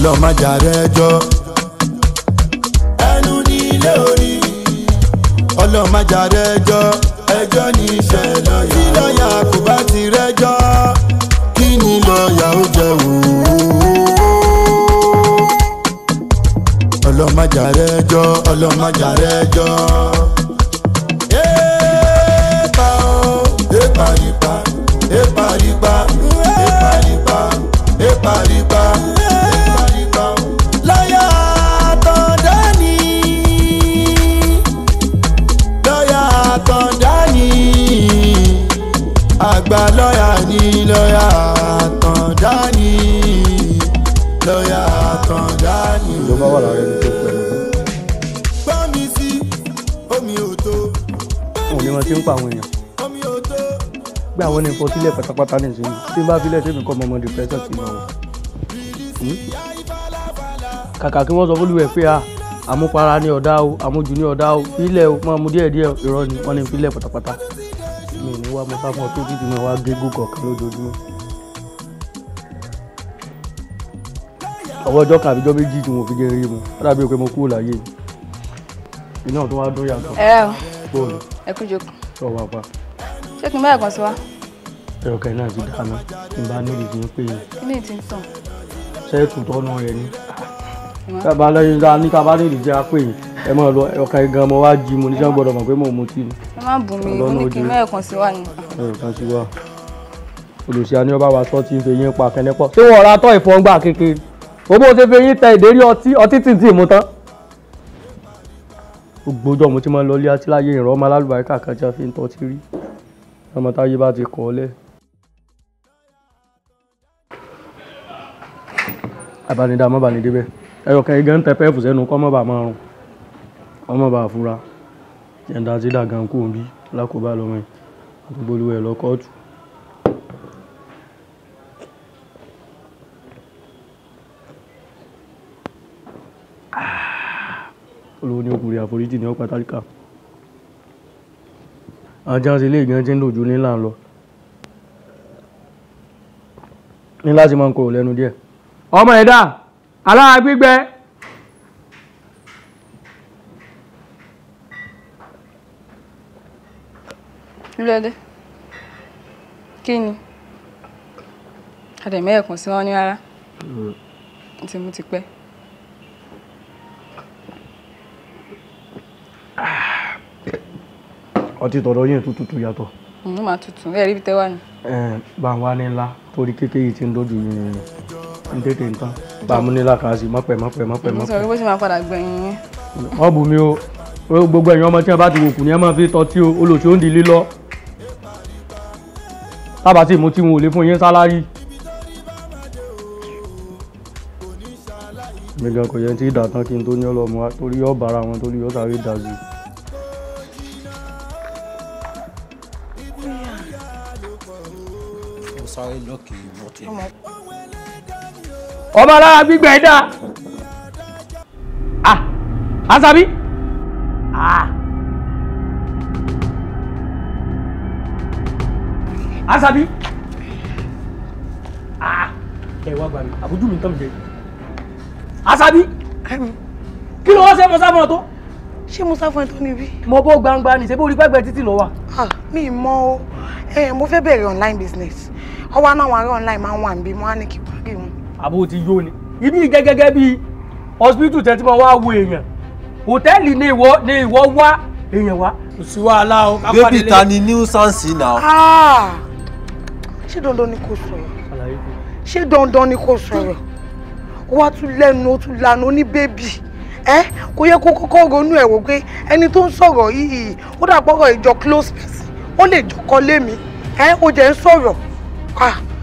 ọlọ́mọjà rẹ jọ. ẹnu ní ilé orí ọlọ́mọjà rẹ jọ. ẹjọ́ ní tí lọ́yà kò bá ti rẹ́jọ́ kí ni lọ́yà ó jẹ́ òwò. ọlọ́mọjà rẹ jọ ọlọ́mọjà rẹ jọ. ẹ bá ọ ẹ bá yìí. lọ́yà àtàndá ni lọ́yà àtàndá ni. ló wà lára ẹni tó pẹ̀lú. bámi sí omi òtó. òun ni wọn ti ń pa àwọn èèyàn. omi òtó. gbé àwọn ní ìfọsílẹ̀ pátápátá ní ìsinmi tí n bá filẹ̀ sẹ́mi kọ́ ọmọ depression ti náà. Hmm? kàkà kí wọ́n sọ fúlùwẹ̀ pé a ah, àmupara ni ọ̀dá o àmujù ni ọ̀dá o ilẹ̀ o máa mu díẹ̀díẹ̀ irọ́ ni wọ́n ní ìfilẹ̀ pátápátá wá mọ fáwọn tó dídì máa wá gégùn kọ̀ọ̀kan lójoojúmọ́. ọwọ́ ọjọ́ kan àbíjọ́ méjì tí mo fi jẹ́ eré mu ó dàbí pé mo kúrò láyé iná tó wá dún yàtọ̀. ẹ ẹ bóòlù ẹ jókòó. tó o wá pa. ṣé kí n bá ẹ̀gbọ́n sí wa. ẹ̀rọ kẹrin náà ti dáná n bá níbi tí ń pè é. kí ti ń tàn. ṣé ètò tọ́nà rẹ ni. tábà lẹ́yìn dá ní tábà níbi tí a pè é ẹ máa lọ ọkà igan mo wá jí mo ní sàn gbọ́dọ̀ mọ̀ pé mò ń mutí ni. ẹ má bù mí mo ní kí mẹ́ẹ̀kan sí wa ni. mẹ́ẹ̀kan sí wa olùsí àní ọba wa sọ ti ń fi yín pa kẹ́ni pọ̀ ṣé wọ́n ra tọ́ ìfọ̀ngbà kékeré owó ṣe fi yín tẹ ìdérí ọtí ọtí tì tì mú tán. gbogbo ọmọ tí máa ń lọ ilé àti láyé ìran ọmọ alálùbáríkà kan tí a fi ń tọ́ ti rí ọmọ táyé bá ti kọ́ ọ lẹ́ẹ̀. abanidá mọ́bànídébẹ̀ ẹ̀yọ̀kẹ́ igán tẹ pẹ́ẹ́fù sẹ́nu kọ́ mọ́bà máa rùn wọ́n má bàa fura. Jẹ́ n dá tílà gan kúrò níbí, alákòóbá lọmọ yìí, màá tún gbé olúwa ẹ̀ lọ kóòtù. Ah, olówó ní ó kúre, àforíjì ní ó pa tálíkà. Àwọn tí wọ́n ṣe eléyìí gan tí ń lò ju nílà lọ. Nílà sì máa ń korò lẹ́nu díẹ̀. Ọmọ ẹ̀dá, alára lóde kí ni àdèmí ẹ̀kún sí wọn ní rárá mm. tí mo ti pẹ́. Ah. ọtí tọ̀dọ̀ yín tútù tún yàtọ̀. mo máa tutù ẹ rí ibi tẹ wá ni. bá wa ní ńlá torí kékeré tí ń dojú yìí ń tètè ń tán bá a mú nílá kà á sí mọ́pẹ́ mọ́pẹ́ mọ́pẹ́. mo sọ pé bó ṣe máa padà gbẹ̀yìn yín. ọ̀bùnmi o gbogbo ẹ̀yin ọmọ tí wọ́n bá ti wòkù ni ẹ máa fi tọ́tí o olùsí ó ń di lílọ tábà tí mo ti wọn ò lè fún yín sálárì. mi gan kò yẹ tí ìdàtàn kí n tó ní ọlọmọ wa torí yóò bára wọn torí yóò sáré dàgbé. ọmọ alára gbígbẹ́ dá. ah Àṣàbí. Àṣàbí ah, ẹ wá gbà mí àbójú mi tán mi jẹ Àṣàbí kí ló wá ṣe mọ́sá fún ọ tó. ṣé mo sá fún ẹ tó níbí. mo bó gbangba ní sẹ́bí orí pẹ́pẹ́ títì lọ wà. Ah, mi mọ o mo fẹ́ bẹ̀rẹ̀ online business ọwọ́ náà wọn ará online máa ń wà níbí mo á ní kí n parí wọn. àbó ti yó ni ibi gẹ́gẹ́ bíi hospital tẹ́tí máa wá wo èèyàn hòtẹ́ẹ̀lì ni ìwọ ni ìwọ wá èèyàn wá. kò sí wàhálà o. bébí ta ni nuisance náà ṣé dandan ni kò sọ̀rọ̀ ṣé dandan ni kò sọ̀rọ̀ ó wá tún lẹ́nu ó tún lanu ó ní bébì ẹ kò yẹ kó kọ́kọ́ ronú ẹ̀ wò pé ẹni tó ń sọ̀rọ̀ yìí ó dà pọ̀rọ̀ ìjọ close person ó lè jọkọ lé mi ẹ ó jẹ́ ń sọ̀rọ̀.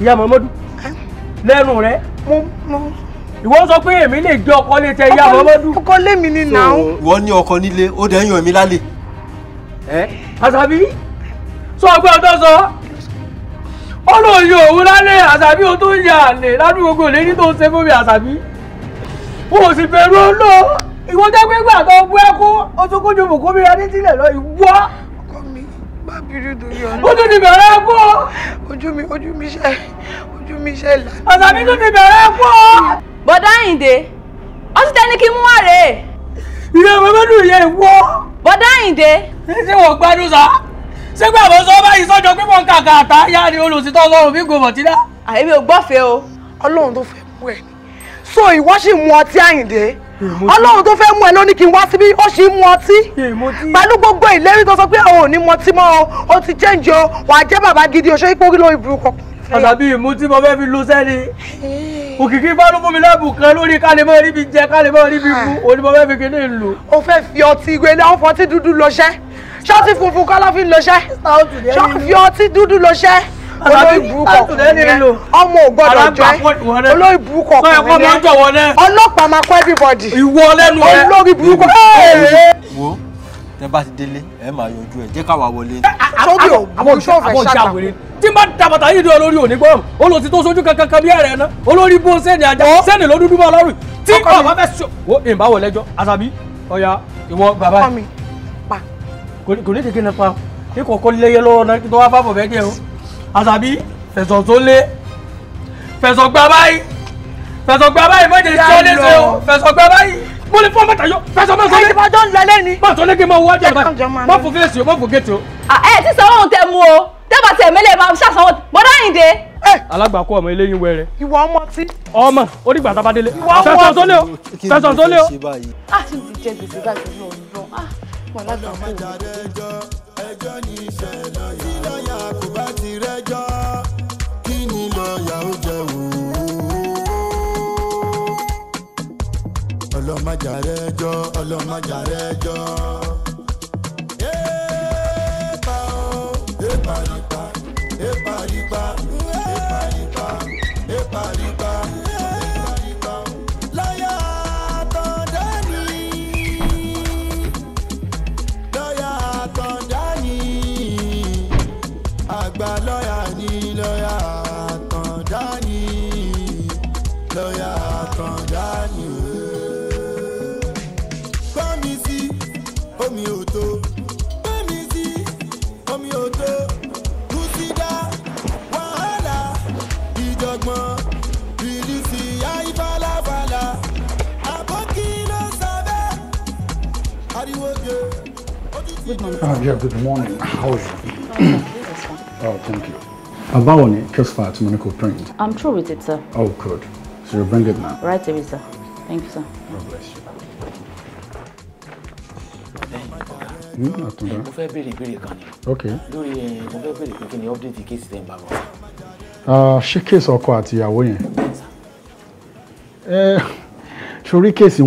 ìyá mọ́mọ́dún lẹ́nu rẹ. mo mo ìwọ sọ pé èmi lè jẹ ọkọ lè tẹ ìyá mọ́mọ́dún. ọkọ lémi ni nà ó. ìwọ ní ọkọ nílé ó dẹ̀ ń yan èmi lálẹ́. ẹ àṣàbí sọ ọgbẹ́ ọtọ́ sọ olóyè òun lálẹ́ àṣàbí o tó ń ya àlè ládùn gbogbo ìlérí tó ń ṣe fún mi àṣàbí o ò sì bẹ̀rù olóò ìwọ jẹ́ pé gbà tó bú ẹkú o tún kójú bùkún mi adé sílẹ̀ lọ ìwọ. ọkọ mi má bínú torí ọ̀nà. o tún ti bẹ̀rẹ̀ ẹkú. ojú mi ojú mi ṣe ojú mi ṣe là. àṣàbí tún ti bẹ̀rẹ̀ ẹkú. bọ̀dá àyìndé ó ti tẹ́ni kí mú wá rèé. ìyá bàbá dùn yẹ ìwọ. bọ̀dá àyìndé. ṣé wọ́n gbádùn sá sígbà mo sọ báyìí sọ́jọ́ pé mo ń kàkà àtà yá ni olùsítọ́ ọlọ́run mi gòmọ̀ tí dá. àyèmí ò gbọ́fẹ́ o ọlọ́run tó fẹ́ mú ẹ so ìwọ sì mu ọtí àyìndé ọlọ́run tó fẹ́ mú ẹ ló ní kí n wá síbí ó sì mú ọtí pẹ̀lú gbogbo ìlérí tó sọ pé òun ò ní mu ọtí mọ́ o ó ti jẹ́ǹjẹ o wàá jẹ́ bàbá gidi o ṣé ipò orí lórí burúkọ. àtàbí ìmú tí mo fẹ́ fi lu sẹ́ni òkìkí bá ló fún mi lẹ́bùn kan lórí ká lè mọ ríbi jẹ ká lè mọ ríbi mú ah. òní mo fẹ́ fi kíní lò. o fẹ́ fi ọtí ìwé náà fọtí dúdú lọ́ṣẹ́ ṣọ́ọ̀tì funfun kọ́lá fi ń lọ́ṣẹ́ ṣọ́ọ̀tì fi ọtí dúdú lọ́ṣẹ́ olórí burúkọ kùnìyẹn ọmọ ò gbọ́dọ̀ jẹ olórí burúkọ kùnìyẹn ọlọ́pàá máa kọ everybody ìwọ lẹ́nu ẹ olórí burúkọ kùnìyẹn tẹ bá ti délé ẹ máa yọjú ẹ jẹ káwa wọlé. sọ́bì ò àwọn ìṣọ́ fẹ́ ṣàkàwé. tí n bá tabata yìí dé olórí òní gbọ́n olóòtí tó sojú kankan kan bí ẹ̀rẹ̀ náà olórí bó sẹ́ni ajá sẹ́ni ló dúdú bá lọ́rùn tí bàbá fẹ́ sọ. wo ìbá wọ lẹ́jọ́ asabi ọ̀ya ìwọ bàbá yìí. kò ní kékeré pa kí kòkó léyé lọ́wọ́ náà tó wá fáfọ̀ bẹ́ẹ̀ kí ẹ o asabi fẹ̀sọ̀ tó lé fẹ̀sọ̀ gbà mo lè fún ọmọ tàyọ fẹsọ máa sọ lé. ìjọba tó ń lọ lẹ́ni. má sọ lé kí n máa wá jẹ ọ̀tá má fò fèsì o má fò gètè o. ẹ ti sọ ohun tẹ mu o tẹ́bà tẹ̀ mẹ́lẹ̀ máa ṣàṣàwọ̀ bọ́dọ̀ Àyìndé. alágbàkọ ọmọ eléyìí wẹrẹ. ìwà ọmọ tí. ọmọ onígbà tá a bá délé. ìwà ọmọ fẹsọ sọlé o fẹsọ sọlé o. a ti ti jẹ gbèsè báyìí lọ kí ni lọ́yà ó jẹ́ òun. ọlọ́mọjàrẹ́jọ́ ọlọ́mọjàrẹ́jọ́. ẹ bá ọ ẹ bá ọ. Good Oh, yeah, good morning. How are you? oh, thank you. About it, transfer to Monaco Print. I'm through with it, sir. Oh, good. So you bring it now? Right away, sir. Thank you, sir. God bless you. Hmm, mo fẹ́ béèrè ìbéèrè kan ni lórí eh, mo fẹ́ béèrè pé kí ni update kéèsì tẹ́ ń bá bọ̀. Ah, ṣé kéèsì ọkọ àti ìyàwó yẹn eh, ṣorí kéèsì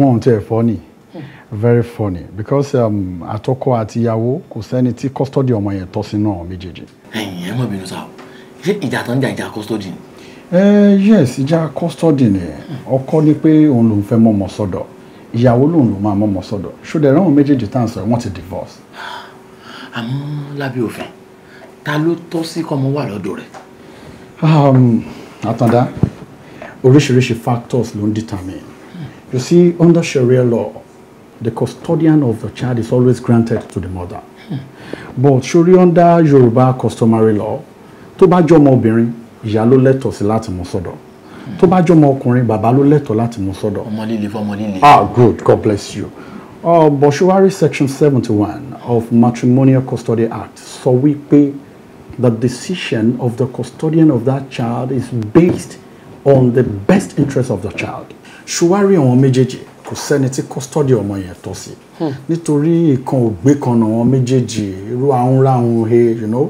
very funny because um, àtọkọ àti ìyàwó kò sẹ́ni tí custody ọmọ yẹn tọ́ sínú àwọn méjèèjì. ẹ̀yin ẹ mọ̀ bínú sáà ṣé ìjà tó ń jà ìjà custody ẹ eh, yes ìjà custody ni ọkọ ni pé òun lòún fẹ́ mọ́mọ́ sọ́dọ̀ ìyàwó lòun lòún máa mọ́mọ́ sọ́dọ̀ ṣùgbọ́n ẹ̀rọ àwọn méjèèjì tá à ń sọ wọ́n ti divorce. àmọ́ lábẹ́ òfin ta ló tọ́ sí kọ́mọ wà lọ́dọ̀ rẹ̀. Um, àtàndá oríṣiríṣi factors ló ń determine you see under sharia law the custodian of the child is always granted to the mother. Hmm. But surely under Yoruba customary law, tó bá jọmọ obìnrin, ìyá ló lẹ́tọ̀ọ́ sí láti mú sọ́dọ̀. Tó bá jọmọ ọkùnrin, bàbá ló lẹ́tọ̀ọ́ láti mú sọ́dọ̀. Ọmọ líle fọmọ líle. Ah, good. God bless you. Uh, Boshuari Section 71 of Matrimonial Custody Act So we pay the decision of the custodian of that child is based on the best interest of the child. Shuari àwọn méjèèjì kò sẹ́ni tí custody ọmọ yẹn tọ́ sí nítorí nǹkan ògbé kan náà wọn méjèèjì irú ahun ráhun he you know.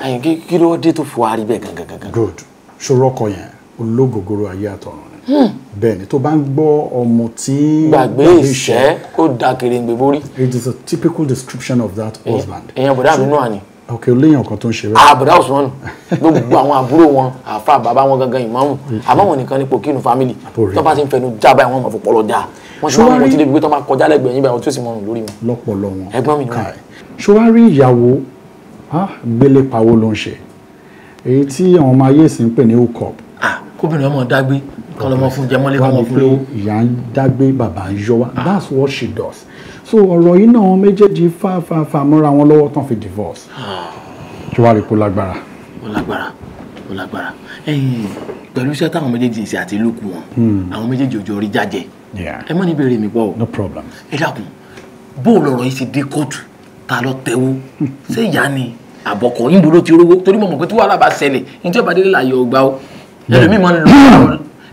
àyàn ah, kí kí ló dé tó fi wá rí bẹ́ẹ̀ gangan gangan. good ṣòro ọkọ yẹn ológogoro ayé àtọ̀run ni hmm. bẹ́ẹ̀ ni tó bá ń gbọ́ ọmọ tí. gbàgbé ìṣẹ́ ó da kèrèǹgbè borí. it is a typical description of that husband. èèyàn bọ̀dá mi náà ni ok ó léyàn kan tó ń ṣe bẹ́ẹ̀. àbùdá ah, Usman gbogbo àwọn àbúrò wọn àfa bàbá wọn gangan ìmáàmù àmọ́ wọn nìkan nípò kínú fámìlì tó bá ti ń fẹnu já báyìí wọn mọ̀ fọpọlọ já wọn ṣe wọn mọ̀ tí débi pé tó bá kọjá lẹ́gbẹ̀ẹ́ yín báyìí wọn tó sì mọ̀rùn lórí wọn. lọ́pọ̀lọ́ wọn ẹ̀gbọ́n mi ni wọn. ṣọwárí ìyàwó gbélé pawó ló ń ṣe èyí tí àwọn ọmọ ayé sì ń pè ní hookup. Ah, kóbìnrin ọmọ dágbé kọlọmọ fún ah. that's what she does so ọ̀rọ̀ yìí náà wọn méjèèjì fà fà fà mọ́ra wọn lọ́wọ́ tán fi divorce tí wàá rí kó lágbára. ó lágbára ó lágbára pẹ̀lú iṣẹ́ táwọn méjèèjì ṣe àti lókù wọn hmm. àwọn méjèèjì òjò rí jájẹ ẹ mọ́ ní ìbéèrè mi pọ̀ o no problem ẹ dákun bó lọ̀rọ̀ yìí ṣe dé kóòtù ta ló tẹ́wọ́ ṣé ìyá ni àbọ̀kọ̀ yìnbó ló ti rówó torí mo mọ̀ pé tí wàhálà bá ṣẹlẹ̀ ní tí ó bá délé láàyè ọgbà o hmm.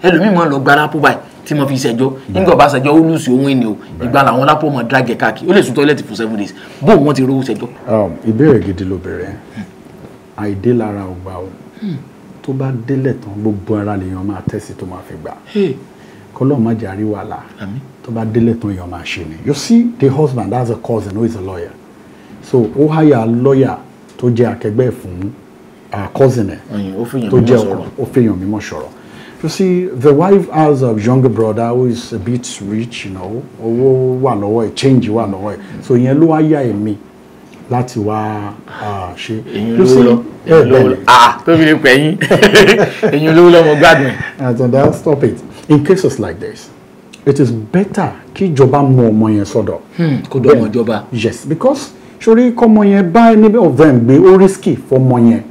ẹlòmíì máa ń lọ gbára púpà tí mo fi ṣẹjọ́ nígbà ọba ṣẹjọ́ ó lùsì ohun ìní o ìgbà làwọn lápò mọ̀ drágẹ̀ káàkiri ó lè sùn tọ́lẹ̀tì fún seven days bó wọn ti rówó ṣẹjọ́. Um, ìbéèrè gidi ló bẹ̀rẹ̀ àìdé lára ò gbà o hmm. tó bá délẹ̀ tán gbogbo ara lèèyàn máa tẹ̀sí tó máa fi gbà kọ́lọ́ má jẹ́ àrí wàhálà tó bá délẹ̀ tán èèyàn máa ṣe ni you see the husband that's a cousin who is a lawyer so ó háyà lọ́yà tó jẹ́ akẹgbẹ́ fún uh, cousin ẹ̀ tó jẹ́ ọ̀rọ̀ ó fẹ́yàn mímọ́ ṣọ̀rọ̀ You see, the wife has a younger brother who is a bit rich, you know, Oh, one lọ́wọ́ ẹ̀, change one lọ́wọ́ ẹ̀. So ìyẹn ló wá yá èmi láti wá ṣe. Èyí you lọ, èyí eh, olówó lọ, ah, ah tóbi lè pẹ̀ yín, èyí olówó lọ mo gbádùn ẹ̀. And so that stop it. In cases like this, it is better kí ìjọba mú ọmọ yẹn sọ́dọ̀. Hmm, kó dọ̀ ọmọ ìjọba. Yes, because sori kọ́mọ yẹn bá ẹni of them gbé ó risky fọmọ yẹn.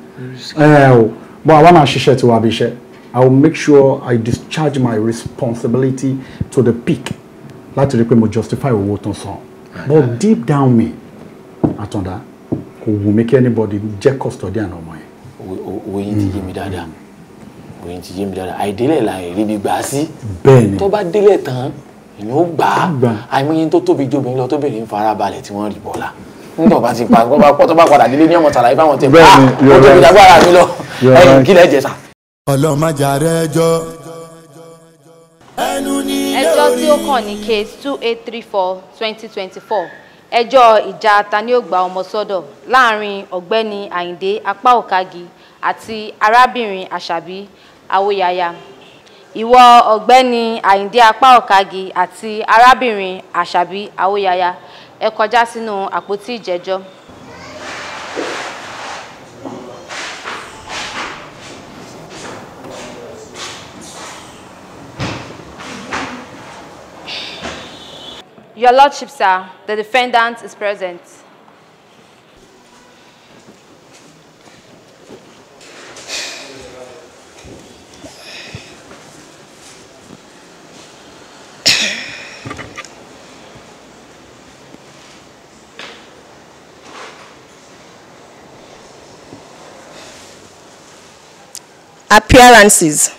Ẹ eh, o, bọ́ àwa máa ṣiṣẹ́ tiwa bí iṣẹ́. I will make sure I discharge my responsibility to the peak láti rí i pé mo justify owó tó ń san but deep down me àtọ̀dá kò wù mí kí anybody jẹ́ custodian ọmọ yẹn. oyin ti yé mi dáadáa oyin ti yé mi dáadáa àìdélẹ̀ là ń rí bí gbà á sí bẹ́ẹ̀ni tó bá délẹ̀ tán èèyàn ó gbà á àìmọye tó tóbi ju obìnrin lọ tóbìnrin ń fara balẹ̀ tí wọ́n rí bọ́lá nígbà bá ti pa tó bá padà délé ní ọmọ tàlàyé fáwọn tẹ̀ bá ọjọ́ ìdàgbára mi lọ ẹ̀yìn kílẹ̀ jẹ̀sà ọlọ́mọjàre ẹjọ́. ẹnu ẹjọ́ tí ó kàn ní case two eight three four twenty twenty four ẹjọ́ ìjà taniọgbà ọmọ sọ́dọ̀ láàrin ọ̀gbẹ́ni Àyìndé Apáòkági àti arábìnrin Àṣàbí Awóyaya ìwọ ọ̀gbẹ́ni Àyìndé Apáòkági àti arábìnrin Àṣàbí Awóyaya ẹ kọjá sínú àpótí ìjẹ́jọ́. Your Lordship, sir, the defendant is present. Appearances.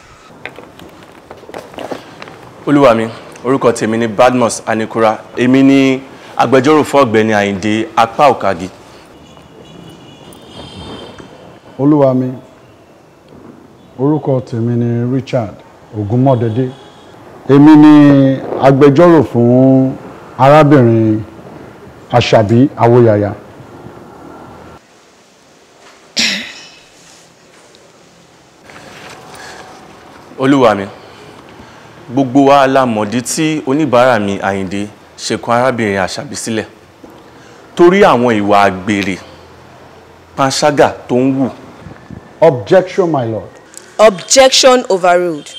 Oluwami, orúkọ tèmi ni Badmus Anikura èmi ni agbẹjọ́rò fún ọ̀gbẹ́ni Àyìndé apá òkàgì. olúwa mi orúkọ tèmi ni Richard Ogunmọ́dédé èmi ni agbẹjọ́rò fún arábìnrin Àṣàbí awoyaya. olúwa mi. gbogbo wa la mọ̀dí tí oníbàárà mi Àyìndé ṣekun arábìnrin Àṣàbí sílẹ̀ torí àwọn ìwà àgbèrè panṣágà tó ń wù. objection my lord. objection overruled.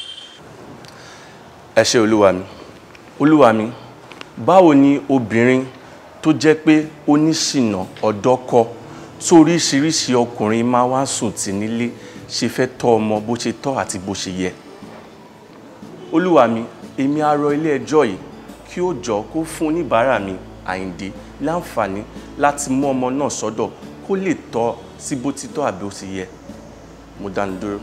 ẹ ṣé olúwa mi olúwa mi báwo ni obìnrin tó jẹ́ pé oníṣìnà ọ̀dọ́kọ sóríṣiríṣi ọkùnrin máa wá sùn tì nílé ṣe fẹ́ tọ́ ọmọ bó ṣe tọ́ àti bó ṣe yẹ olúwa mi èmi á rọ ilé ẹjọ́ yìí kí ó jọ kó fún oníbàárà mi àyíǹde láǹfààní láti mú ọmọ náà sọ́dọ̀ kó lè tọ́ sí bó ti tọ́ àbí ó ti yẹ mo dánu dúró.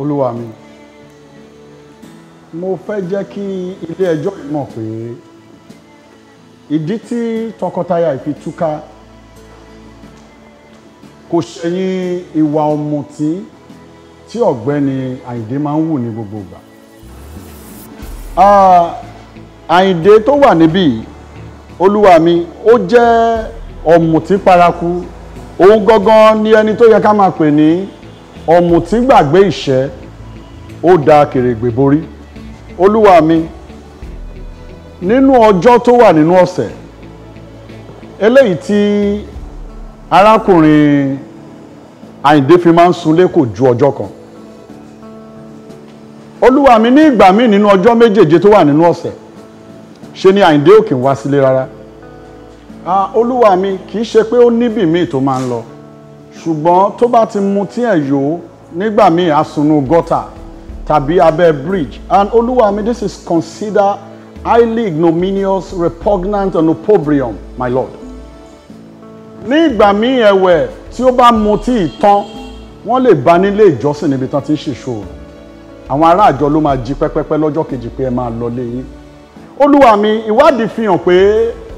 olúwa mi mo fẹ́ jẹ́ kí ilé ẹjọ́ yìí mọ̀ pé ìdí tí tọkọtaya ìfi túká kò ṣẹ̀yìn ìwà ọ̀mùtí tí ọ̀gbẹ́ni Àyìndé máa ń wù ní gbogbo ìgbà Àyìndé tó wà níbí olúwa mi ó jẹ́ ọ̀mùtí paraku òun gangan ni ẹni tó yẹ ká máa pè ní ọ̀mùtí gbàgbé ìṣẹ́ ó da kèrègbè borí olúwa mi nínú ọjọ́ tó wà nínú ọ̀sẹ̀ eléyìí tí arákùnrin Àyìndé fi máa ń sunlé kò ju ọjọ́ kan olúwa mi ní ìgbà míì nínú ọjọ́ méjèèje tó wà nínú ọ̀sẹ̀ ṣe ni àyíndé òkè ń wá sílé rárá olúwa mi kì í ṣe pé ó níbì míì tó máa ń lọ ṣùgbọ́n tó bá ti mu tí ẹ̀ yó nígbà míì asunu gọ́tà tàbí abẹ́ bridge and olúwa mi this is considered highly ignominious repugnant and opprobrium my lord ní ìgbà míì ẹ̀wẹ̀ tí ó bá mu tí ì tán wọ́n lè bá nílé ìjọsìn níbi tán ti ń ṣèṣòro àwọn ará àjọ ló máa jí pẹ́pẹ́pẹ́ lọ́jọ́ kejì pé ẹ máa lọ lé yín olúwa mi ìwádìí fi hàn pé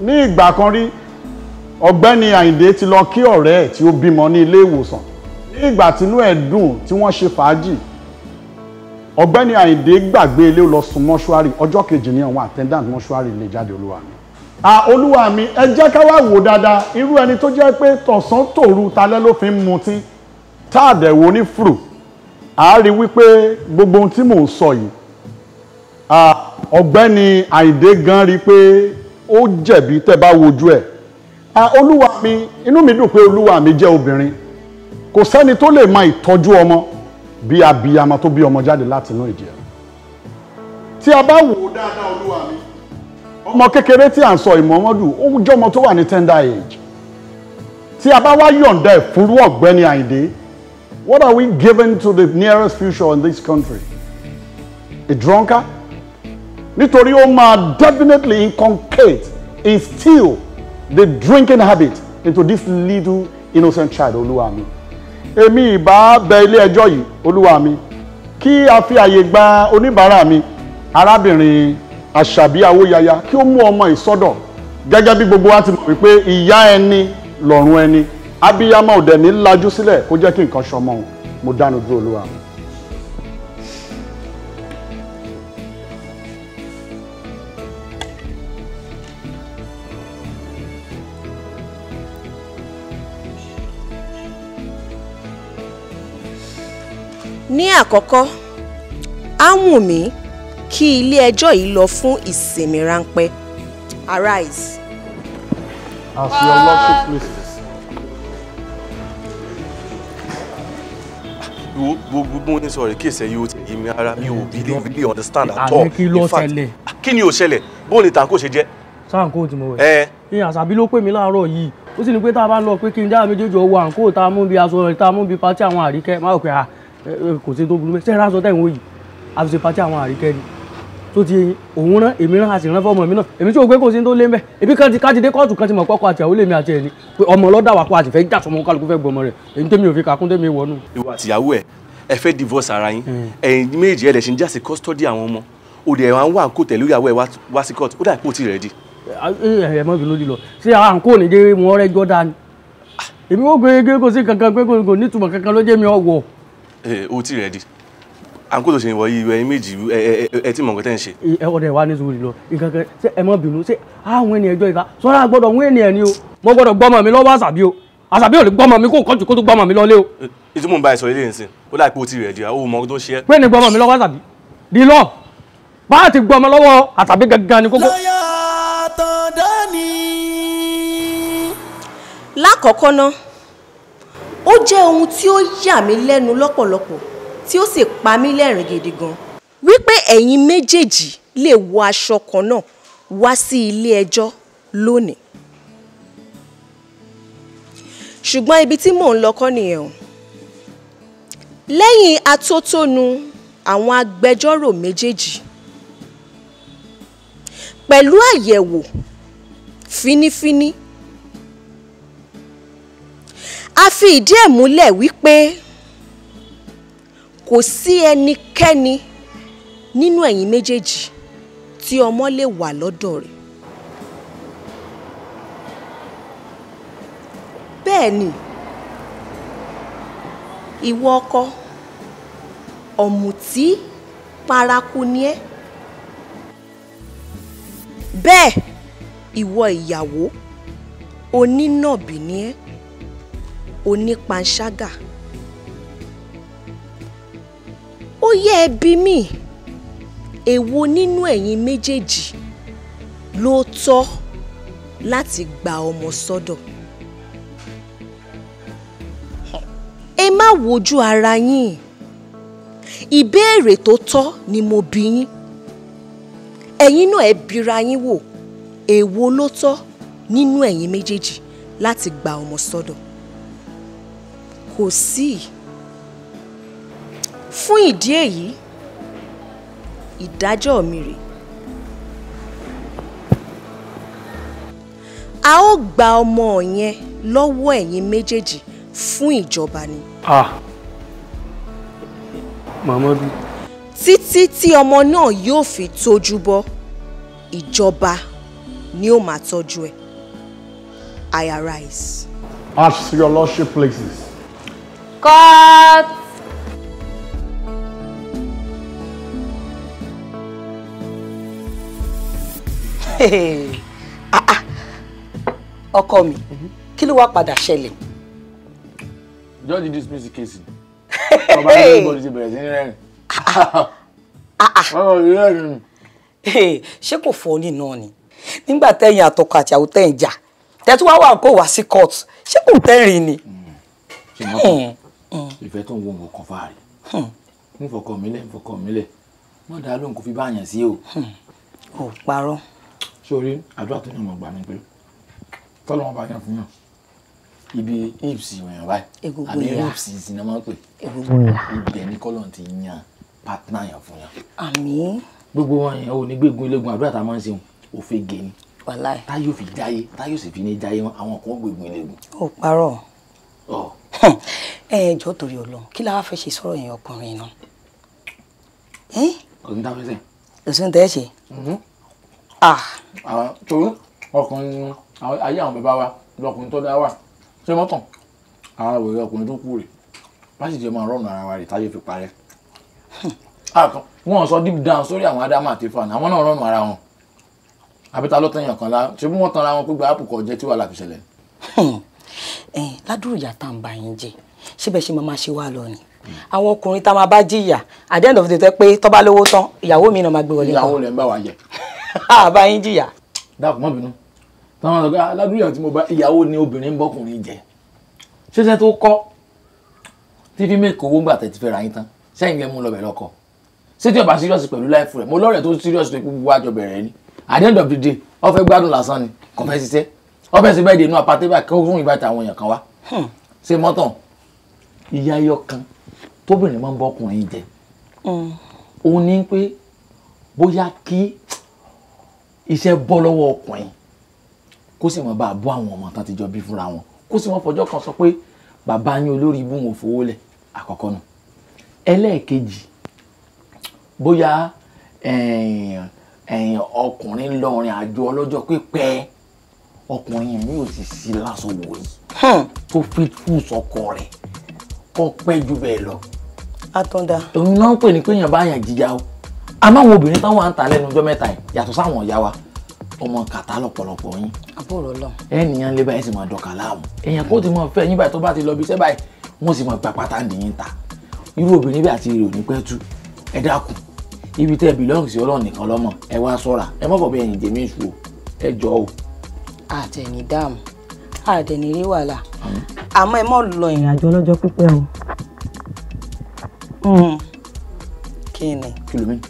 ní ìgbà kan rí ọ̀gbẹ́ni àyìndé ti lọ kí ọ̀rẹ́ ẹ̀ tí ó bímọ ní ilé ìwòsàn ní ìgbà tínú ẹ̀ dùn tí wọ́n ṣe fàájì ọ̀gbẹ́ni àyìndé gbàgbé ilé lọ sùn mọ́ṣúárì ọjọ́ kejì ní àwọn attendant mọ́ṣúárì lè jáde olúwa mi à olúwa mi ẹ jẹ́ ká wá wò dáadáa irú ẹni tó jẹ́ pé tọ̀sán tòru talẹ́ ló fi ń mutí táàdẹ̀wò ní fùrù a rí wípé gbogbo ohun tí mò ń sọ yìí ọ̀gbẹ́ni àyíndé gan rí pé ó jẹ̀bi tẹ́ bá wojú ẹ̀ olúwa mi inú mi dùn pé olúwa mi jẹ́ obìnrin kò sẹ́ni tó lè máa ìtọ́jú ọmọ bí abiyamọ tó bí ọmọ jáde láti inú ìdí ẹ̀ tí a bá wò ó dáadáa olúwa mi ọmọ kékeré tí à ń sọ ìmọ̀ọ́mọ́dù ó jọ́ ọmọ tó wà ní tender age tí a bá wá yọ̀ǹda ẹ̀ fúnrú ọ̀gbẹ́ni àyíndé What are we giving to the nearest future in this country? A drunkard? Nítorí ó definitely inculcate, instill the drinking habit into this little innocent child Oluwami. mi. iba ìbá bẹ ilé ẹjọ́ yìí olúwa mi kí a fi àyè gba oníbàárà mi arábìnrin àṣàbí awóyaya kí ó mú omo ìsọdọ̀ gẹ́gẹ́ bí gbogbo wa ti mọ̀ wípé ìyá ẹni lọ́rùn ẹni abiyamọ ò dẹ̀ ní lajú sílẹ̀ kó jẹ́ kí nǹkan ṣọmọ òun mo dánu dúró olúwa. ní àkọ́kọ́ á wù mí kí ilé ẹjọ́ yìí lọ fún ìsinmi ráńpẹ́ arise. as your lordship pleases. gbogbo ní sọ̀rọ̀ kí ẹsẹ̀ yóò tẹ̀lé mi ara mi ò eh, bí lè understand at all in fact ah, kí ni ò ṣẹlẹ̀ bóun ni tàǹkó ṣe jẹ́. sáǹkó tí mo wẹ̀ eh. ẹ àṣàbí ló pè mí láàárọ̀ yìí ó sì ní pé tá a bá lọ pé kí n dá méjèèjì ọwọ́ àǹkó tá a mú bí aṣọ rẹ̀ tá a mú bí pátí àwọn àríkẹ́ má rò pé ah, eh, kò sí tó burú mẹ́ sẹ́ẹ̀rẹ́ aṣọ tẹ̀ ń wò yìí àfìṣe pátí àwọn àríkẹ́ ni tó ti òun rán èmi rán a sì rán fọmọ mi náà èmi tí o gbé kò sí tó lé ń bẹ ebi kan ti kájídé kóòtù kan ti mọ̀ kọ́kọ́ àti àwọn olèmi àti ẹni pé ọmọ ọlọ́dà wà kó àti fẹ́ jà sọmọ kálukú fẹ́ gbọmọ rẹ̀ èyí tẹ́mi ò fi kàkún tẹ́mi wọnú. ìwọ àtìyàwó ẹ ẹ fẹ́ divorce ara yín hmm. ẹ̀yin méjì ẹ̀ lẹ̀ ṣe ń já custody àwọn ọmọ òde ẹ̀ wà ń kó tẹ̀lé ìyàwó ẹ̀ wá sí court ó dà pò tí rẹ̀ di. ẹ àǹkó tó ṣe wọ yìí ẹ̀yin méjì ẹ ti mọ̀ nǹkan tẹ́ ń ṣe. ẹ ọ̀dẹ̀ wa ní sùúrù lọ nǹkan kan ṣé ẹ má bínú ṣé àwọn ènìyàn ìjọ ìka sọ́ra gbọ́dọ̀ wọ́n ènìyàn ni o mo gbọ́dọ̀ gbọ́mọ mi lọ́wọ́ àṣàbí o àṣàbí ò lè gbọ́mọ mi kó kọ́jú kó tó gbọ́mọ mi lọ́lé o. ètò mò ń bá ẹ sọ ilé yẹn sìn ó láì pé o ti rẹ̀ di àwọn ọmọ tó ṣe pé ní gbọ́mọ tí ó sì pa mí lẹ́rìn gidi gan. wípé ẹ̀yin méjèèjì lè wọ aṣọ kan náà wá sí ilé ẹjọ́ lónìí. ṣùgbọ́n ibi tí mò ń lọ kọ́ nìyẹn lẹ́yìn atótónu àwọn agbẹjọ́rò méjèèjì pẹ̀lú àyẹ̀wò fínífíní a fi ìdí ẹ̀ múlẹ̀ wípé kò sí ẹnikẹ́ni nínú ẹ̀yin méjèèjì tí ọmọ lè wà lọ́dọ̀ rẹ̀. bẹ́ẹ̀ ni ìwọ ọkọ ọ̀mùtí paraku ni ẹ́ bẹ́ẹ̀ ìwọ ìyàwó onínàbì ni ẹ́ onípanṣágà. E ó yẹ ẹ mi èwo nínú ẹ̀yin méjèèjì ló tọ́ láti gba ọmọ sọ́dọ̀ ẹ má wojú ara yín ìbéèrè tó tọ́ ni mo bí yín ẹ̀yin náà ẹ bira yín wò èwo ló tọ́ nínú ẹ̀yin méjèèjì láti gba ọmọ sọ́dọ̀ kò sí. Si fún ìdí èyí ìdájọ́ mi rèé a ó gba ọmọ yẹn lọ́wọ́ ẹ̀yin méjèèjì fún ìjọba ni. ah mamadu. títí tí ọmọ náà yóò fi tójú bọ́ ìjọba ni ó máa tọ́jú ẹ̀ I arise. As your lordship pleases. Cut. Ah, ah. ọkọ mi kí ló wá padà ṣẹlẹ̀. jọ́ọ̀jì dismiss case ọba everybody ti bẹ̀rẹ̀ sí ní rẹ́rìn. Ah, ọmọ mi rẹ́rìn. ṣé kò fọ́ ní náà ni nígbà tẹ́yìn àtọkọ àti àwọn tẹ́yìn jà tẹ́tí wá wà kó wá sí court ṣé kò tẹ́rìn ni. Hmm, hmm. ìfẹ́ tó ń wo nǹkan fáàrí hmm. ń fọkàn mílẹ̀ ń fọkàn mílẹ̀ wọ́n dá lóhùn kó fi bá àyàn sí o. ò parọ́ sórí àdúrà tó ní ọmọ gbà mí pé tọ́lọ́ wọn bá yàn fún yàn ibi hips yàn báyìí àbí hips sinimá pè ibẹ̀ ní kọ́lọ̀ ti yan partner yàn fún yàn. àmín. gbogbo wọn yẹn ò ní gbégun ilégun àdúrà tá a máa ń ṣe òfin gé ni wàláì. táyọ̀ fi jáyé táyọ̀ sì fi ní jáyé wọn àwọn kan gbègbè lẹ́gùn. ó parọ́ ẹ jọ̀ọ́ torí Ọlọ́run kí la wá fẹ́ ṣe sọ̀rọ̀ yẹn ọkùnrin náà. kò ní dáfẹ́sẹ̀. kò sí ní tẹ́ ṣe. Mm-hmm. Ah. torí ọkùnrin ayé àwọn bàbá wa lọkùnrin tó dá wà ṣé mọ́tàn ara òwe ọkùnrin tó kú rè bá sì jẹ́ máa rọ̀nà ara wa rè táyé fi parẹ́ ah, wọ́n sọ deep down sórí àwọn ádámù àti fàánà àwọn náà rọ̀nà ara wọn àbíta ló tẹ̀yàn kan lá ṣé bí wọ́n tanra wọn pé gba áàpù kọjẹ́ tí wà láfi ṣẹlẹ̀. Eh, ládùúrú ìyá tá à ń bá yín jẹ síbẹ̀ ṣe máa ṣe wá lọ ni àwọn ọkùnrin tá a máa bá jìyà at the end of the day tẹ́ pé tó bá lówó tán ìyàwó mi náà máa gbé wọlé kan. ìyàwó rẹ̀ ń bá wa jẹ àbá ah, yín jìyà. dákun má bínú táwọn ọ̀gá aládùúyà ah, tí mo bá ìyàwó ni obìnrin ń bọ́kùnrin jẹ ṣẹṣẹ tó kọ́ tí fi mẹ́kọ̀ owó ńgbà tẹ̀tí fẹ́ ra yín tán sẹ́yìn lẹ́mú lọ́bẹ̀ lọ́kọ̀ ṣé tí ọba serious pẹ̀lú láìfù rẹ̀ mo lọ́rẹ̀ tó serious pé gbogbo àjọ bẹ̀rẹ̀ ni at the end of the day ó fẹ́ gbádùn lásán ni kò fẹ́ ṣiṣẹ́ ó fẹ́ ṣe bẹ́ẹ̀ dé inú apatébà kí ó fún invite àwọn èèyàn kan wá hmm. ṣe mọ́tàn ìyá ẹyọ kan tóbìnrin máa ń bọ́kùnrin jẹ hmm. òun ní pé bóyá kí iṣẹ́ bọ́ lọ́wọ́ ọkùnrin kó sì mọ̀ bá a bọ́ àwọn ọmọ tán ti jọ bí fúnra wọn kó sì mọ̀ fọjọ́ kan sọ pé bàbá yín olórí ibú wọn fowó lẹ̀ àkọ́kọ́ nù ẹlẹ́ẹ̀kejì bóyá ọkùnrin lọrin àjọ ọlọ́jọ́ pípẹ́ ọkùnrin mi ò sì sí lásòwò yìí tó fi tú sọkọ rẹ̀ kọ́ pẹ́ jù bẹ́ẹ̀ lọ. àtọ̀dá. òun náà ń pè ní pé èèyàn bá yàn jíjà o àmọ́ àwọn obìnrin táwọn à ń ta lẹ́nu ọjọ́ mẹ́ta yìí yàtọ̀ sáwọn ìyá wa ọmọ kàtá lọ́pọ̀lọpọ̀ yín. àbúrò lọ. ẹnìyàn lè báyìí sì máa dọ̀kà láàmú. èèyàn kò tí mọ̀ fẹ́ yín báyìí tó bá ti lọ bí iṣẹ́ báyìí wọ́n sì máa gba pátá nìyín ta. irú obìnrin bí àti èrò ní pẹ́tù ẹ dákun ibi tẹ́ bìlọ́ọ̀gì sí ọlọ́run nìkan lọ́mọ ẹ wá sọ́ra ẹ mọ̀ fọ̀bẹ ẹ̀yìn jẹ̀mí ìṣù o ẹ jọ o. àtẹ̀ní dáàmú àtẹ̀ní rí wàhálà àmọ́ ẹ mọ̀ lọ ìrìn àjò ọlọ́jọ́ pípẹ́ o. Hmm. kí ni. kìlómítì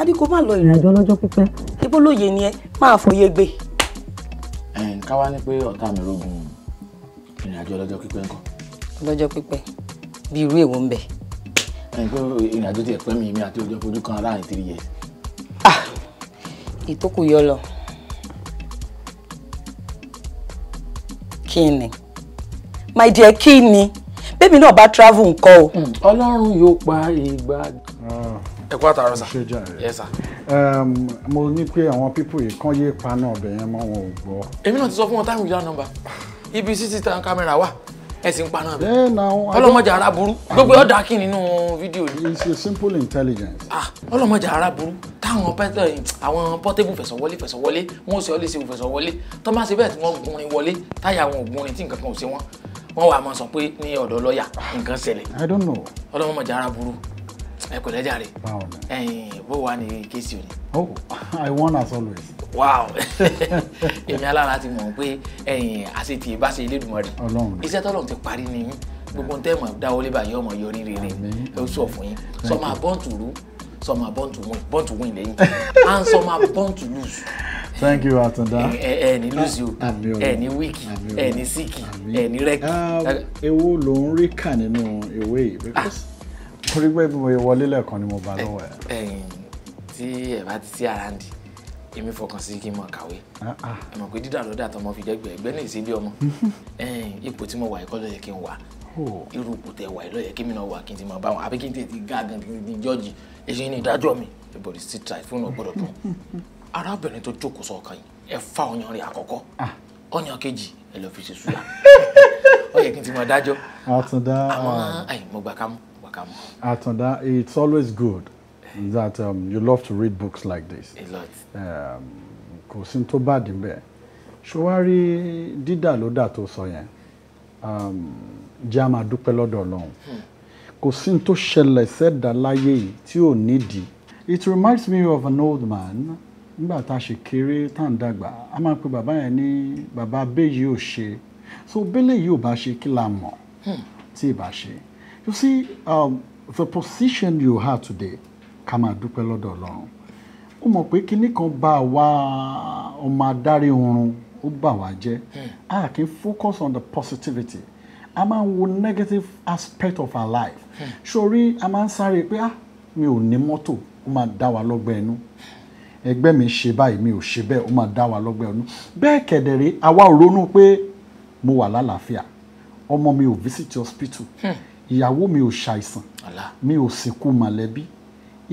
adé kó má lọ ìrìnàjò ọlọ́jọ́ pípẹ́ ibo lóye ni ẹ máa fòye gbé. káwa ní pé ọ̀tá mi rogun ìrìnàjò ọlọ́jọ́ pípẹ́ ńkọ́. ọlọ́jọ́ pípẹ́ bí irú èwo ń bẹ. pé ìrìnàjò tiẹ̀ pẹ́ mi mi àti ọjọ́ fojú kan láàrin three years. ìtókù yọ lọ. kí ni my dear kí ni bẹ́ẹ̀ náà bá travel ńkọ́ o. ọlọ́run yóò pa ìgbà. Hmm. ẹ kó àtàrọ sà ṣe jàre yes sà. mo ní pé àwọn pípò yìí kán yé paná ọbẹ̀ yẹn mọ́ wọn ò gbọ́. èmi náà ti sọ fún wọn táìmù without number ibi cctv camera wà ẹ sì ń paná ọbẹ̀ ọlọ́mọjà ara burú gbogbo ọ̀dà kí nínú fídíò yìí. it's a simple intelligence. ọlọ́mọjà ara burú táwọn pẹ́tẹ́ àwọn portable fẹ̀sọ̀wọlé fẹ̀sọ̀wọlé wọn ò sì ọ́ lè ṣe fẹ̀sọ̀wọlé tó má ṣe bẹ́ẹ̀ tí wọ́n gunrin wọn ò gunrin mọ̀ sọ pé ní ọ̀dọ̀ lọ́ọ̀yà nǹkan ṣẹlẹ̀. I don't know. ara burú ẹ kò lẹ́jà rè ẹ̀yìn bó wà ní kéésì òní. oh i won as always. wow èmi alára ti mọ̀ pé ẹ̀yìn àṣetì ìbáṣe Elédùmarè iṣẹ́ tọ́lọ́run ti parí ni yín gbogbo tẹ́ mọ̀ dáwọ́lé báyìí ọmọ yọrí rere ló sọ fún yín sọ máa born to rule sọ máa born to win born to win lẹ́yìn and sọ máa born to lose. thank you Atanda. ẹ ẹ ní lose o ẹ ní weak ẹ ní sick ẹ ní rẹ́kì. Ah, ewu ló ń rí kà nínú ìwé yìí ah. because torí pé mo wọlé lẹ́ẹ̀kan ni mo bá lọ́wọ́ ẹ. tí ẹ bá ti sí àràǹdì èmi fọkàn sí kí n mọ kàwé ah, ah. ẹ mọ̀ pé dídà ló dà tọmọ fi jẹ́gbẹ́ ẹgbẹ́ náà sí ilé ọmọ ipò tí mo wà ẹ̀kọ́ ló yẹ kí n wà irú ipò tẹ wà ló yẹ kí mi náà wà kí n ti máa bá wọn àbí kí n tètè gàgàn kí n ti jọ́ọ̀jì èyí ni ìdájọ́ mi everybody sit tight fóònù ọgbọ́dọ̀ dùn arábìnrin tó jókòó sọ̀kan yìí ẹ fa ọyàn rẹ̀ àkọ́kọ́ ah. ọyàn kejì ẹ lọ fi ṣe súyà ó yẹ kí n ti máa dájọ́ àwọn àìmọ̀gbà ká mú welcome. Atanda, it's always good that um, you love to read books like this. A lot. Um, kò sí tó bá dín bẹ́ẹ̀. Ṣùwárí dídà ló dà tó sọ yẹn. Um, jẹ́ a máa dúpẹ́ lọ́dọ̀ Ọlọ́run. Hmm. Kò sí tó ṣẹlẹ̀ sẹ́dá láyé yìí tí ò nídìí. It reminds me of an old man. Nígbà tá a ṣe kéré tá à ń dàgbà, a máa pe bàbá yẹn ní bàbá abéyìí ò ṣe. So bẹ́lẹ̀ yìí ò bá ṣe kí la mọ̀ hmm. tí ì bá ṣe. You see, um, the position you have today, ká máa dúpẹ́ lọ́dọ̀ Ọlọ́run. Ó mọ̀ pé kinní wa ọmọ adarí oorun ó bà wá jẹ́. A focus on the positivity. A wo negative aspect of our life. Sorry, a máa ń sáré pé ah mi ò ní mọ́tò ó máa dá wa lọ́gbẹ́ ẹnu ẹgbẹ́ mi ṣe báyìí mi ò ṣe bẹ́ẹ̀ ó máa dá wa lọ́gbẹ́ ẹnu bẹ́ẹ̀ kẹ̀dẹ̀rẹ́ àwa ò ronú mo wà lálàáfíà ọmọ mi ò visit hospital. Hmm ìyàwó mi ò ṣàìsàn mi ò sìnkú mọ̀lẹ́bí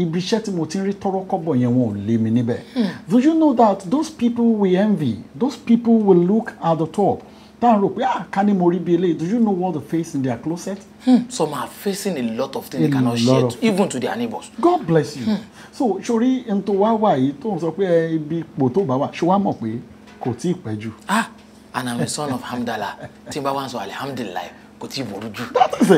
ibi iṣẹ́ tí mo ti ń rí tọ́rọ́ yẹn wọn ò lé mi níbẹ̀. Hmm. do you know that those people we envy those people we look at the top tá à ń rò pé ah ká ní mo rí bí eléyìí do you know what the face in their closet. Hmm. some are facing a lot of things a they cannot share to, even to their neighbors. God bless you. Hmm. so sori n tó wá wà yìí tó ń sọ pé eh, ibi ipò tó bá wà ṣé wàá mọ̀ pé kò tí ì pẹ́ jù. ah and i'm a son of Hamdallah tí n bá wá ń sọ alihamdulilayi kò tí ì bọ̀rú jù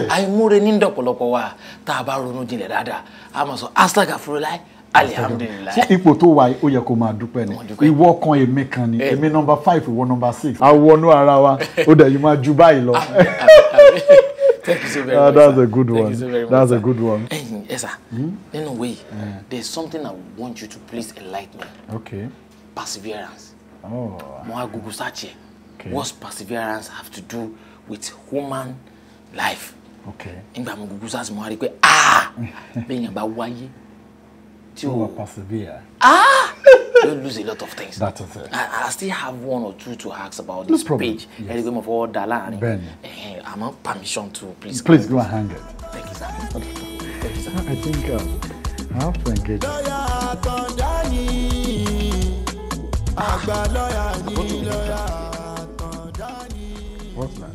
àìmúre ní dọ̀pọ̀lọpọ̀ wa tá a bá ronú jinlẹ̀ dáadáa a máa sọ astaga fúruláì alihamdulilayi. ṣé ipò tó wà ó yẹ kó máa dúpẹ́ ni ìwọ kan èmi kan ni èmi nọmba five ìwọ nọmba six àwọnú ara wa ó dẹ̀ yìí máa ju báyìí lọ. Thank you ah, so very much. that's a good one. that's a good one. Ẹyin ẹ̀sà nínú ìwé yìí eh. there is something I want you to please enlighten me. Okay. Perseverance. Oh. Mo oh. wá Google search ẹ̀. What's perseverance have to do with human life. okay. nígbà mo gbogbo sáà sí mo wá rí i pé ah! bẹ́ẹ̀ yẹn bá wáyé tí o you ah! lose a lot of things. That is it. I, I still have one or two to ask about this no problem. page. Yes. Eric Wimmer for Dalani. Ben. Uh, I'm on permission to please. Please go and hang it. Thank you, sir. Thank you, sir. I think um, uh, I have to engage. What's that?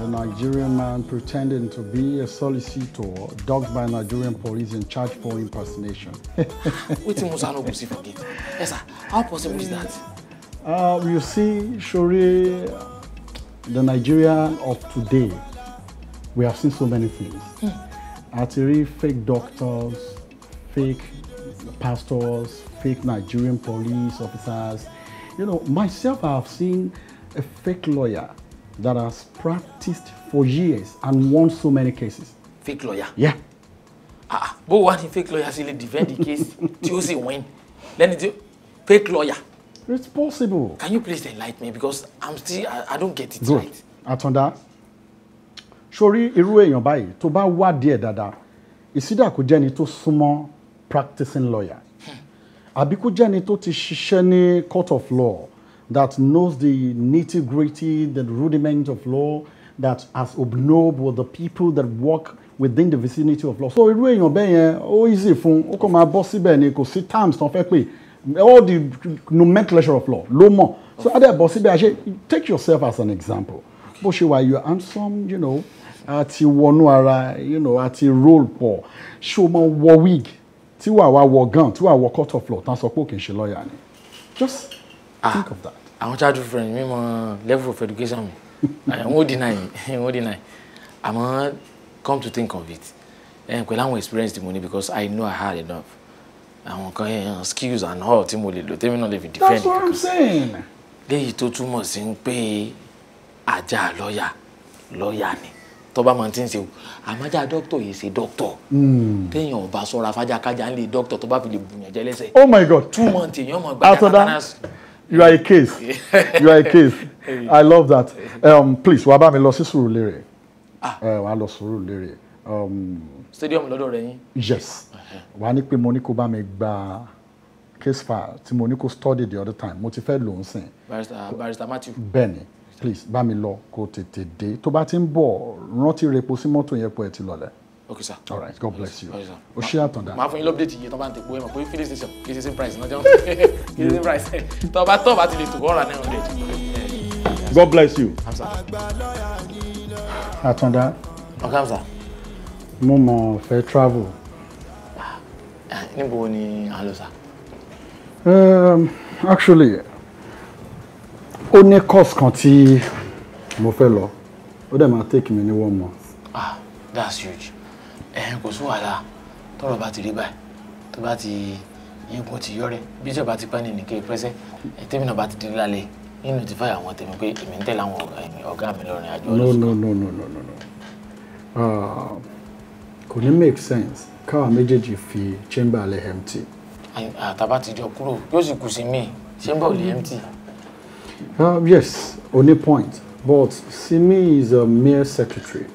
a Nigerian man pretending to be a solicitor dogged by Nigerian police and charged for impersonation. Which most are not possible again. Yes, sir. How possible is that? Uh, you see, Shuri, the Nigerian of today, we have seen so many things. Hmm. Artery, fake doctors, fake pastors, fake Nigerian police officers. You know, myself, I have seen a fake lawyer that has practiced for years and won so many cases. Fake lawyer. Yeah. Ah, but what if fake lawyer ṣe lè defend the case tí ó sì Let me do. fake lawyer. It's possible. Can you please enlighten me because I'm still I, I don't get it Good. right. Àtàndá, sórí irú èèyàn báyìí tó bá wádìí ẹ̀ dáadáa, ìsídà kò jẹ́ni to sumo practicing lawyer hmm. àbí kó jẹ́ni tó ti ṣiṣẹ́ ní court of law that knows the nitty gritty, the rudiment of law, that has obnoble the people that work within the vicinity of law. So irú èèyàn bẹ́ẹ̀ yẹn ó easy fún ó kàn máa bọ́ síbẹ̀ ni kò sí terms tán fẹ́ pè all the nomenclature of law ló mọ̀ so adé bọ́ síbẹ̀ àṣẹ take yourself as an example bó ṣe wà you are handsome you know àti wọnú ara you know àti roll pọ̀ ṣé o máa wọ wig tí wàá wá wọ gown tí wàá wọ cut off law tán sọ pé òkè ṣe lọ́ọ̀yà ni just ah. think of that àwọn childhood friend. mi mọ level of education mi wọn ò deny wọn ò deny àmọ́ come to think of it pẹ̀lú àwọn experience tí mo ní because I know I had enough àwọn kan skills and all tí mo lè lò tèmi náà lè fi defend. that's what i'm saying. léyìí tó túmọ̀ sí pé ajá lọ́ọ̀yà lọ́ọ̀yà ni tọ́ba máa ti ń ṣe o àmájá dókítà yìí ṣe dókítà hmm. téèyàn ò bá ṣọ́ra fájákájá ń lè dókítà tó bá fi lè bùyàn lẹ́sẹ̀. oh my god two months èèyàn máa gbàjà kátánásì you are a case you are a case i love that um, please wàá bá mi lọ sí Sùúrùlérè suru ah. eh, lọ Sùúrùlérè. Um, stadium lodo rẹ̀ yín. yes wàá ní pé mo ní kó bá mi gba case file tí mo ní kó study the other time mo ti fẹ́ lò ó barrister uh, barrister Matthew. Benny, please bá mi lọ kó tètè dé tó bá ti ń bọ̀ rántí repo sí mọ́tò yẹn pọ̀ ẹ̀ ti lọlẹ̀ okay sir. all right god bless you o ṣe àtàndá. màá fún yín lọ́pdẹ̀tì yìí tó bá ń tẹ̀ pé ma? mọ̀ pé filling this kì í ṣe same price náà just kì í same price tó bá tó bá it. lè tó ọ̀rà nine god bless you. àtàndá. ọ̀gá sà. mo mọ̀ fẹ́ travel. Ah, níbo ni à ń lọ sà. Um, actually ó ní course kan tí mo fẹ́ lọ ó dẹ̀ máa take me ní one month. ah that's huge ẹ kò sí wàhálà tọrọ bá ti rí báyìí tó bá ti yínkù ti yọrẹ bí tí ti pẹ́ ní nìkẹ́ pẹ́sẹ́ tèmi náà bá ti dín lálẹ́ yín notify àwọn tèmi pé èmi ń tẹ̀lé àwọn ọ̀gá mi lọ́rin àjọ ọlọ́sùn. no no no no no no ah, kò ní make sense káwa méjèèjì fi chamber lẹ empty. àtàbá ti jọ kúrò yóò sì kù sí mi chamber ò lè empty. Ah, yes o ní point but Simi is a mere secretary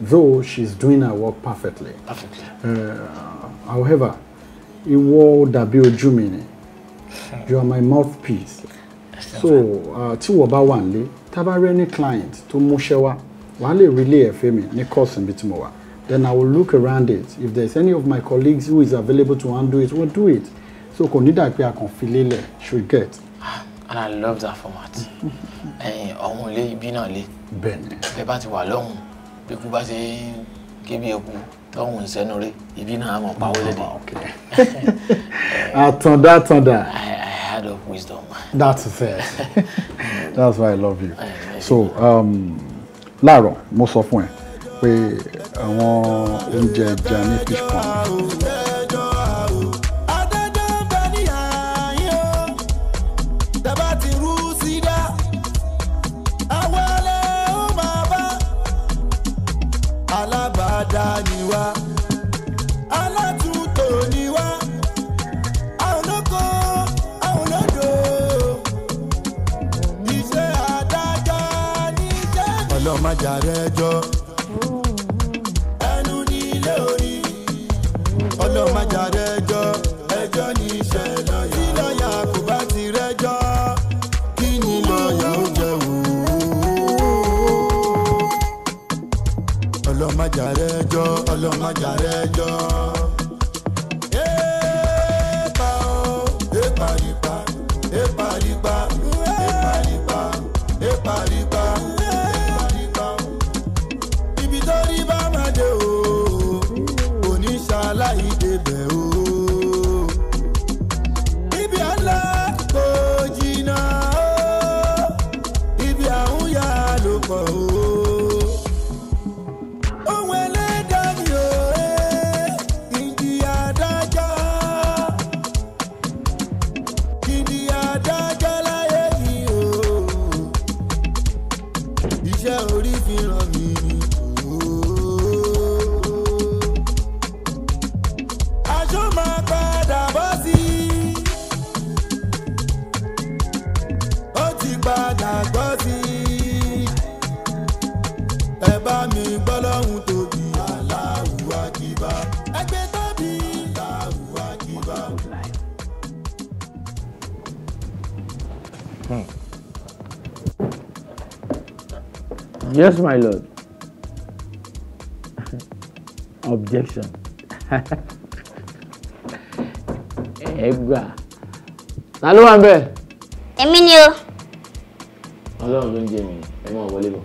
though she's doing her work perfectly. perfectly. Uh, however, ìwọ dàbí ojú you are my mouthpiece. so uh, tí wọ́n bá wà nílé client to múṣẹ́ wá wàá relay ẹ̀fẹ́ mi ní course níbi tí mo wà then I will look around it if there's any of my colleagues who is available to undo it we'll do it so kò ní dàgbé a should get. and I love that format. Eh, ọ̀hún lé ibi náà lé. bẹ́ẹ̀ni. bẹ́ẹ̀ bá ti bíkú bá ṣe kébí eku tọ́hún ìṣẹ́nu rí ibi náà mọ̀ pa wọlé dé. Ah, àtàndá àtàndá. I had of wisdom. That's it. That's why I love you. So um, láàárọ̀ mo sọ fún ẹ pé àwọn oúnjẹ ẹja ní fish pond. má jàre jọ. ẹnu ní ilé orí ọlọ́run má jàre jọ ẹjọ́ ní iṣẹ́ lọ́yà. tí lọ́yà kò bá ti rẹ́jọ́ kí ni lọ́yà ó jẹ òun. ọlọ́run má jàre jọ ọlọ́run má jàre. Yes, my lord. Objection. Ẹ gbà. Ta ló wà ń bẹ̀? Èmi ni o. Ọlọ́run ló ń jẹ mi, ẹ máa wọlé bọ̀.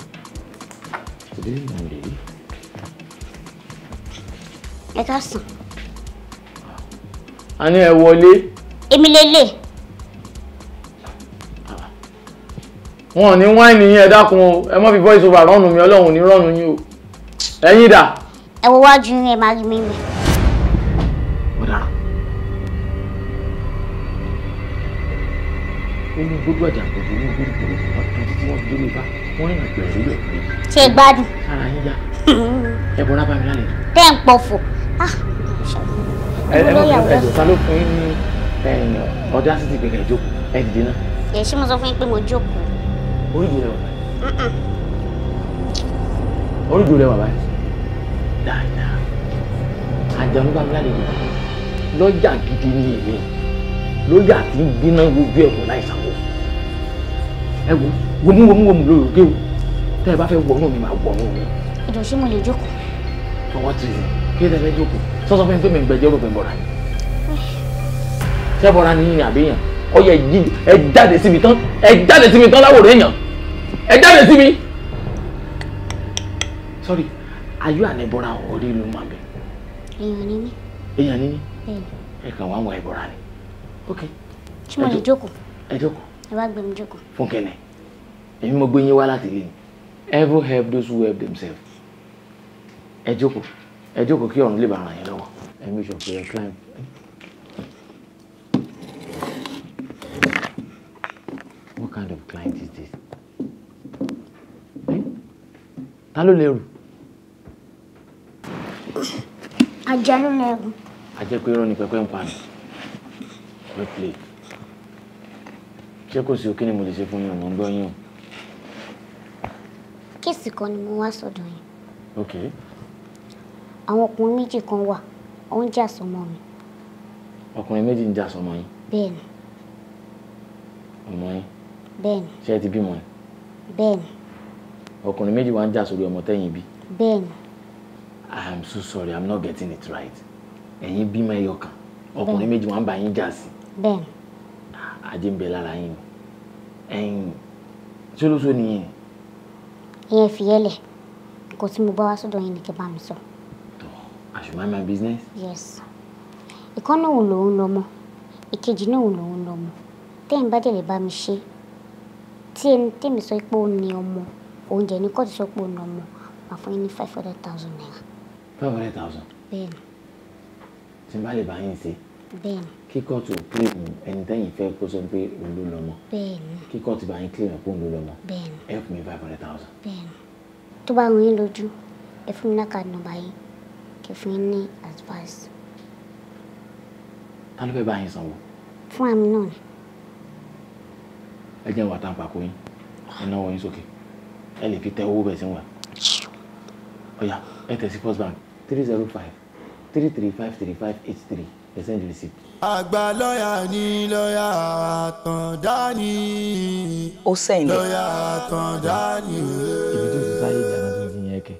Today is Monday. Ẹ ká sùn. A ní ẹ wọlé. Èmi lè lè. wọn ní wáìnì yín ẹ dákun o ẹ má fi voice over rọ́ọ̀nù mi ọlọ́run ní rọ́ọ̀nù yín o ẹ̀yin dà. ẹ wo wájú yín ẹ máa rí mi mi. ọ̀daràn olú gbogbo ọjà gbogbo owó gbogbo owó wọn tó tí wọn gbé mi bá wọn rìn àgbẹ̀rẹ̀ lórí ẹ̀ pé. ṣe gbádùn. ara yín yá ẹ bọ́lá bá mi lálẹ́. tẹ́ ń pọ̀fọ̀. Ah, ẹ ẹ ẹjọ ta ló fún yín ní ọdá sí gbẹgẹ ìjókòó ẹ dìde náà oríjì rẹ wà báyìí oríjì rẹ wà báyìí dáadáa àjẹun bá bílá lèyí lọ́jà gidi ní ìwé lọ́jà tí ń gbiná gbogbo ẹ̀kọ́ láìsàn wò ẹ wo womúwomúwomú lórí òkè o tẹ́ ẹ bá fẹ́ wọnú mi máa wọnú mi. ẹjọ ṣé mo lè jókòó. ọwọ́ ti rìn kí ẹ fẹ́ jókòó sọ́sọ́ fẹ́ fẹ́ mi gbẹjẹ́ rò fẹ́ bọ̀ra ni sẹ́bọ̀ra ni àbíyàn ọyẹ ẹ jáde síbi tán ẹ jáde síbi tán láwòrán èèyàn ẹ jáde sí mi. sorry are you an Ebora or real human being. èèyàn ni mí. èèyàn ni mí. ẹ kàn wá ń wá Ebora ni. ok. ṣé mo jókòó. ẹ jókòó. ẹ wá gbé jókòó. fúnkẹ́ nẹ èmi mo gbé yín wá láti lè ever help those who help themselves. ẹ jókòó ẹ jókòó kí ọ̀run lè bá ara yẹn lọ́wọ́ ẹ mi sọ ẹ climb. What kind of client is this? ta ló lẹ́rù. ajá ló lẹ́rù. ajẹ́ pé irọ́ ni pẹpẹ ń pa ni well played ṣé kò sí o kí ni mo lè ṣe fún yín ọmọ ń gbọ́ yín o. kan ni mo wá sọ́dọ̀ yín. ok. àwọn ọkùnrin méjì kan wà ó ń jà sọmọ mi. ọkùnrin méjì ń jà sọmọ yín. bẹ́ẹ̀ni. ọmọ yín. bẹ́ẹ̀ni. ṣé ẹ ti bímọ yín. bẹ́ẹ̀ni ọkùnrin méjì wá ń jà sórí ọmọ tẹ́yìn bí. bẹ́ẹ̀ni. I am so sorry I'm not getting it right ẹ̀yin bímọ ẹyọ kan ọkùnrin méjì wá ń bá yín jà sí. bẹ́ẹ̀ni. Ah, ajé ń bẹ lára yín ni ẹ̀yin ṣolóṣo nìyẹn. ìyẹn fìyẹ́lẹ̀ nǹkan tí mo bá wá sọ́dọ̀ yín ni kí bá mi sọ. I should mind my business. yes ìkan náà lòun lọmọ ìkejì náà lòun lọmọ tẹ́yìn bá dẹ̀ lè bá mi ṣe tí èmi sọ pé ó ọmọ oúnjẹ ní kóòtù sọ pé òun ọmọ máa fún yín ní five hundred thousand naira. five hundred thousand. bẹ́ẹ̀ni. tí n bá lè bá yín ṣe. bẹ́ẹ̀ni. kí kóòtù kílìmù ẹni tẹ́yìn fẹ́ kó sọ pé òun ló lọ́mọ. bẹ́ẹ̀ni. kí kóòtù bá yín kílìmù pé òun ló lọ́mọ. bẹ́ẹ̀ni. ẹ fún mi five hundred thousand. bẹ́ẹ̀ni. tó bá rún yín lójú ẹ fún mi lákàtà nọ́mbà yín kí fún yín ní advice. ta ló fẹ́ bá yín sanwó. fún àmì náà. ẹ jẹ́ wàtá àpapọ̀ yín ẹ náwó yín sókè. Okay ẹ lè fi tẹ owó bẹ̀sìn wà ọ̀yà ẹ tẹ̀ first bank three zero five three three five three five eight three ẹ send receipt. àgbà lọ́yà ni lọ́yà àtàndá ni ó sẹ́yìn lẹ̀ lọ́yà àtàndá ni. ibi tó ti sáyé ìjànà tó fi yẹn kẹ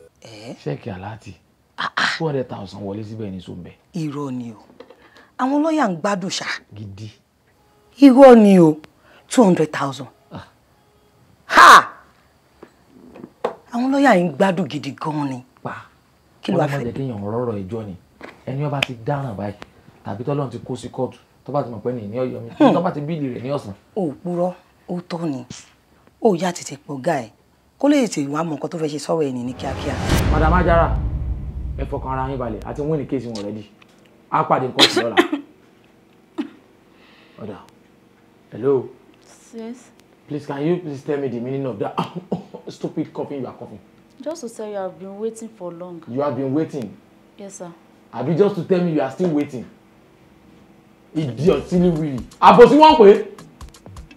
ṣẹ́ẹ̀kì aláàtì ah, ah. two hundred thousand wọlé síbẹ̀ ní sóńbẹ. irọ́ ni o àwọn lọ́yà ń gbádùn ṣá. gidi. irọ́ ni o two hundred thousand lọ́ọ̀yà yìí ń gbádùn gidi gan ni. pa kí ló wàá fẹ́. ọlọ́mọdé kéèyàn rọ̀rọ̀ ẹjọ́ ni ẹni ọba ti dáràn báyìí tàbí tọ́lọ́run ti kó sí kóòtù tó bá ti mọ̀ pé ní ìní ọyọ mi hmm. tó bá ti bíìlì rẹ̀ ní ọ̀sán. o purọ́ ó tọ́ ni o yá tètè pọ̀ gá ẹ̀ kó lè tètè wá mọ nǹkan tó fẹ́ ṣe sọ́wọ́ ẹni ní kíákíá. madam ajara ẹ fọkàn ara yín balẹ̀ àti wọ́n ní kéèsì wọn rẹ́dí á pàdé nǹkan sí lọ́la. ọ̀dà hello. sis. please can you please tell me the meaning of that. stupid coughing you are coughing. Just to say, you, have been waiting for long. You have been waiting? Yes, sir. Have you just to tell me you are still waiting. Idiot, silly willy. Àbòsí wọ́n pè.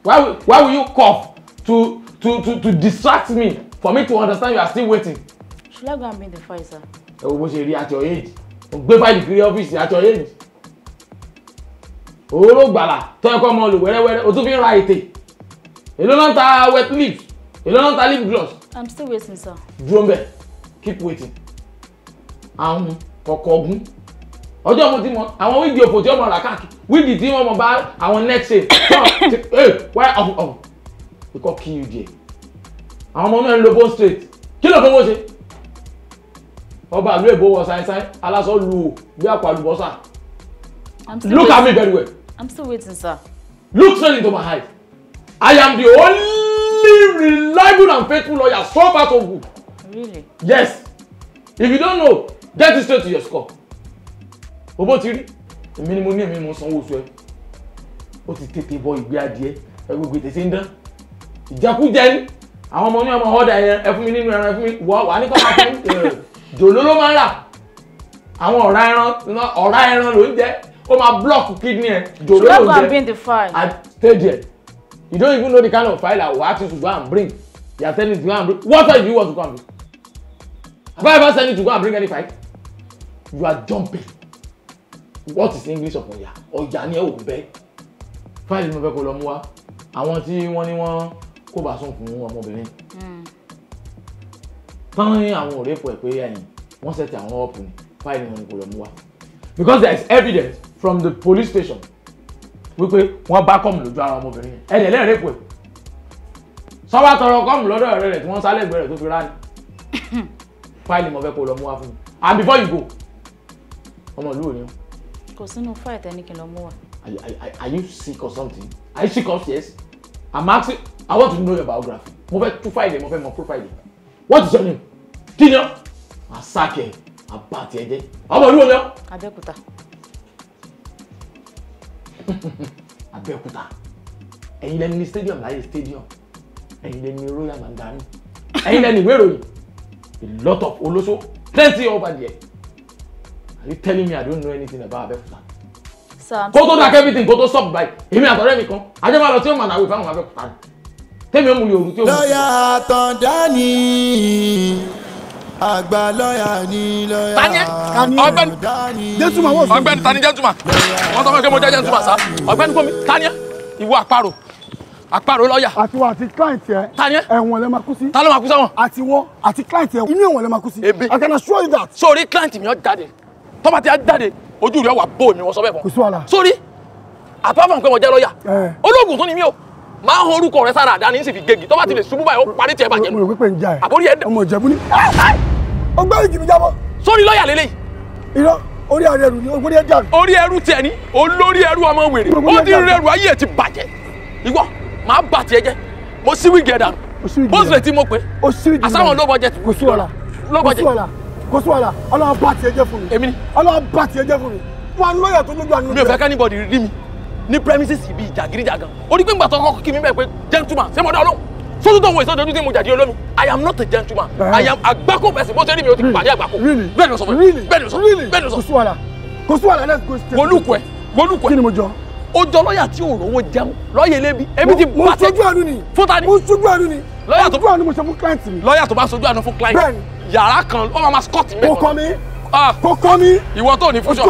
Why will, why will you cough to, to, to, to distract me for me to understand you are still waiting? Should I go and bring the fire sir? Oh, wo bó ṣe at your age. Ó gbé fáìlì kiri ọ́fíìsì at your age. Owó ló gbàlà tó ẹ̀kọ́ where olùwẹ́rẹ́wẹ́rẹ́ where tún fi ń ra ètè. Èló náà ta wet lips ìlọ́nà ta lip gloss. i'm still waiting sir. dúró mbẹ keep waiting. àwọn kọ̀ọ̀kan ogun ọjọ́ mo ti mọ àwọn wíìgì òfò tí wọ́n mọ rà káàkiri wíìgì tí wọ́n mọ bá àwọn next year náà ti ẹ wáyà ọ̀hún ọ̀hún ikọ̀ kí yìí jẹ àwọn ọmọ náà ń lo bone straight kí ló fowó ṣe ọba àlú èbó wọ sáyẹnsáyẹn aláṣọ lu bí àpò àlùbọ́sà look at me very well. i'm still waiting sir. look straight into my eyes i am the only only reliable and faithful lawyer so far so good. Really? Yes. If you don't know, get this straight to your score. Owó ti rí. Èmi ni mo ní èmi ni mo sanwó oṣù ẹ. Ó ti tètè bọ ìgbé adìẹ. Ẹgbẹ̀gbẹ̀ tètè ń dán. Ìjẹkújẹ ni. Àwọn ọmọ ní ọmọ ọ̀dà ẹran ẹ fún mi nínú ẹran ẹ fún mi. Wà wà ní kọ́kọ́ fún jòló ló máa ń rà. Àwọn ọ̀rá ẹran ọ̀rá ẹran ló ń jẹ. block kidney ẹ. Jòló ló ń jẹ. Ṣùgbọ́n I'm being the fine. Àtẹ̀jẹ̀. You don't even know the kind of file I will ask you to go and bring. You are telling me to go and bring. What file do you want to go and bring? Have I ever sent you to go and bring any file? You are jumping. What is English of Oya? Oya ni ẹ ò bẹ́. Fáìlì mo fẹ́ kó lọ mú wá. Àwọn tí wọ́n ní wọ́n kó bá sùn fún ọmọbìnrin. Hmm. Tán ní àwọn ọ̀rẹ́ fọ ẹ̀ pé ẹ̀yìn wọ́n ṣẹ̀tì àwọn ọ̀pù ni fáìlì wọn ni kó lọ mú wá. Because there is evidence from the police station wípé wọ́n bá kọ́ọ̀mù lójú ara ọmọbìnrin yẹn ẹ̀dẹ̀ lẹ́rìí pẹ̀ sọ́wọ́ tọrọ kọ́ọ̀mù lọ́dọ̀ ọ̀rẹ́ rẹ̀ tí wọ́n sálẹ̀ gbẹ̀rẹ̀ tó fi rá ni fáìlì mo fẹ́ kó lọ mú wá fún mi and before you go ọmọ ìlú òní. kò sínú fáìlì tẹ́ni kí n lọ mú wá. are you sick or something are you sick of yes i'm asking i want to know your biography mo fẹ́ tú fáìlì mo fẹ́ mọ profile what is your name kí ni ọ́ àsákẹ́ àbàtì ẹ̀jẹ̀ ọmọ ìlú òní. Abẹ́òkúta. Abẹ́òkúta ẹ̀yin lẹni ní stadium láyé stadium ẹ̀yin lẹni royal mandarin ẹ̀yin lẹni ìwé ìròyìn a lot of olóṣó plenty over there are you telling me I don't know anything about Abẹ́òkúta kó tó dákẹ́ everything kó tó stop by èmi àtọ̀rẹ́ mi kan ajẹ́ máa lọ sí ọmọ àwìn fáwọn Abẹ́òkúta tẹ́mi ó mu yorùbá tí ó mu. lọ́yà àtọ̀dá ni àgbà lọ́yà ni lọ́yà ọ̀gbẹ́ni jẹ́ntùmá wọ́n fún mi. ọ̀gbẹ́ni tani jẹ́ntùmá wọ́n sọ fún mi pé mo jẹ́ jẹ́ntùmá sá ọ̀gbẹ́ni fún mi tani ìwọ àparò àparò lọ́yà. àtiwọ àti client yẹ. tani ẹ ẹ̀wọ̀n lẹ ma kú sí. ta ló ma kú sẹ́wọ̀n. àtiwọ àti client yẹ inú ẹ̀wọ̀n lẹ ma kú sí. ebi I can assure you that. sori client mi ọ jáde tọ́ba ti á jáde ojú rẹ̀ wà bóòmì wọ́n sọ bẹ́ẹ̀ fún. kò sí wàhálà. sori apart from pé mo jẹ́ lọ́yà olóògùn tún ni mí máa ń horúkọ rẹ sára àdáni sì fi gègì tó bá ti lè ṣubú báyìí ó parí tiẹ̀ bàjẹ́ nù. mo rò pé ń ja ẹ àbórí ẹ ọmọ ìjẹ̀bú ni. ọgbẹ́ ìjì mi jábọ́. sórí lọ́ọ̀yà lélẹ́yìí. irọ́ orí ẹrù ni orí ẹja. orí ẹrù tiẹ̀ ni olórí ẹrù ọmọ wèrè ó ti rẹrù ayé ẹ̀ ti bàjẹ́ ìwọ máa bà tiẹ̀ jẹ́ mo sí wíìgì ẹ̀ dànù bó sì lè ti mo pé àsáwọn ló bọjẹ kò sí ọ̀la kò sí ọ̀la kò sí ọ̀la ọlọ́wọ́ bá tiẹ̀ jẹ́ fún mi ọlọ́wọ́ bá tiẹ̀ jẹ́ fún mi wọn lóyè tó lójú àná. mi ò fẹ́ kẹ́nìbọ̀dì rí mi ní premises ibi ìjàgídíjàgan orí pé ńgbà tó kọ́kọ́ kí mi bẹ́ẹ̀ pé gentleman ṣé mo dá ọlọ́run sótú tó ń wo ìsọjọ ojú tí mo jàdí olómi i am not a gentleman i am àgbákò person bó ṣe rí mi o ti pàdé àgbákò bẹ́ẹ̀ ni o sọ fún mi bẹ́ẹ̀ ni o sọ bẹ́ẹ̀ ni o sọ. kò sí wàhálà kò sí wàhálà let's go straight. wolúkọ ẹ wolúkọ ẹ kí ni mo jọ. o jọ lọ́ọ̀yà tí o rówó jẹun lọ́ọ̀yà elébi ebi ti bá tẹ fún ta ni. mo sojú àánú ni lọ́ọ̀yà tó bá sojú àánú fún client mi. lọ́ọ̀yà tó bá sojú àánú fún client yàrá kan ó máa ma scott mẹ́kọ̀ọ́ Ah! kókó mi. ìwọ tó ní fúnṣọ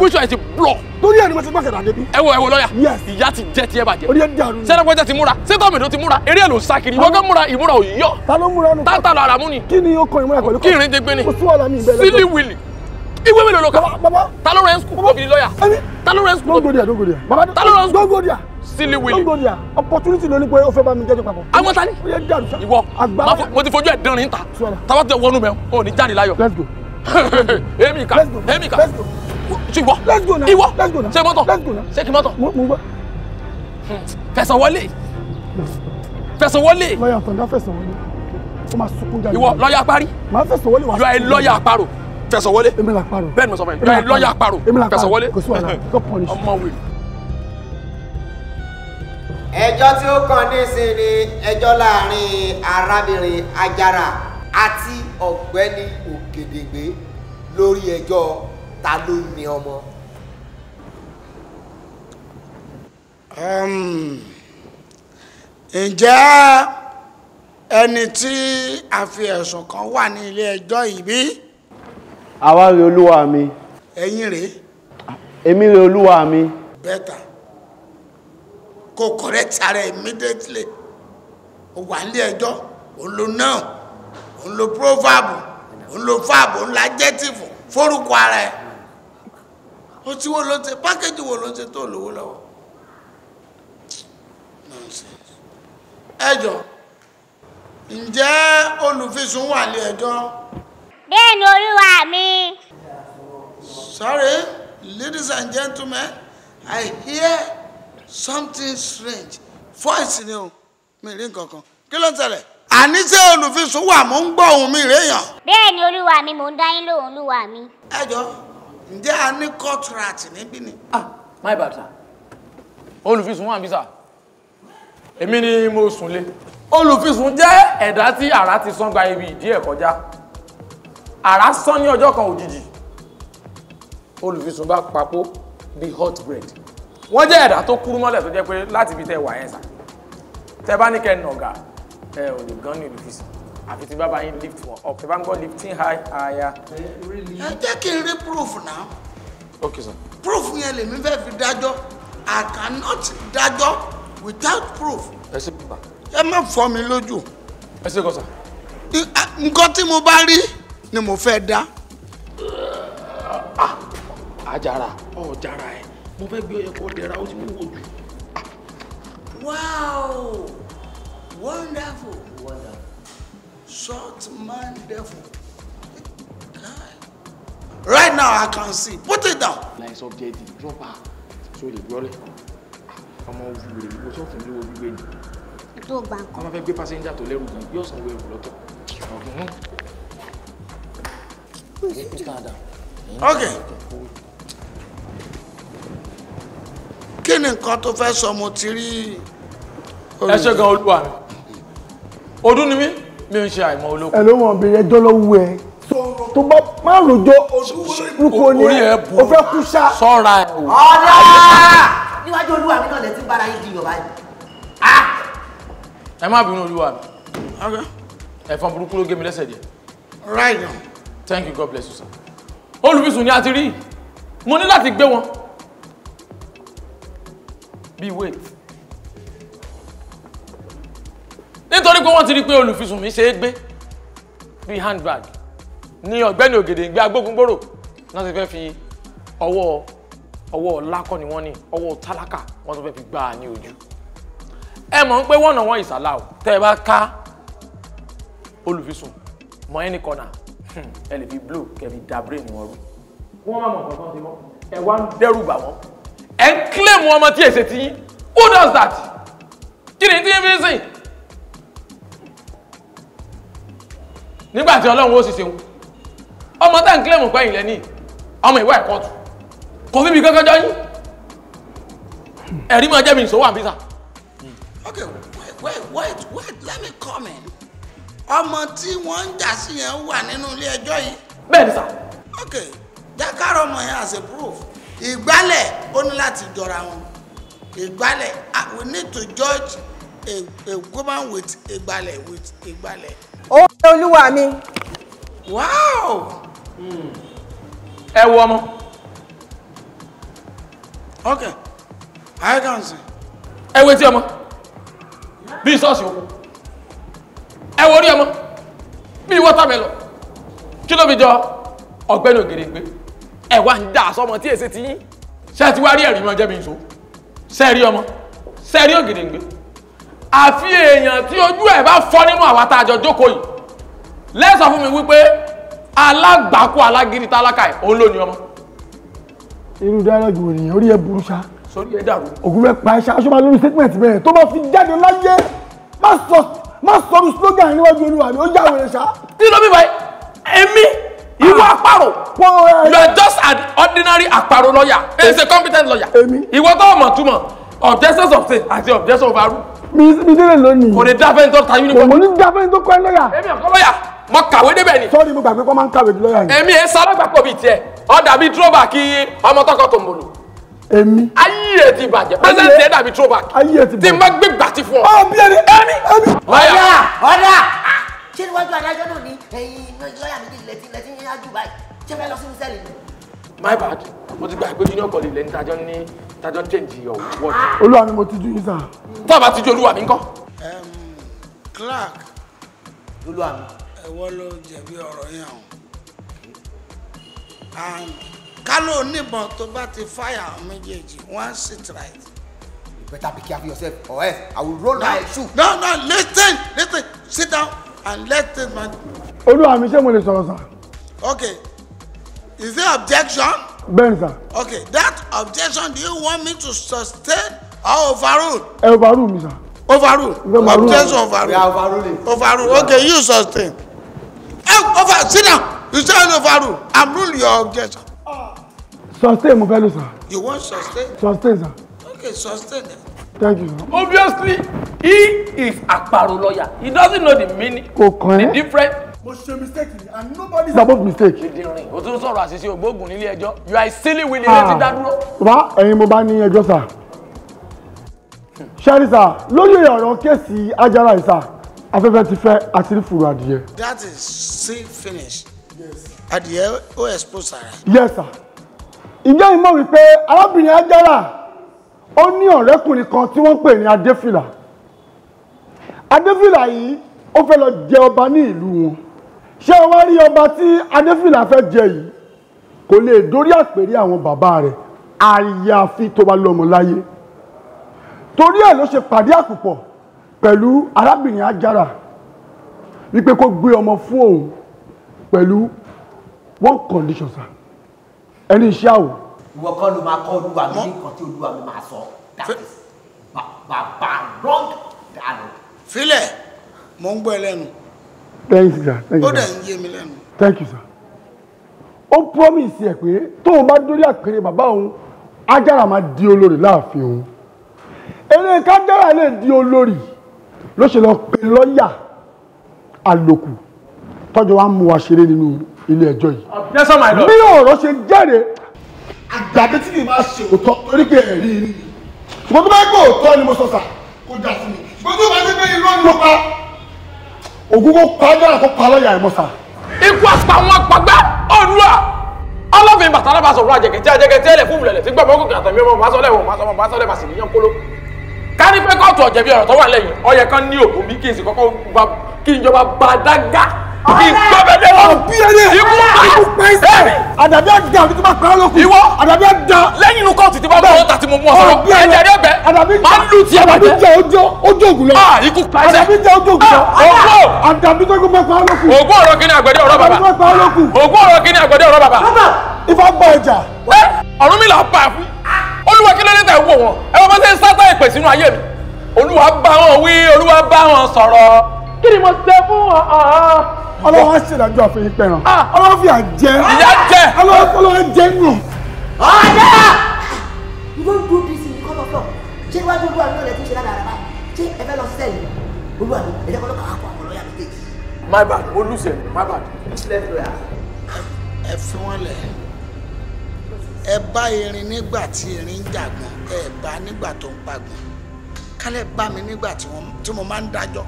fúnṣọ ẹ ti blọ. torí ẹni mo ti gbàgẹ̀dà débi. ẹ wo ẹ wo lọ́yà ìyá ti jẹ́ tiẹ́ bàjẹ́. orí ẹni dàrú. sẹ́dọ̀pẹ́jẹ́ ti múra sẹ́tọ̀mẹ̀dọ̀ ti múra eré ẹ̀ ló ń sá kiri ìwọ́gẹ́ múra ìmúra ò yọ. ta ló múra nù. tata lọ ara mú ni. kí ni ó kọ ìmúra pẹ̀lú kọ́. kí ìrìn dégbé ni sílí wìlì ìwé mélòó ló kà. ta ló rẹ̀ ń sùkú obìnrin lọ́yà. ta ló rẹ̀ ń sùkú obìnrin. ta ló rẹ̀ ń sùkú obìnrin sílí wìlì. gbogbo dia opportunity ló ní pé o fẹ́ bá mi jẹ́jọ́ papọ̀. àwọn ta ni. ìwọ mo ti fojú ẹ̀ dánrin ta. tàbá tẹ wọnú mẹ́ o ò ní jáde láyọ̀. let's go. Let's Let's Let's go. go. go. go now. èmi kà èmi kà ṣùgbọ́n ìwọ ṣe mọ́tọ̀ ṣe kì mọ́tọ̀ fẹ̀sán wọlé fẹ̀sán wọlé. lọ́yà tọ̀dá fẹ̀sán wọlé ó máa sunkún jáde. ìwọ lọ́yà parí. màá fẹ̀sán wọlé wá. yọ ẹ lọ́yà àparò fẹ̀sán wọlé. èmi là parò. bẹ́ẹ̀ ni mo sọ fún ẹ yọ ẹ lọ́yà àparò fẹ̀sán wọlé. kò sí wàhálà kò punish. ọmọ wèrè. ẹjọ́ tí ó kàn nísìnyí ni ẹjọ́ láàrin arábìnrin Ajara àti ọ̀gbẹ́ni Ògèdèngbé lórí ẹjọ́ ta ló ní ọmọ. ǹjẹ́ ẹni tí a fi ẹ̀sùn kàn wà ní ilé ẹjọ́ yìí bí? àwa rèé olúwa mi. ẹ̀yin rèé. èmi rèé olúwa mi. bẹ́tà kò correct ara immediately wà nílé ẹjọ́ òun ló náà ń lo prófàbù ń lo fáàbù ń la jẹ́tìfù fórúkọ ara ẹ̀ ó ti wo ló ń ṣe pákéjì wo ló ń ṣe tó lówó lọ́wọ́ ẹjọ́ ǹjẹ́ olùfisùn wà lé ẹjọ́. bẹ́ẹ̀ ni olúwa mi. sorry ladies and gentlemen i hear something strange voice ni o mi rí nǹkan kan kí ló ń ṣẹlẹ̀ àníṣe olùfisùn wà mò ń gbọ́ ohùn mi rèèyàn. bẹ́ẹ̀ ni olúwa mi mò ń dá yín lóhùn olúwa mi. ẹ jọ ǹjẹ́ a ní contract níbí ni. ah my bad sir olùfisùn wà ń bí sà èmi ni mo sùn lé olùfisùn jẹ́ ẹ̀dá tí àrá ti sán gba ibi ìdí ẹ̀ kọjá àrá sán ní ọjọ́ kan òjijì olùfisùn bá papò bí hot bread wọ́n jẹ́ ẹ̀dá tó kúrú mọ́lẹ̀ tó jẹ́ pé láti fi tẹ wà yẹn sà tẹ bá ní kẹ́ nọ̀gà ẹ ò lè gan ní ìlú fisi àfi tí bàbá yín lift wọn up bá ń gbọ́ lifting high higher. ẹ jẹ́ kí n rí proof náà. ok sir. proof yẹn lèmi fẹ́ fi dájọ́ i cannot dájọ́ without proof. ẹ ṣe bàbá. ẹ má fọ́ mi lójú. ẹ ṣe kọ sà. nǹkan tí mo bá rí ni mo fẹ́ dá. àjàrà ah, ọ̀jàrà ẹ̀ mo fẹ́ gbé ọyẹ kó dẹ̀ra ó ti mú wò jù. wow. Wonderful. Short man, devil. God. Right now, I can see. Put it down. Nice object. Drop her. So the girl. Come on, we will wọ́n sọ fún mi wo gbígbé ni. Tó gbà kọ́. Wọ́n passenger to let pásẹ́ńjà tó lẹ́rù gan yóò sanwó Okay. Kí ni nǹkan tó fẹ́ sọ mo ti rí? Ẹ ṣe gan olúwa mi ọdún ni mí mi ń ṣe àìmọ̀ olóko. ẹ ló wọn bèrè ẹjọ́ lọ́wọ́ ẹ tó bá má rojọ́ olúkọ ni ẹ o fẹ́ kú sá. sọ́ra ẹ o. ọ̀la níwájú olúwa mi náà lè ti bára yín di yorùbá yìí. Ah! ẹ má bínú olúwa mi ẹ̀fọn burúkú ló gé mi lẹ́sẹ̀ díẹ̀. right now. thank you god bless you sir. olùfisùn ni a ti rí mo ní láti gbé wọn. be wait. nítorí pé wọ́n ti rí i pé olùfisùn mi ṣe é gbé bíi handbag ní ọ̀gbẹ́ni ògèdè ìgbé agbógungbòrò náà ti fẹ́ fi ọwọ́ ọwọ́ lákọ̀ ni wọ́n ní ọwọ́ tálákà wọ́n tó fẹ́ fi gbá a ní ojú ẹ mọ̀ ń pé wọ́n náà wọ́n ìsàlá o tẹ́ ẹ bá ká olùfisùn mọ ẹni kọ́nà hmm, ẹ lè fi blow kẹ́ fi da brain wọn rú wọ́n máa mọ̀ kankan ti mọ́ ẹ wá ń dẹ́rù bà wọ́n ẹ ń claim ọmọ tí èsè ti yín who does that kí ni tí ń fi sìn nígbà tí ọlọ́run ó sì ṣeun ọmọ tá n kílẹ̀mù pẹ́yìn lẹ́ni ọmọ ìwà ẹ̀kọ́ tù kò fi bí kankan jọ yín ẹ̀rí máa jẹ́ mi ìṣòwò àbísà. okay wait wait wait wait let me come in ọmọ tí wọ́n ń jà sí yẹn wà nínú ilé ẹjọ́ yìí. bẹ́ẹ̀ ni sà. okay jákàrọ̀ ọmọ yẹn as a proof ìgbálẹ̀ ó ní láti jọra wọn ìgbálẹ̀ we need to judge a, a woman with ìgbálẹ̀ with ìgbálẹ̀ ó ń olúwa mi. wow hmm. ẹ wo ọmọ ok i can see ẹ wo etí ọmọ bíi sọ́ọ̀sì òkú ẹ wo orí ọmọ bíi wọ́tàmẹ́lọ̀ kí ló fi jọ ọ̀gbẹ́ni ògèrègbè ẹ wá ń dà sọmọ tí èsì ti yín ṣé ẹ ti wá rí ẹ̀rí mọ́ jẹ́ mi nso ṣé ẹ rí ọmọ ṣé ẹ rí ògèrègbè àfi èèyàn tí ojú ẹ̀ bá fọ́ nínú àwa tá a jọ jókòó yìí lẹ́sọ̀ fún mi wípé alágbàkú alágídí tálákà ẹ̀ òun ló ní ọmọ. irú dáadáa wò nìyẹn orí ẹ burú ṣá. sórí ẹ dàrú. ògùn rẹ pa ẹṣẹ aṣọ máa lórí statement bẹ́ẹ̀ tó bá fi jáde láyé má sọ má sọrú slogan níwájú olúwa mi ó yà wẹrẹ ṣá. kí ló bí báyìí èmi ìwọ àparò ah. you are just an ordinary àparò lawyer he is a competent lawyer ìwọ tó mọ̀ túmọ̀ objection of say àti objection of arú mi délé lónìí. kò lè dáfẹ́ tó ta uniform. kò ní dáfẹ́ tó kọ́ lọ́yà. èmi ò kọ́ lọ́yà mo kàwé débẹ̀ ni. sọ́ọ́ni mo gbà pé kọ́ máa ń kàwé lọ́yà yìí. èmi ẹ sálágbàpọ̀ bíi tiẹ̀ ọ dàbí tróbà kí ọmọ tọkọ tó ń bolo. èmi. ayé ẹ ti bàjẹ́ pẹ́sẹ́ntì ẹ dàbí tróbà. ayé ẹ ti bàjẹ́ tí má gbé gbàtí fún ọ. ọ bí ẹni ẹni ẹni. ọ̀dà ọ̀dà ṣé níwájú adájọ́ náà ni ẹ̀yin lọ́yà mi ti lẹ́tí lẹ́tí yín á jù báyìí ṣé fẹ́ my bad mo ti gba ìpè junior college lẹ́ni tájọ́ ní tájọ́ change your word. olúwa ni mo ti ju yín sà. tá a bá ti ju olúwa mi ńkọ́. clark olúwa mi. ẹ̀wọ́ ló jẹ̀bi ọ̀rọ̀ yẹn o and kálọ̀ oníbọn tó bá ti fire àwọn méjèèjì one sit right. you better be careful yourself or else i will roll no. my shoe. no no listen listen sit down and let this man. olúwa mi ṣé mo lè sọ̀rọ̀ sàn. okay Is there objection? Benza. Okay, that objection do you want me to sustain or overrule? Ẹ overrule mi sà. Overrule. Objection overrule. We are overruling. Overrule. Yeah. Okay, you sustain. Ẹ over sit down. You say overrule. I'm rule your objection. Uh, sustain mo fẹ́ lò You want sustain? Sustain sir. Okay, sustain. Then. Thank you. Sir. Obviously, he is a paro lawyer. He doesn't know the meaning. Kò kàn ẹ́. The difference mo ṣe mistake ni and nobody is above mistake. dídìrín o tún sọ̀rọ̀ àṣìṣe ògbóògùn nílé ẹjọ́ you are silly willy létí ah. dádúró. wá ẹ̀yin mo bá ní ẹjọ́ sà ṣẹ́rí sà lórí ọ̀rọ̀ kéèsì ajára ìsà afẹ́fẹ́ ti fẹ́ àti fùrù adìyẹ. that is see finish adìyẹ ó expose ara. yes sir ǹjẹ́ ìmọ̀ wípé arábìnrin ajára ó ní ọ̀rẹ́kùnrin kan tí wọ́n ń pè ní adéfìlà adéfìlà yìí ó fẹ́ lọ jẹ ọba ní ìlú wọn ṣé o wá rí ọba tí adéfìlà fẹ́ jẹ yìí kò lè dórí àpèrè àwọn bàbá rẹ̀ àyàfi tó bá lọ́mọ láyé torí ẹ̀ ló ṣe pàdé àpòpọ̀ pẹ̀lú arábìnrin ajára wípé kó gbé ọmọ fún òun pẹ̀lú one condition sir ẹni iṣẹ́ àwò. ìwọ kọ́ ló máa kọ́ olúwa mi nǹkan tí olúwa mi máa sọ bàbá wrong dialogue. filẹ̀ mo ń gbọ́ ẹ lẹ́nu thank you sir thank you sir. thank you sir. ó promise ẹ̀ pé tóun bá dórí àpèrè bàbá òun ajára máa di olórí láàfin òun eré kájára lè di olórí ló ṣe lọ pe lọ́ọ̀yà àlòkù tọ́jú wa ń mú wa nínú ilé ẹjọ́ yìí. yes sir my lord. bí ọ̀rọ̀ ṣe jẹ́rẹ̀ àgbàdo tí mi máa ṣe òótọ́ torí pé ẹ̀rí ni ṣùgbọ́n tó bá gbọ́ òótọ́ ni mo sọ sà kó dà sí mi ṣùgbọ́n tó bá gbé irọ́ ni mo pa ògúngún pàgà kó pa lọ́yà ẹ̀ mọ́sà. ikú àpá wọn pàgbá òdùà ọlọ́fin bàtà náà bá sọ̀rọ̀ àjẹkẹ̀tẹ́ àjẹkẹ̀tẹ́ ẹ̀lẹ̀ fún ìbùlẹ̀lẹ̀ tí gbọ̀mọ́ gòkè àtàmì ọmọ bá sọ́lẹ̀ wọn bá bá sọ́lẹ̀ bá sì níyàn kóló. kárí pé kóòtù ọ̀jẹ̀bí ọ̀rọ̀ tó wà lẹ́yìn ọyẹ kan ní òkú bí kí n sì kọ́kọ́ kí n jọba gbàdágà ìgbàgbẹ́dẹ́ lọ. ọ̀bí ẹni ikú ikú pẹ́sẹ̀. àdàbí àdá mi ti máa pẹ́ lóko. ìwọ àdàbí àdá. lẹ́yìn inú kóòtù tí bá bọ̀ ọ́ta tí mo mú ọ sọ́rọ́. ọ̀bí ẹni ẹ̀dẹ́ bẹ́ẹ̀. àdàbí máa ń lù tí ẹ bàjẹ́. àdàbí jẹ ọjọ́ ah, ah, ọjọ́ ògùn lọ. ikú pẹ́sẹ̀. àdàbí jẹ ọjọ́ ògùn lọ. ògbó. àdàbí tó gbọ́ pẹ́ lóko. ògbó ọ̀rọ̀ kí ni àgbẹ̀dẹ́ ọ̀rọ̀ bàbá. ògbó ọ̀rọ̀ kí ni àgbẹ̀dẹ́ ọ̀rọ̀ bàbá. ifá gbọ́ ọjà. ọ̀run mi là ń pa fún. olúwa kí ló dé tẹ̀ wò wọn. ẹ wọ́n máa ń sẹ́ sátá ìpè sínú ayé mi. olúwa bá wọn wí olúwa bá wọn sọ̀rọ̀. kí ni mo ṣe fún ọ ọlọ́wọ́ ṣèdájọ́ àfẹ́yìn pẹ̀ràn ah! ọlọ́wọ́ fi àjẹ́ ìyá jẹ́ ọlọ́wọ́ jẹ́ nù. ọ̀dà you don't do this in the common floor ṣé iwájú olúwa mi ò lè tún ṣe ládàá rárá ṣé ẹ fẹ́ lọ sí sẹ́yìn olúwa mi ẹ jẹ́ kọ́ lọ́kàn àpò àwọn lọ́yà méjèèjì. my bad mo lose it my bad. ẹ fi wọn lẹ ẹ bá erin nígbà tí erin ń jàgbọ́n ẹ bá nígbà tó ń pagbọ́n kálẹ̀ bá mi nígbà tí mo máa ń dájọ́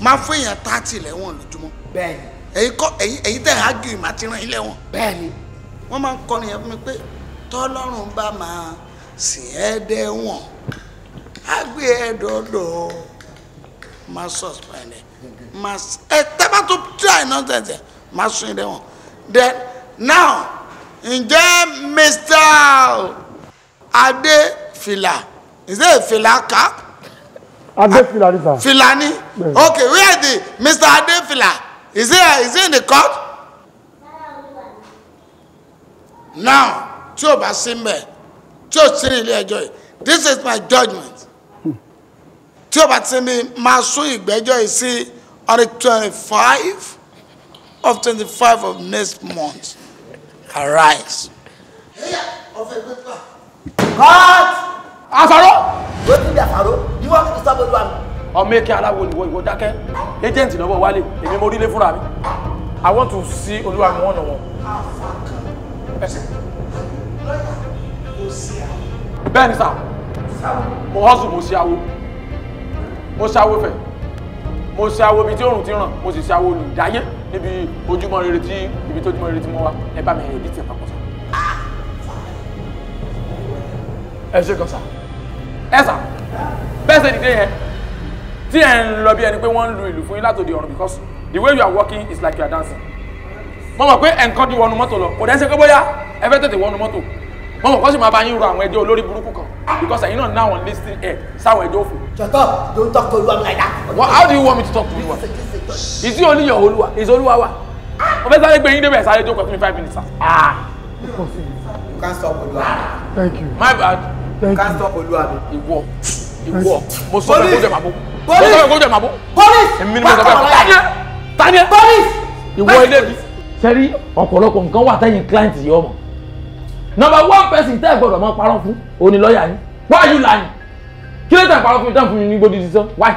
máa fún èèyàn táàtì lẹ́wọ̀n lójúmọ́. bẹ́ẹ̀ni. èyí kọ èyí èyí tẹ̀ á gírì máa ti ràn yín lẹ́wọ̀n. bẹ́ẹ̀ni. wọ́n máa ń kọrin yẹn fún mi pé tọ́lọ́run bá máa sìn ẹ́ dẹ́wọ̀n á gbé ẹ dọ́dọ̀ máa suspend ẹ máa ẹ tẹ́bà tó try nonsense ẹ máa sún yín dẹ́wọ̀n then now ǹjẹ́ Mr. Adéfìlà is it a fìlà cap? Adefila ni sir. Filani? Yes. Okay, where the Mr. Adefila? Is he, uh, is he in the court? Now, tí o bá sí mbẹ̀, tí o this is my judgment. Hmm. Tí o bá ti mi máa sún ìgbẹ́jọ́ yìí on the 25 of 25 of next month. Arise. Cut! àfàrọ. o ti di àfàrọ you want me to stop olúwa mi. ọmọ èké aláwo ìwọ ìwọ dákẹ́ agent lọ́wọ́ wálé èmi mo rílé fúnra mi i want to see olúwa mi one on one. bẹ́ẹ̀ ni sà mo hustle mo ṣe awo mo ṣe awo fẹ̀ mo ṣe awo ibi tí òòrùn ti ràn mo sì ṣe awo olùdáyé níbi ojúmọ́ rere tí ibi tó ojúmọ́ rere tí mo wá ẹ bá mi ẹ̀ bí tiẹ̀ papọ̀ sọ. ẹ ṣe kan sá ẹ sà bẹ́ẹ̀ ṣe dìde yẹn tí ẹ̀ ń lọ bí ẹni pé wọ́n ń lu ìlú fún yín látòdì ọ̀run because the way you are working is like you are dancing mo mọ̀ pé ẹ̀ǹkan di wọnú mọ́tò lọ kò dẹ́sẹ̀ pé bóyá ẹ fẹ́ tètè wọnú mọ́tò mo mọ̀ kó sì máa bá yín ro àwọn ẹjọ́ olórí burúkú kan because ẹ̀yin náà náwọn listing ẹ̀ sáwọn ẹjọ́ òfò. shut up don't talk to Oluwa like that. well how do you want me to talk to you? is he only your Oluwa is Oluwa wa mo fẹ́ sáré gbé yín débẹ̀ sáré jókòó fún mi five minutes. ah you can stop Oluwa. thank you. my bad. Castor Olúwàbí. Ìwọ ìwọ mo sọ pé kó jẹ màbó. Police! Mo sọ pé kó jẹ màbó. Police! Police! ni mo sọ pé kó jẹ màbó. Tani ẹ? Police! Ìwọ ilé mi. Sẹ́rí ọ̀pọ̀lọpọ̀ nǹkan wà tẹ́yìn client yìí ọmọ. Number one person tẹ́ ẹ̀ gbọ́dọ̀ máa parọ́ fún òní lọ́ọ̀yà yín. Why you lying? Kí ló tẹ̀ parọ́ fún mi tán fún mi ní gbódì sísọ? Why?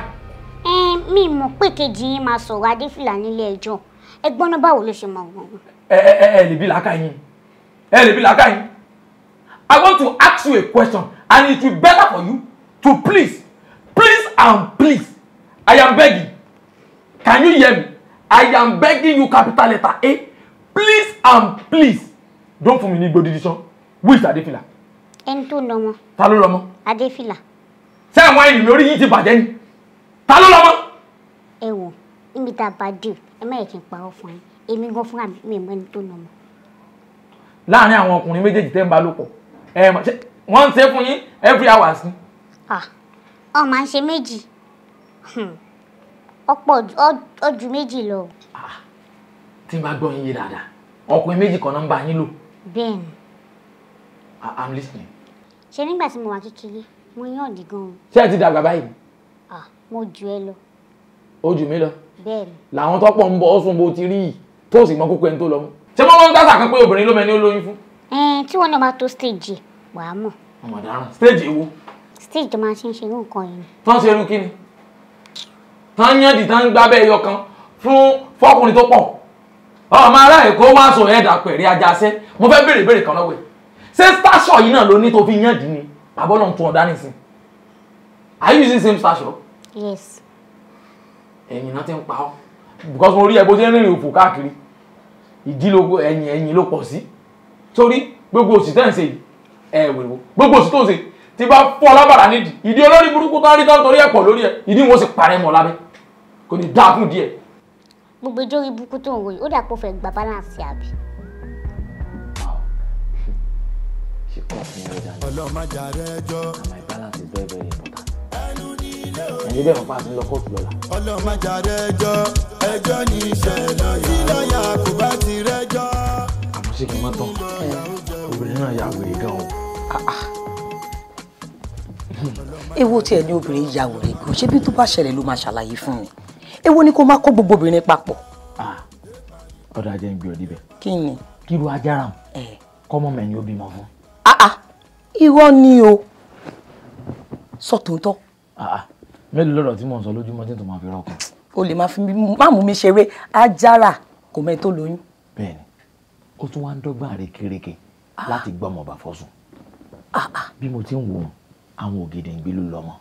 Mi mọ̀ pé kejì yín máa sọ̀rọ̀ Adéfìlà nílé ẹjọ́. Ẹgbọ́n náà báwo ló ṣe mọ̀ gbọ̀ngàn? Ẹ ẹ ẹ lè bí làákà yín. Ẹ lè bí làákà yín. I want to ask you a question and it will be better for you to please, please and please. I am begging. Can you hear me? I am begging you capital letter A. Please and please don't fún me. ní gbòdì dísán. Who is Adefila? Ẹni tó lọ́mọ. Ta ló lọ́mọ? Adefila. Ṣé àwọn ènìyàn lórí yìí ti bàjẹ́ ni? Ta ló lọ́mọ? Ẹ wò, níbi tá a bá dé, ẹ má yẹ kí n parọ́ fún yín. Èmi gan fúnra mi, mi ò mọ ẹni tó lọ́mọ. Láàárín àwọn ọkùnrin méjèèjì wọ́n ń every hours ni. Ah, ọ máa ń ṣe méjì ọ̀pọ̀ hmm, ọjù méjì lọ. Ah, tí Ah, bá gbọ́ yín yé dáadáa ọkùnrin méjì kan náà ń bá yín lò. bẹ́ẹ̀ni. Ah, i'm listening. ṣe nígbà tí mo wà kékeré mo yàn dí gan-an. ṣé ẹ ti dàgbà Ah, mo jù ẹ lọ. ó jù mí lọ. bẹ́ẹ̀ni. làwọn tọ́pọ̀ ń bọ̀ ọ́ sùn bó ti rí yìí tó sì mọ kókó ẹni tó lọ mú. ṣé wọ́n máa ń dásà kan pé obìnrin ló mẹ́ni ó lóyún fún tí wọn náà bá tó stage wàá mọ̀. madam stage wo. stage tó máa ṣe ń ṣe irú nǹkan yìí. tó ń ṣe irú kí ni tó ń yànjú tó ń gbábẹ́ ẹyọ kan fún fọkùnrin tó pọ̀ ọmọ ará èkó wá sọ ẹ̀dà pẹ̀rẹ̀ ajásẹ́ mo fẹ́ béèrè béèrè kan lọ́wọ́ ẹ̀ ṣé station yìí náà ló ní tó fi yànjú ni àbọ̀ náà tún ọ̀dá nìsín are you using same station. yes. ẹ̀yìn náà ti ń pa ọ́ because mo rí ẹ bó ṣe ń rìnrìn òfò káàkiri ìdí ló ẹ̀yìn ẹ̀yìn ló pọ̀ sí torí gbogbo òsì tẹ́ ń ṣe ẹ wèrèwò gbogbo òsì tó ń ṣe tí bá fọ́ lábàrá nídìí ìdí olórí burúkú tó ń rí tó ń torí ẹ̀pọ̀ lórí ẹ̀ ìdí wọn sì parẹ́ mọ́ lábẹ́ kò ní dákún díẹ̀. mo gbé jórí burúkú tó ń ròyìn ó dà pé fẹ́ gba balance àbí. ọlọ́mọdàrẹ́jọ́ my balance is àti lọ kóòtù lọ́la. ọlọ́mọdàrẹ́jọ́ ẹjọ́ ní ìṣẹ̀lẹ̀ yìí lọ́ọ̀yà kò bá ti rẹ́jọ́ ṣé kí n má tán obìnrin o. èwo tiẹ̀ ni obìnrin ya wèrè gan ṣé bí tó bá ṣẹlẹ̀ ló máa ṣàlàyé fún mi èwo ni kó má kó gbogbo obìnrin papọ̀. ọ̀dọ̀ ajẹ́ ń gbé ọ níbẹ̀. kí ni. kí ló ajára mu o sọ tòótọ́. mélòó lọ́rọ̀ tí mò ń sọ lójúmọ́ tí n tó máa fi rọ́ọ̀kan. o lè máa fi máàmù mi ṣeré ajára kò mẹ́ tó lóyún. bẹ́ẹ̀ni ó tún wá ń dọ́gbọ́n àrékérekè ah. láti gbọ́mọ̀ bá fọ́sùn ah, ah. bí mo ti ń wò àwọn ògèdè ń gbé ló lọ́mọ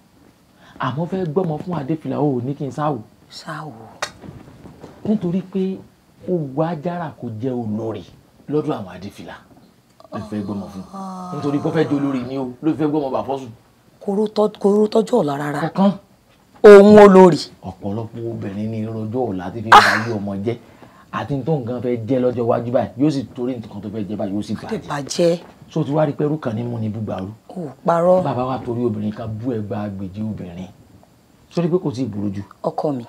àmọ́ fẹ́ gbọ́mọ fún adéfìlà ó ní kí n sáwò. sáwò. nítorí pé owó ajára kò jẹ́ olórí lọ́dọ̀ àwọn adéfìlà ló fẹ́ gbọ́mọ fún nítorí pé ó fẹ́ jẹ́ olórí ni ó ló fẹ́ gbọ́mọ bá fọ́sùn. koro tọ́jú ọ̀la rárá. kankan. ohun olórí. ọ̀pọ̀lọpọ̀ obìnrin ni irun ọjọ́ ọ̀la ti fi máa yí ọmọ jẹ́ àti tó nǹkan fẹ́ jẹ́ lọ́jọ́ iwájú báyìí yóò sì torí nǹkan tó fẹ́ jẹ́ báyìí yóò sì bàjẹ́. so ti wá rí pẹ́rú kan ní mú ni búgbàrú. kò parọ́. bàbá wa torí obìnrin kan bú ẹgbàá gbèjì obìnrin sórí pé kò tí ì burú jù. ọkọ mi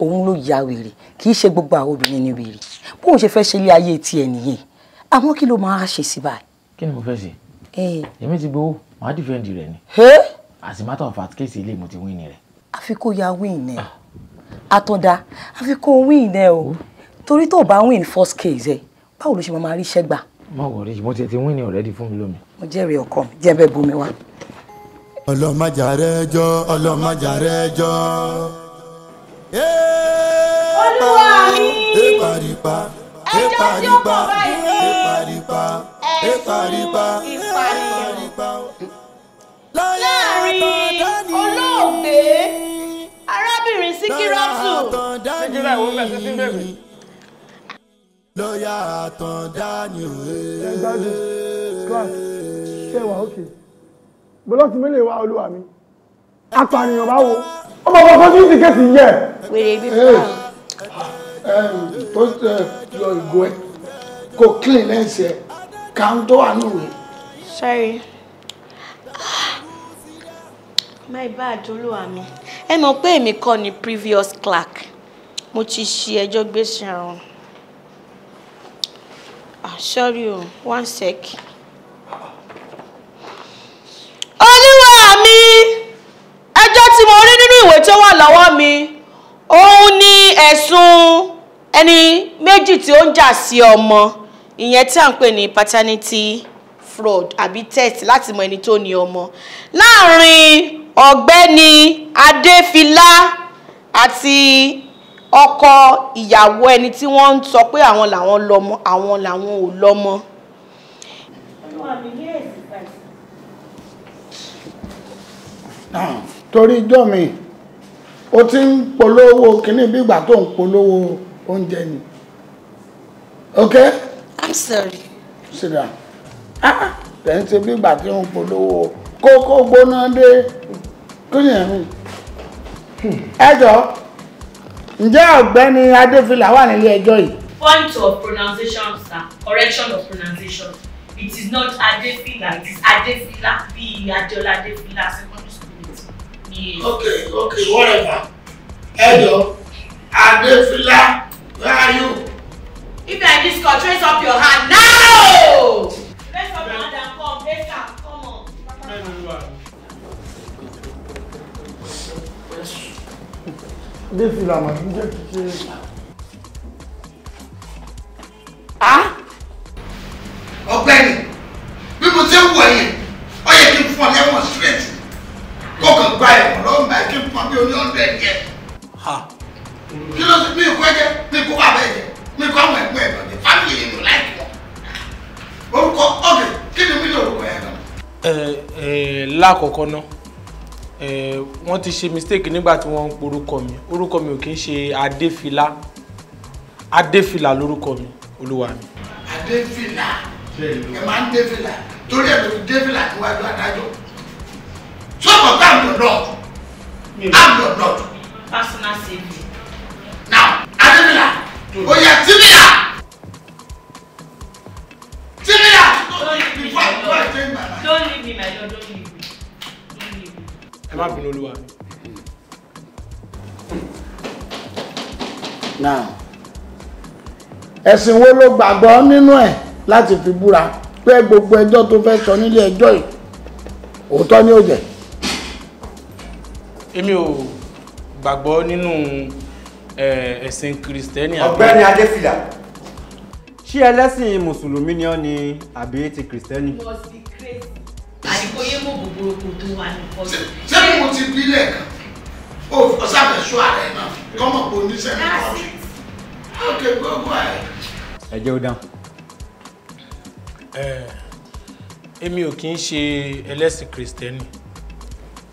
òun ló ya wèrè kì í ṣe gbogbo àwọn obìnrin ní wèrè bóun ṣe fẹ́ ṣe ilé ayé tiẹ̀ nìyẹn àmọ́ kí ló máa ṣe sí báyìí. kí ni mo fẹ́ ṣe. Eh. èmi ti gbowó màá dìfẹ́ǹdì rẹ̀ ni. as a matter of fact kéèsì ilé mo ti wíìnì rẹ̀. àfi ya wíìnì ẹ̀ àtọ̀dá àfi kó wíìnì o torí tó bá win first case ẹ báwo ló ṣe máa rí iṣẹ́ gbà. má wọrí mo ti ti win already fún mi lómi. mo jẹ́rìí ọkọ mi jẹ́ bẹ́ẹ̀ bomi wa. ọlọ́mọjàre jọ ọlọ́mọjàre jọ. olúwa mi. ìpàdípa ìpàdípa ìpàdípa ìpàdípa ìpàdípa. láàrin olóògbé arábìnrin Síkírátù. ṣé kí láwọn bẹ̀rẹ̀ sí bẹ̀rẹ̀ lọ́ọ̀yà àtàndá ni ẹ gbádùn class ṣe wà ókè bọ́lọ́sì mélòó wá olúwa mi apànìyàn bá wo ọmọ kọ̀ọ̀kan tí ń ti kẹ́sì yẹ. wèrè ibi fún wa. yọ ìgò ẹ kò clean lẹ́sì ẹ ń tó wà ní sorry my bad olúwa mi ẹ mọ̀ pé èmi kọ́ ni previous clerk mo ti ṣe ẹjọ́ gbèsè àrùn. Ah, sorry o, one sec. Olúwa mi, ẹjọ́ tí mo rí nínú ìwé tó wà lọ́wọ́ mi, òun ni ẹ̀sùn ẹni méjì tí ó ń jà sí ọmọ, ìyẹn tí à ń paternity fraud àbí test láti mọ ẹni tó ní ọmọ. Láàárín ọ̀gbẹ́ni Adéfilá àti ọkọ ìyàwó ẹni tí wọ́n ń sọ pé àwọn làwọn lọ́mọ àwọn làwọn ò lọ́mọ. torí ijó mi ó ti ń polówó kínní bí ìgbà tó ń polówó oúnjẹ ni okay. i'm sorry. sit down. ah ah tẹ̀ ń ṣe bí ìgbà tí ó ń polówó kókó gbóná dé kí ni ẹ̀rín. ẹ jọ̀ọ́ ǹjẹ́ ọ̀gbẹ́ni adéfìlà wà nílé ẹjọ́ yìí. point of pronunciation sir correction of pronunciation it is not adéfìlà it is adéfìlà bíi adéọlá adéfìlà secondary school. Yes. okay okay whatever ẹjọ adéfìlà where are you. if you are in this country raise up your hand now. raise up your hand and come later come on. dé fìlà mà ń jẹ́ kí ṣe. ọ̀gbẹ́ni bí mo ti ń wọ yẹn ó yẹ kí n fún ọ lẹ́wọ̀n straight kó kàn gba ẹ̀wọ̀n lọ́wọ́ báyìí kí n fún ọ bí oní hundred yẹ. kí ló ti mi kó ẹ̀jẹ̀ mi kó bàbá ẹ̀jẹ̀ mi kó àwọn ẹ̀gbọ́n ẹ̀gbọ́n mi fámìlì yìí ló láì pọ̀ orúkọ ọ̀gẹ̀ kí ni mi lè orúkọ yẹn náà. ẹ lákọ̀ọ́kọ́ náà wọ́n ti ṣe mistake nígbà tí wọ́n ń porúkọ mi orúkọ mi ò kí ń ṣe adéfìlà adéfìlà lórúkọ mi olúwa mi. adéfìlà ẹ máa ń défìlà torí ẹ̀ ló ń défìlà níwájú adájọ́ sọ́kọ̀ ká ń dọ̀dọ̀ á ń dọ̀dọ̀. personal safety. now adéfìlà oyè tìmíyà tìmíyà. don't leave me my lord don't leave me my lord don't leave me ẹ má bínú olúwa mi. now ẹ̀sìn wo ló gbàgbọ́ nínú ẹ̀ láti fi búra pé gbogbo ẹjọ́ tó fẹ́ sọ nílé ẹjọ́ yìí òótọ́ ni ó jẹ́. èmi ò gbàgbọ́ nínú ẹ̀sìn kìrìsìtẹ́nì. ọ̀gbẹ́ni adéfìlà. ṣé ẹlẹ́sìn mùsùlùmí ni ọ́ ni àbí ti kìrìsìtẹ́nì àdìgbò yé mọ̀ gbogbo kò tó wà ní pọ̀ sí. mo ti bí lẹ́ẹ̀kan o ọ̀sàfẹ́ sọ ara náà kọ́mọ̀ pé oníṣẹ́ ní kọ́ọ̀tù ok gbogbo ẹ̀. ẹ jẹ́ ó dáhùn. èmi ò kì í ṣe ẹlẹ́sìn kìrìsìtẹ́nì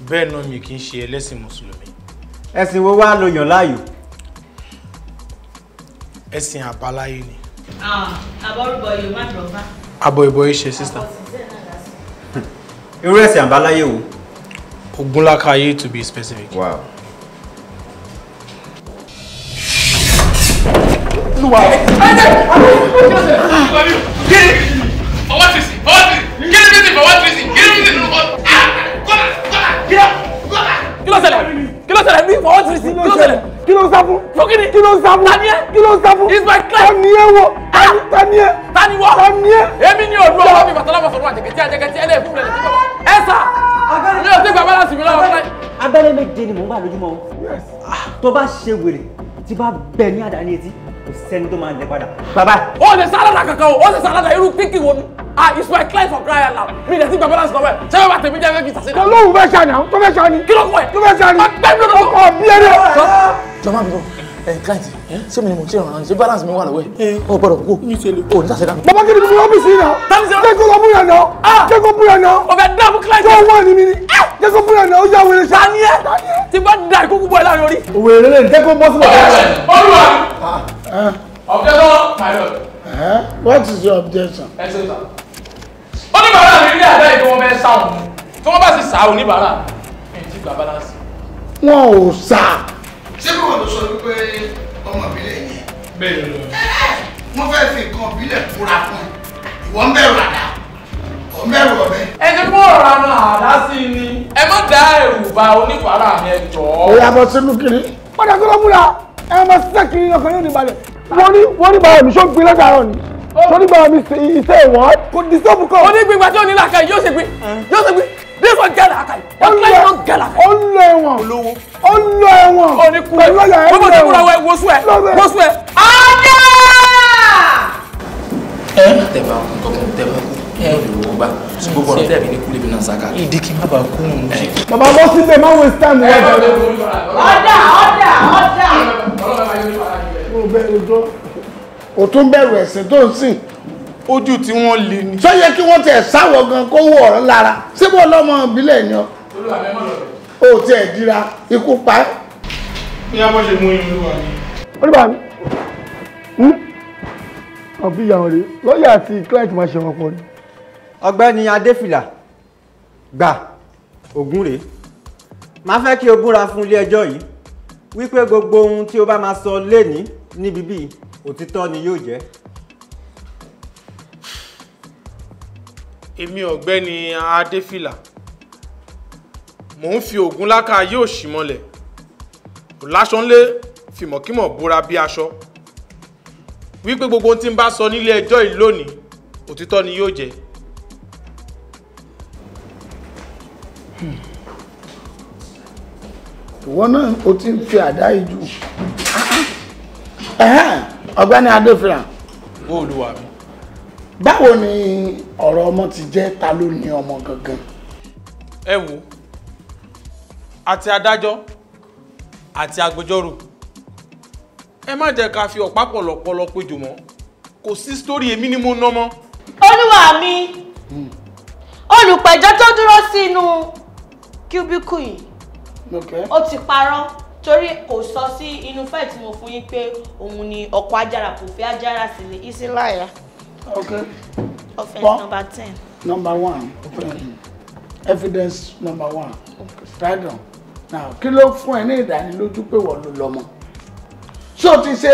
bẹ́ẹ̀ náà mi kì í ṣe ẹlẹ́sìn mùsùlùmí. ẹ̀sìn wo wá lo yàn láàyò. ẹ̀sìn àbáláyé ni. Ah, àbọ̀ ìbọ̀ yìí má dùn ọ́ bá. àbọ̀ ìbọ̀ yìí ṣe sísá. àbọ̀ sísẹ́ náà irú ẹ̀sìn àbáláyé wo. ogunlakaye to be specific. wow. olúwa. ọwọ́ ti sìn ọwọ́ ti sìn kí ni bí ti fọwọ́ ti sìn kí ni bí ti nù kọ́ kọ́lá kọ́lá kí ló ṣẹlẹ̀ kí ló ṣẹlẹ̀ bí fọwọ́ ti sìn kí ló ṣẹlẹ̀ kí ló ń sá fún. fún kí ni kí ló ń sá fún. tani ẹ kí ló ń sá is my client. tani ẹ wo tani ẹ. tani wọ tani ẹ. èmi ni òdu ọwọ́ mi bàtàlá bàtàlá àjẹkẹtì àjẹkẹtì ẹlẹ́ ìfún rẹ̀ lẹ́tí bàbá. ẹ sà mi ò tí gba balance mi lọ́wọ́ fúnra. abẹ́rẹ́ méje ni mò ń gbà lójúmọ́ o. Ah, tó bá ṣe wèrè tí bá bẹ̀ ní àdáni etí kò sẹ́ni tó máa jẹ padà. bàbá. o lè sálàdà kankan Oh, the salad sálàdà irú píkì wo ni ah it's my client for crying out loud mi lè ti gba balance lọ́wọ́ ẹ̀ ṣé bàbá tèmi jẹ́ fẹ́ fi sàṣẹ́. kò lóhùn fẹ́ ṣàní àwọn tó fẹ́ ṣàní. kí ló kọ ẹ̀. tó fẹ́ ṣàní. ọkọ̀ bí ẹni. jọba mi lọ ẹ eh, client eh, ṣé mi ni mo ṣe ìrànlọ́wọ́ ṣé balance mi wà lọ́wọ́ ẹ ọ eh. gbọ́dọ̀ kókó o ní sàṣẹ dáná. bàbá kí ni mo fi ọ́fíìsì yìí náà jẹ́kọ̀ lọ búyàn náà jẹ́kọ̀ búyàn náà o fẹ́ dààmú client tó wà ní mi ni ah. jẹ́kọ̀ búyàn náà ó yà wẹ̀rẹ̀ ṣá. tani ẹ ti bá da ìkókó bọ̀ ẹ láàrin orí. wèrè lè jẹ́kọ̀ bọ́ sílẹ̀. olúwa ah. objection my lord. what is your objection. ẹ ṣe sá oníbàárà mi rí àdá ìdí wọn fẹ́ sáwọn tí wọ́n bá sì sá oníbàárà mi ti gbà balance. wọn ò sá ṣé bí wọ́n lọ sọ wípé ọmọ ìbílẹ̀ yẹn. bẹ́ẹ̀ lọ. wọ́n fẹ́ fi nǹkan ìbílẹ̀ kúra fún ìwọ ń bẹ̀rù àdá ò ń bẹ̀rù ọ̀bẹ. ẹ ní kó ọ̀rọ̀ àna àdá sí i ni ẹ má dá ẹ̀rù ba oníbàárà mi ẹ jọ. ìyá bọ sínú kiri padà tó lọ́múra ẹ máa ṣiṣẹ́ kiri ọkàn yóò ní wọ́n ní wọ́n ní bàrọ̀ mi ṣó ń gbin lọ́gàárọ̀ ni torí oh. bàrọ̀ mi iṣẹ́ ìwọ́n kò dìsọ́ọ̀bù kan. onígbìngbà tí ò ní làkà yóò ṣe gbin yóò ṣe gbin this one get làákàyè your client don get làákàyè. ó ń lọ ẹ̀wọ̀n olówó ó ń lọ ẹ̀wọ̀n oníkú ẹ̀ gbogbo ti kúra wẹ̀ wosu ẹ̀ wosu ẹ̀. ọjà. ẹ tẹ̀bà kọ̀kọ̀ tẹ̀bà ẹ lòó bá gbogbo ọ̀rọ̀ tẹ̀bí ní kúlẹ̀ bí náà sàkà. ìdí kí n má bàa kú un. bàbá bọ́ sílẹ̀ má waste time wẹ̀. ọjà ọjà ọjà. o tún bẹ̀rù ẹ̀sìn tó ń sìn ojú tí wọ́n lè ní. sọ yẹ kí wọ́n tẹ̀ sáwọ̀ gan kó wọ̀ ọ́ lára síbò ọlọ́mọ ìbílẹ̀ ni ọ. o ti ẹ̀ dira ikú pa ẹ́. ní abọ́ ṣe mú inú wa ni. olúwa mi hm? ọ̀bí ìyàwó rẹ̀ lọ́ọ̀yà àti client máa ṣe wọn pọ̀ ni. ọ̀gbẹ́ni adéfìlà gbà ògún rèé máa fẹ́ kí o búra fún ilé ẹjọ́ yìí wípé gbogbo ohun tí o bá máa sọ lénìí níbí bíi òtítọ́ ni yóò jẹ́. èmi ọ̀gbẹ́ni adéfìlà mò ń fi ògùn láká ayé òṣì mọ́lẹ̀ kò láṣọ ńlé fìmọ̀kímọ̀ búra bí aṣọ wípé gbogbo ohun tí ń bá sọ nílé ẹjọ́ yìí lónìí òtítọ́ ni yóò jẹ́. ìwọ náà o ti ń fi àdá yìí jù ọ̀gbẹ́ni adéfìlà. olúwa mi báwo ni ọ̀rọ̀ ọmọ ti jẹ́ ta ló ní ọmọ gangan. ẹ wo àti adájọ́ àti agbẹjọ́rò ẹ má jẹ́ ká fi ọ̀pá pọ̀lọpọ̀lọ péjò mọ́ kò sí sítórí èmi ni mo ná mọ́. olúwa mi hmm. olùpẹ̀jọ́ tó dúró sínú cubicle yìí ó ti parọ́ torí kò sọ sí inú fẹ́ẹ̀ tí mo fún yín pé òun ni ọkọ̀ ajára kò fi ajára sílẹ̀ ìsìláyà. Okay. Offense one. number 10. Number one. Offense. Okay. Evidence number one. Okay. Right down. Now, kilo ló fún ẹ ní ìdánilójú pé wọ́n ló lọ́mọ? Ṣé o ti ṣe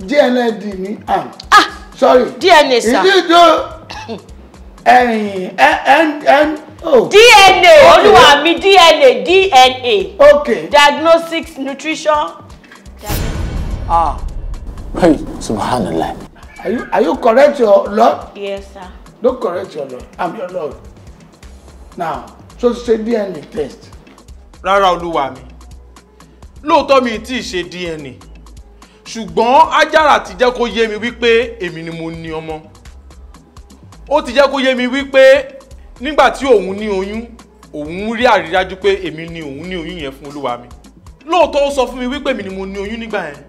DNAD ní àm? Ah! Sorry. DNA sir. Ìdí ìjọ ẹ̀yìn Oh. DNA olúwa mi DNA DNA. Okay. Diagnostics nutrition. Ah. Hey, subhanallah. Are you, are you correct your Lord? Yes, sir. Don't correct your Lord. I'm your Lord. Now, so ṣe DNA test. Rara olúwa mi, lóòótọ́ mi tí ṣe DNA, ṣùgbọ́n ajára ti jẹ́ kó yé mi wípé èmi ni mo ní ọmọ. Ó ti jẹ́ kó yé mi wípé nígbà tí òun ní oyún, òun rí àrídájú pé èmi ni òun ní oyún yẹn fún olúwa mi. Lóòótọ́ ó sọ fún mi wípé èmi ni mo ní oyún nígbà yẹn,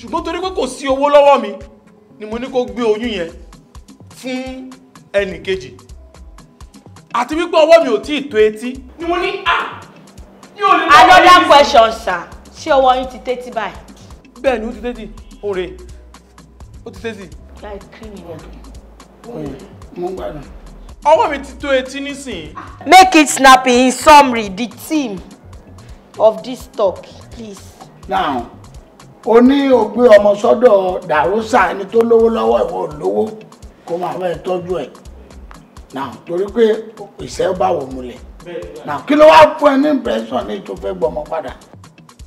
ṣùgbọ́n torí pé kò sí owó lọ́wọ́ mi, ni mo ní kó gbé oyún yẹn fún ẹnì kejì àti wípé ọwọ́ mi ò tí ì tó etí ni mo ní à ah, ní ò lè lọ́wọ́ yìí. another question sir ṣé ọwọ́ yín ti tẹ́tí báyìí. bẹ́ẹ̀ ni ó ti tẹ́tí òre ó ti tẹ́tí. láì kí ni wọ́n. ọwọ́ mi ti tó etí nísìnyí. make it snappy in summary the theme of this talk please. now o ní o gbé ọmọ sọ́dọ̀ dàrúsà ẹni tó lówó lọ́wọ́ ìwọ olówó kó máa fẹ́ tọ́jú ẹ̀ náà torí pé ìṣẹ́ bá wò múlẹ̀ náà kí ló wá fún ẹ ní impression ní tó fẹ́ gbọmọ padà.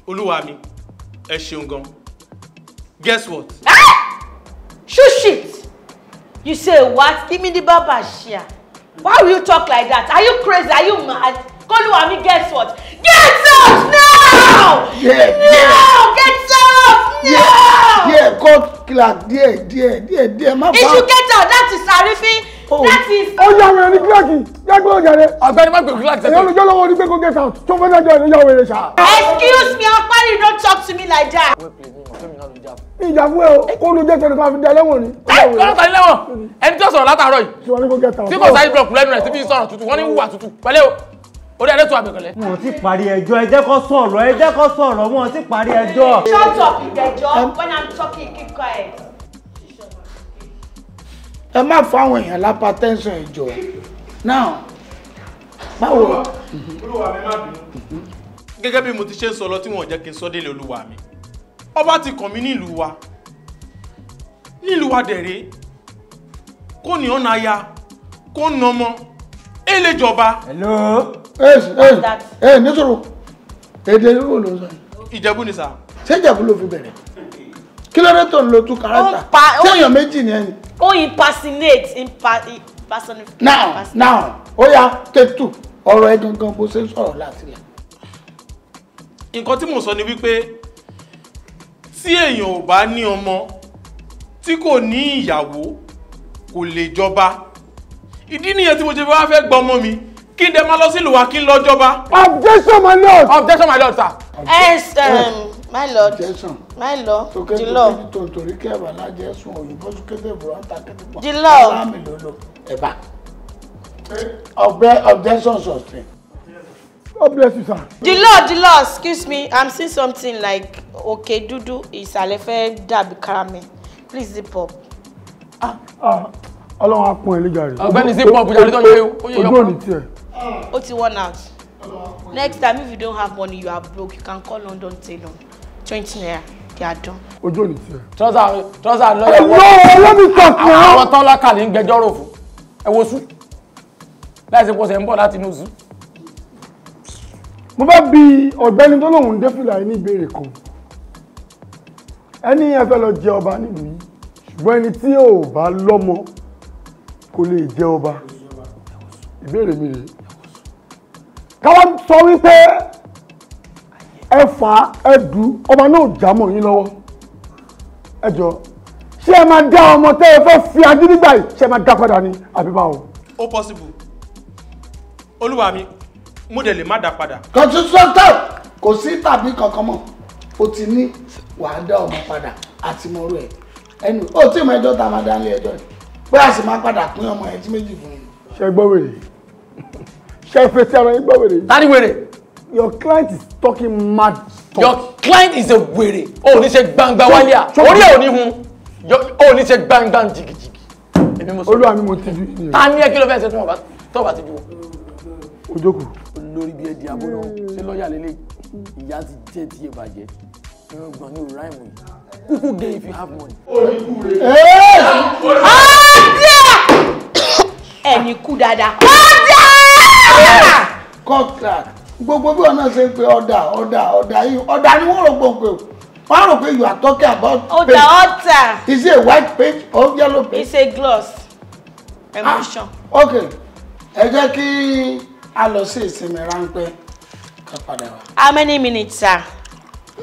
olúwa mi ẹ ṣeun gan guess what. Ah! shoot shit you say what give me the baba share why will you talk like that are you crazy are you mad kólúwa mi guess what get out now yeah, no yeah. get out díẹ̀ díẹ̀ kọ́ kílà díẹ̀ díẹ̀ díẹ̀ díẹ̀ má bá. iṣu kẹta láti sàrífín láti. ó yà wẹ̀rẹ̀ ní kíláàkì yàgbé òjàre. ọ̀gbẹ́ni má gbé kíláàkì tẹ̀lé. ìyọ́nù jọ́lọ́wọ́ ní gbégbó gẹ̀ẹ́sà tó fẹ́ dájọ́ ìníyà wẹ̀rẹ̀ sá. excuse me ọ̀pẹ́rì don't talk to me like that. ìjà fún ẹ o kó ló jẹ́ sẹ́ni káfí dá lẹ́wọ̀n ni. ẹ kọ́lọ́ tàbí lẹ́wọ̀n ẹni tó sọ̀rọ̀ látàárọ̀ yìí tí kò sáyé blọọkù lẹ́nu rẹ̀ síbi sọ̀rọ̀ tútù wọ́n ní wùwà tútù pẹ̀lẹ́ o orí adé tó àbẹ̀kọ̀lẹ̀. wọn ti parí ẹjọ́ ẹ jẹ́ kó sọ̀rọ̀ ẹ jẹ́ wọn ti parí ẹjọ́. shut up ìdẹjọ when i'm talking keep quiet. ẹ má fáwọn èèyàn lápá tẹ́ńsán ìjọ náà báwo. olúwa mi má bínú. gẹ́gẹ́ bí mo ti ṣe ń sọ lọ tí wọn ò jẹ́ kí n sọ délé olúwa mi ọba ti kàn mí nílùú wa nílùú wa dẹ̀rẹ́ kó ní ọ̀nà aya kó ń nà ọmọ ẹ lè jọba. hello. ẹ ẹ ẹ nítorò èdè yóò ló sọ. ìjẹ̀bú ni sà. ṣé ìjẹ̀bú ló fi bẹ̀rẹ̀ kí ló dé tó ń lo two character téèyàn méjì ni ẹni. ó impersonate impersonate. now now ó yá take two ọ̀rọ̀ ẹ gangan bó ṣe ń sọ̀rọ̀ láti lẹ̀. nǹkan tí mò ń sọ ni wípé tí èèyàn ò bá ní ọmọ tí kò ní ìyàwó kò lè jọba ìdí nìyẹn tí mo ṣe wá fẹ́ gbọ́ ọmọ mi kí n dẹ máa lọ sílùú wa kí n lọ jọba. objection my lord. objection my lord sir. yes um, my lord objection. my lord the law. torí kí ẹ̀bà lájẹ̀ sùn òyìnbó sún kéde ìbúra ń ta kéde pọ̀. the law. ọlá mi ló lò ẹ̀bà. ọgbẹ́ objection sustain. God oh, bless you, sir. The law, the law, excuse me. I'm seeing something like, okay, dúdú, ìsàlẹ̀ fẹ́ dàbí caramel. Please zip up. Ah, ah, ọlọ́run á pọn ẹ̀lẹ́gà rẹ̀. ọ̀gbẹ́ni sí pọ́ọ̀pù jàre tó ń yẹ ojú òní tiẹ̀. ó ti worn out next time if you don't have money you are broke you can call London tailor twenty naira they are done. ojú òní tiẹ̀. trọ́sà trọ́sà lọ́yà wọ́n. ẹ̀lọ́ let me talk now. àwọn tán lákàlẹ̀ ń gbẹjọ́rò fún ẹ wo sùn láìsí pọ̀ sẹ̀ ń bọ̀ láti inú sùn. mo fẹ́ bi ọ̀gbẹ́ni tó lóun dé fìlà yìí ní ìbéèrè kan ẹni ẹ fẹ́ lọ jẹ ọba nílùú yìí ṣùgbọ́n ẹni tí ò bá lọ́mọ kò lè jẹ́ ọba ìbéèrè mi rèé káwá sọ wípé ẹ fà á ẹ dù ọba náà já mọ́ yín lọ́wọ́ ẹ jọ ṣé ẹ máa dá ọmọ tẹ́ ẹ fẹ́ fi agídígbà yìí ṣé ẹ máa dá padà ní àbí báwo. ó possible olúwa mi mo dẹ̀ lè má dá padà. kò tún sọ́tọ̀ kò sí tàbí kankan mọ́ o ti ní wàá dá ọmọ padà àti mọ́rú ẹ̀ ẹnu ó tí mo ẹjọ́ tá máa dá nílé ẹjọ́ yìí pé a sì máa padà pín ọmọ yẹn tí méjì fún un. ṣe gbọ́ wèrè ṣe fetí ara yín gbọ́ wèrè. tani wèrè. your client is talking mad talk. your client is a wèrè o ò ní ṣe gbangba wálé à orí ẹ̀ ò ní hun o ò ní ṣe gbangba jìgìjìgì. olúwa mi mo ti ju yìí. ẹ kí ló fẹ́ ṣe tó bá ti ju wọn. olórí bíi ẹdí abúlé ṣé lọ́ọ̀yà lélẹ̀ ìyá ti jẹ́ tiẹ̀ bàjẹ́ ẹ̀rọ ní òráìmù yìí. Kuku gay if you have money. Onikure. Hey! Ọ̀dà! Ẹni kú dáadáa. Ọ̀dà! Contract. Gbogbo bí wọn náà ṣe ń pe ọ̀dà ọ̀dà ọ̀dà yìí ọ̀dà ni wọ́n rò gbọ̀n pé o. Wọ́n rò pé you are talking about page. Ọ̀dà ọ̀tà. Is it a white page or yellow page? It's a gloss. Ah, Emotion. Ah, okay. Ẹ jẹ́ kí a lọ sí ìsinmi ráńpẹ́ ká padà wá. How many minutes, sir?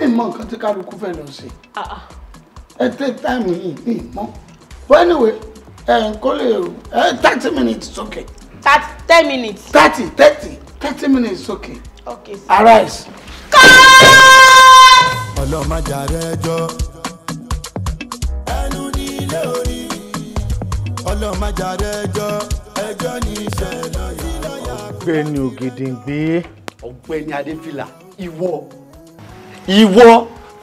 Mi mọ nǹkan tí kálukú fẹ́ lọ sí. Ah, ah. ẹ tẹ táìmù yìí ní more. but anyway ẹ call you. ẹ thirty minutes is okay. thirty ten minutes. thirty thirty thirty minutes is okay. okay sir. arise. ọlọ́mọjàre ẹjọ́ ẹnu ní ilé orí ọlọ́mọjàre ẹjọ́ ẹjọ́ ní iṣẹ́ lọ́yà. ọ̀gbẹ́ni Ògèdèǹgbé. ọ̀gbẹ́ni Adéfìlà ìwọ ìwọ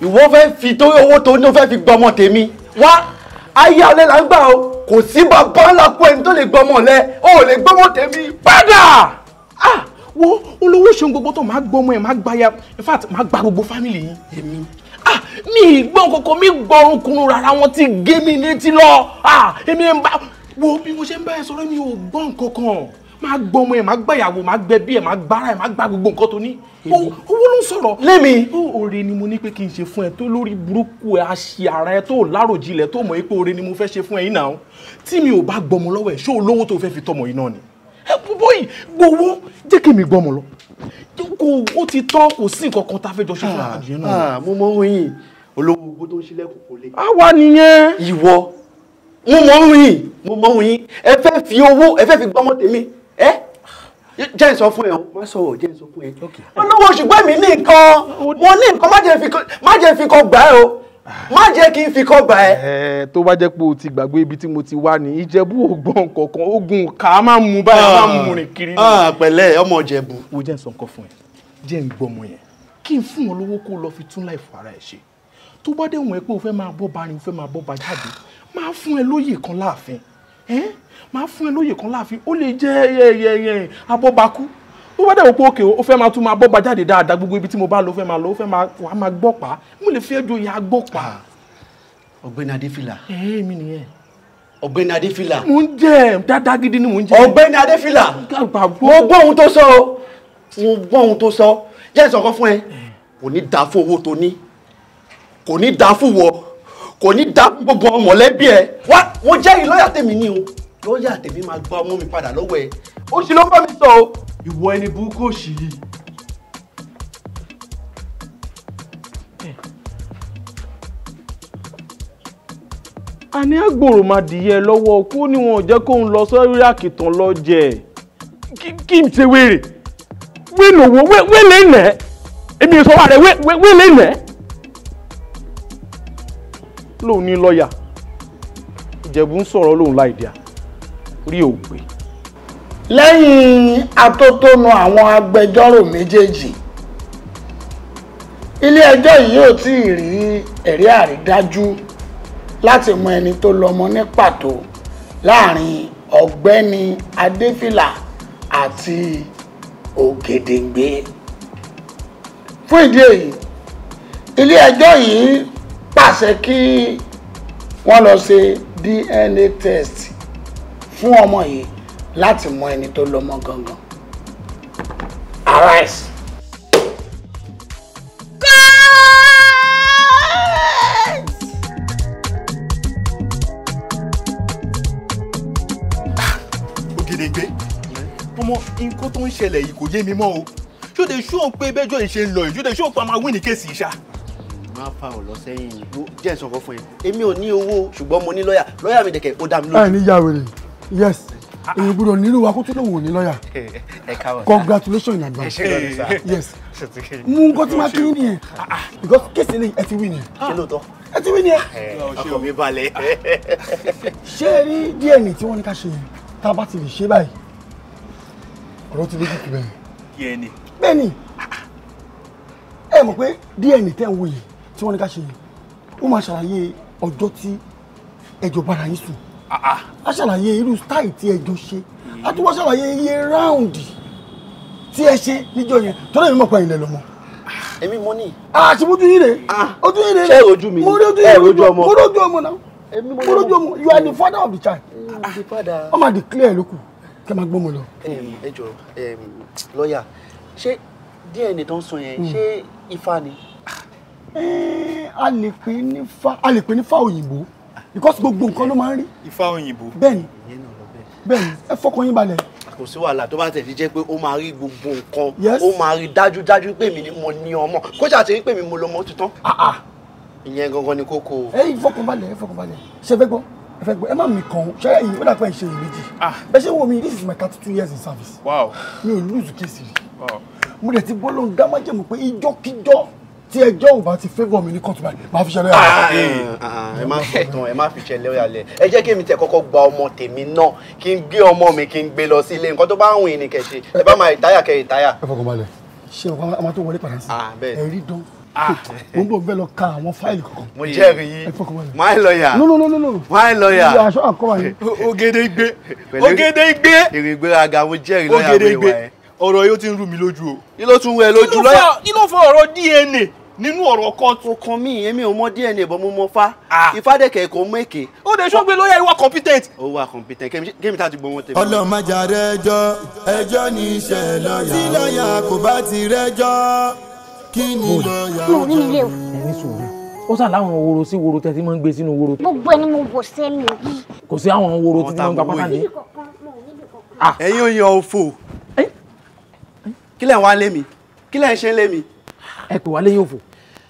ìwọ fẹ́ fi torí owó tó ní o fẹ́ fi gbọmọ tèmi wá ayé alẹ́ là ń gbà o kò sí bàbá ńlá kú ẹni tó lè gbọmọ lẹ o ò lè gbọmọ tèmi padà. Ah, wo olówó ṣeun gbogbo tó máa gbọmọ ẹ máa gbaya in fact máa gba gbogbo fámìlì yìí. èmi ah, mi ìgbọ́n kòkó mi gbọ́run kunu rárá wọn ti gé mi létí lọ ah, èmi ń bá wo bí mo ṣe ń bá ẹ sọ̀rọ̀ mi ò gbọ́n kankan máa gbọ́ ọmọ ẹ̀ máa gbá ìyàwó máa gbẹ bí ẹ̀ máa gbára ẹ̀ máa gbá gbogbo nǹkan tó ní. owó ló ń sọ̀rọ̀. lémi. oore ni mo ní pé kí n ṣe fún ẹ tó lórí burúkú ẹ àṣì ara ẹ tó láròjinlẹ̀ tó mọ̀ pé oore ni mo fẹ́ ṣe fún ẹ yìí náà tí mi ò bá gbọmọ lọ́wọ́ ẹ̀ ṣó olówó tó fẹ́ fi tọmọ yìí náà ni. ẹ bọ́ yìí gbowó jẹ́ kí mi gbọmọ lọ kò ó ti tán kò sí nǹkan kan tá a fẹ́ jọ ṣe fún àjẹ́ ah, náà. Ah, mo mọ ohun yìí olówó gbogbo tó mo mọ ohun yìí mo mọ ohun yìí ẹ fẹ́ fi owó ẹ fẹ́ fi gbọ́mọ tèmi ẹ́ jẹ́ ìsọ fún ẹ o má sọ̀rọ̀ jẹ́ ìsọ fún ẹ. wọ́n lówó ṣùgbọ́n mi ní nǹkan mo ní nǹkan má jẹ́ fi kọ́ gbà ẹ́ o má jẹ́ kí n fi kọ́ gbà ẹ́. ẹ eh, tó bá jẹ́ pé o ti gbàgbé ibi tí mo ti wá ní ìjẹ̀bú ògbọ́n kọ̀ọ̀kan ogun kà á mú báyìí máa mú rìn kiri. Ah, ah, pẹ̀lẹ́ ọmọ ìjẹ̀bú. wo jẹ́ ìsọ nǹkan fún ẹ jẹ́ ń gbọ́ ọmọ yẹn kí n fún wọn lówó kó lọ fi tún láì fara ẹ̀ ṣe tó bá dé wọn ẹ pé o fẹ́ máa bọ́ ba ni o fẹ́ máa bọ́ ba jáde máa fún ẹ lóyè kan láàfin máa fún ẹ lóye kan láàfin ó lè jẹ́ abọ́bakú ó bá dẹ̀ wò pé òkè ó fẹ́ máa tún máa bọ́ba jáde dáadáa gbogbo ibi tí mo bá lọ fẹ́ máa lọ ó fẹ́ máa wà á máa gbọ́ pa mo lè fi ẹjọ́ ya gbọ́ pa. Ah, ọ̀gbẹ́ni adéfìlà. ẹ̀ẹ́ mi nìyẹn. ọ̀gbẹ́ni adéfìlà. mo ń jẹ dáadáa gidi ni mo ń jẹ. ọ̀gbẹ́ni adéfìlà. mo gbọ́ ohun tó sọ o mo gbọ́ ohun tó sọ jẹ́ ìsọ̀kan fún ẹ kò ní dáa fún owó tó ní kò ní dáa fún wọ kò ní da gbogbo mọ̀lẹ́bí ẹ wá mo jẹ́rìí lọ́ọ̀yà tèmi ni o lọ́ọ̀yà tèmi máa gba ọmọ mi padà lọ́wọ́ ẹ ó sì ló ń bá mi sọ o. ìwọ ẹni burúkú òṣì yìí. a ní àgbòrò máa dìyẹ lọ́wọ́ kó ní wọn ò jẹ́ kóun lọ sórí àkìtàn lọ jẹ kí n ṣe wèrè wé lòwó wé lè nà ẹ́ èmi ìsọ̀rọ̀ rẹ̀ wé lè nà lóun ní lọ́ọ̀yà ìjẹ̀bú ń sọ̀rọ̀ lóun láìdíà rí ògbé. lẹ́yìn atótónu àwọn agbẹjọ́rò méjèèjì ilé-ẹjọ́ yìí yóò tí ì rí ẹ̀rí àrídájú láti mọ ẹni tó lọ́mọ ní pàtó láàrin ọ̀gbẹ́ni adéfìlà àti ògèdèǹgbé fún ìdí èyí ilé-ẹjọ́ yìí pàṣẹ kí wọ́n lọ ṣe DNA test fún ọmọ yìí láti mọ ẹni tó lọ́mọ gangan. Arise. ògèdègbé ọmọ nǹkan tó ń ṣẹlẹ̀ yìí kò yé mi mọ́ o ṣó de ṣó pé bẹ́jọ́ ìṣe ń lọ yìí ṣó de ṣó pa máa wí ní kéèsì ìṣá máa fa ọ̀lọ́ sẹ́yìn ìlú jẹ́ ìsọ̀kọ fún ẹ èmi ò ní owó ṣùgbọ́n mo ní lọ́ọ̀yà lọ́ọ̀yà mi dẹ̀kẹ̀ ó dá mi lójú. ẹ ní ya wèrè yes ah, ah. èyí gbọ́dọ̀ nílò wa kó tó lòun ò ní lọ́ọ̀yà congratulations in advance yes mú nǹkan tí máa kiri nìyẹn ah, because kéèsì lè ẹ ti wí nìyẹn. ṣé lóòótọ́ ẹ ti wí nìyẹn. ọkọ mi balẹ̀. ṣé ẹ rí díẹ̀ nì tí wọ́n ní ká ṣe yẹn ti lè ṣe báyìí ọ̀rọ̀ ti lójú kì bẹ́ẹ̀. bẹ́ẹ̀ ni ẹ mọ̀ pé díẹ̀ nì tẹ̀ ń wò tí wọ́n ní ká ṣe yìí ó máa ṣàlàyé ọjọ́ tí ẹjọ́ bára yín sùn á ah, ah. ṣàlàyé irú style tí ẹjọ́ ṣe á tún wá ṣàlàyé iye ráùndì tí ẹ ṣe níjọ́ yẹn tọ́lá mi mọ̀ pa ilẹ̀ lọ́mọ. èmi mo ní. àti ojú yín rè ah. ojú yín rè ṣé ojú mi ni ẹ rojú ọmọ mo rojú ọmọ náà mo rojú ọmọ you are the father of the child. ọmọ declare lókù kẹ́ máa gbọ́mọ lọ. ẹ jọ̀ọ́ lọ́ọ̀yà ṣé DNA tó ń sọ yẹn hmm. ṣé ifá ni a lè pè ní fa a lè pè ní fa òyìnbó because gbogbo nǹkan ló máa ń rí. ifá òyìnbó. bẹ́ẹ̀ni bẹ́ẹ̀ni ẹ fọkàn yín balẹ̀. kò sí wàhálà tó bá tẹ̀lé jẹ́ pé ó máa rí gbogbo nǹkan ó máa rí dájúdájú pé mi ni mo ní ọmọ kó ṣàtìrí pé mi mo lọ́mọ tuntun. Ah, ah. ìyẹn gangan ni kókó. ẹ fọkànbalẹ̀ ẹ fọkànbalẹ̀ ṣe fẹ́ gbọ́ ẹ fẹ́ gbọ́ ẹ má mi kàn ṣe ẹ̀yìn ó dàpẹ́ ìṣe ìrèjì bẹ́ẹ̀ ṣe wo mi this is my thirty two years in service mi ò lose case rí mo dẹ̀ ti gbọ́ lóhun dámájẹ́ mọ̀ pé ìjọ́kíjọ́ tí ẹjọ́ ò bá ti favour mi ní kóòtù báyìí máa fi ṣe lọ́yà lẹ̀. ẹ má fi tán ẹ má fi ṣe lọ́yà lẹ̀ ẹ jẹ́ kí èmi tẹ̀ kọ́kọ́ gba ọmọ tèmi náà kí n gbé ọmọ mi kí n gbé lọ sí ilé nǹkan tó bá ń wìn ní kẹ̀ṣe ẹ bá máa ìtáyà kẹ ìtáyà. ẹ fọkàn balẹ̀ ṣé o máa tó wọlé padà sí ah, ẹ rí dán ah. mo ń bọ̀ bẹ́ẹ̀ lọ ka àwọn fáìlì kọ̀ọ̀kan. mo jẹ́rìí yìí my lawyer. no no no no no. my lawyer. iye aṣọ àkọ́wà yìí. ògèdè igbe ògèdè igbe. èrè ìgbéraga mo jẹ́rìí lọ́yà mi wà ẹ́. ògèdè igbe ọ̀rọ̀ yóò ti ń rú mi lójú o. kí tún wẹ̀ lójú lọ́yà. kí ló ọ̀rọ̀ DNA nínú ọ̀rọ̀ kóòtù. o kan mi èmi ò mọ DNA bọ́ mo mọ fa ìfádẹ́kẹ̀ ah. kò mú èké. ó de sọ́gbẹ́ lọ́ọ̀yà ìwà competent. ó wà competent kémi tá ti gbọ́ wọn tẹ̀lé. ọlọ́mọjà rẹjọ́ ẹjọ́ ní iṣẹ́ lọ́ọ̀yà tí lọ́ọ̀yà kò bá ti rẹjọ́ kí ni lọ́ọ̀yà ọjọ́. mo ní ilé o. ó sà láwọn woro sí woro tẹ́tí máa ń gbé sínú woro. gbogbo ẹni mo bò sẹ́mi. kò sí àwọn woro títí máa ń gba pátá ní. ẹ̀yin ò yan òfò ah. eh? eh? kílẹ̀ wá lé mi kílẹ̀ ń ṣe lé mi ẹ pè wá lẹ́yìn òfò.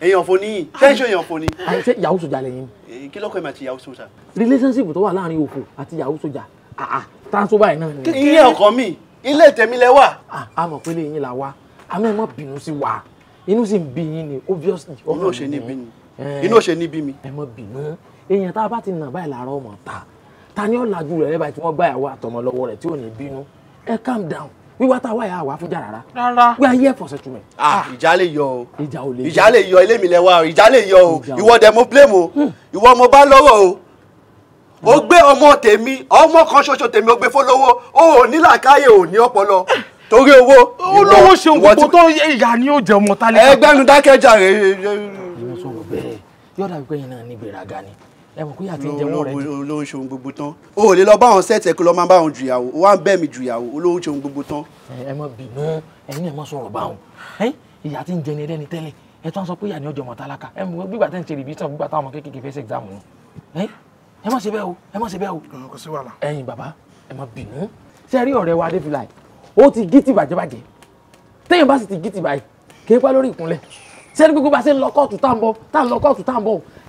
èèyàn òfò ni tẹ́ńsán èèyàn òfò ni. àyẹ̀sẹ̀ yahoo sojà lẹ́yìn. Eh, kí lọ́kọ̀ ẹ̀ máa ti yahoo sojà. relationship tó wà láàrin òfò àti yahoo sojà àà tánṣó báyìí náà ni. ilé ọkọ mi ilé tèmi lẹ wà. Ah, a mọ̀ pé ilé yín la wá àmọ́ ẹ má bínú sí wa inú sì ń bí yín ni obviously. inú òṣè ní bí mi eh, inú òṣè ní bí mi. ẹ má bínú èèyàn tá a bá ti nà báyìí làárọ̀ ọmọ ta ta ni ọ̀làjú rẹ̀ rẹ̀ báyìí tí wọ́n gbà yàwó àtọmọ lọ́wọ́ rẹ̀ tí ò ní bínú ẹ calm down wíwá tá a wáyà àwa fújà rárá. rárá we are here for settlement. ah ìjà lè yọ o ìjà ò lè yọ ìjà lè yọ ilé mi lẹ́wà o ìjà lè yọ o ìwọ dẹ̀ mo blame o hmm. ìwọ mo bá lọ́wọ́ o ó hmm. gbé ọmọ tèmi ọmọ kan ṣoṣo tèmi ó gbé fọlọ́wọ́ ó ní làákàyè ò ní ọpọlọ torí owó. ó lówó ṣeun gbogbo tó ìyá ni ó jẹ ọmọ tálíkà. ẹgbẹ́nu dákẹ́jà rẹ̀. ìwọ sọ̀rọ̀ bẹ́ẹ̀ yọ̀dà wípé yìí náà ní ẹ mọ̀ pé àti ń jẹun rẹ. olówó ṣeun gbogbo tán o ò lè lọ bá àwọn sẹ́ẹ̀tì lọ máa bá àwọn jùyàwó o wá ń bẹ́ẹ̀ mi jùyàwó olówó ṣeun gbogbo tán. ẹ má bínú ẹ̀yin ẹ má sọ̀rọ̀ bá ìyá tí ń jẹni ẹlẹ́ni tẹ́lẹ̀ ẹ tún sọ pé ìyá ni ọjọ́ mọ̀ tálákà ẹ mọ̀ gbígbà tẹ́ ń ṣe rìbí tán gbígbà táwọn ọmọ kéékèèké fẹ́ ṣe exam ni ẹ má ṣe bẹ́ẹ̀ o ẹ má ṣe bẹ́ẹ̀ o. kò sí wàhálà. ẹ̀yin bàbá ẹ má bínú ṣe rí ọ̀rẹ́ wa adéfìlà ẹ̀ ó ti gí tì bàjẹ́ bàjẹ́ téèyàn bá sì ti gí tì báyìí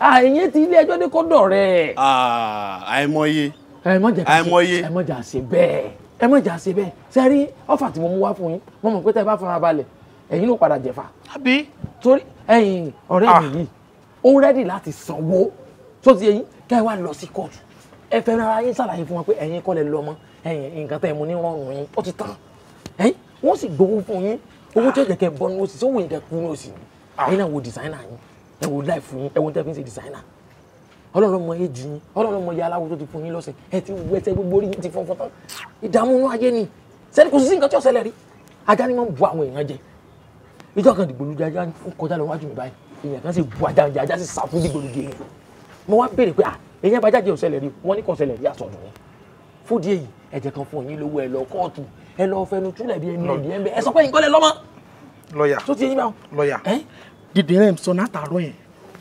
àyìn ti ilé ẹjọ́ ní kó dọ̀rẹ́. àìmọye àìmọye àìmọjà ṣe bẹ́ẹ̀ àìmọjà ṣe bẹ́ẹ̀ sẹ́rí ọ̀fà tí mo mú wá fún yín mo mọ̀ pé tẹ́ ẹ bá fara balẹ̀ ẹ̀yin ló padà jẹ̀fà. àbí. torí ẹ̀yin ọ̀rẹ́ mi yìí ó rẹ́dì láti sanwó tó ti yẹn kẹ́ ẹ wá lọ sí kóòtù ẹ fẹ́ rárá yín ṣàlàyé fún wọn pé ẹ̀yin kọ́ lọ́mọ ẹ̀yin nǹkan tẹ́ ẹ mú ní rọrùn yín ó ti tán ẹ̀yin wọ́n sì gbowó fún yín owó tí ó kẹ́ bọ́nú òsì sówó yín kẹ́ kúnú ẹ wo láì fún ẹ wo tẹ́ fi ń ṣe designer ọlọ́run ọmọ èjì yín ọlọ́run ọmọ ìyá aláwo tó ti fún yín lọ́sẹ̀ ẹ ti wú ẹsẹ̀ gbogbo orí yín ti fọ́n fọ́tán ìdààmú inú ayé ni sẹ́ni kò sí nǹkan tí ọ̀sẹ̀ lẹ̀ rí ajá ni wọ́n bu àwọn èèyàn jẹ ìjọ kan dìgbòlugi ajá ń kọjá lọ wájú mi báyìí èèyàn kan sì bu ajá ń jẹ ajá sì sàfún dìgbòlugi èèyàn mo wá béèrè pé à èèyàn bá jáde ọ̀sẹ̀ lẹ̀ wọ́n ní kò ọ̀sẹ̀ rí àsọdùn wọn fúdi èyí ẹ̀jẹ̀ kan fún yín lówó ẹ lọ kóòtù ẹ lọ fẹnu túlẹ̀ bí ẹni ẹ̀dí ẹ̀ ń bẹ ẹ sọ pé nǹkan lọ́mọ. lọ́ọ̀yà tó ti yín bá wọn. lọ́ọ̀yà dìde rẹ̀ sọ látàárọ̀ yẹn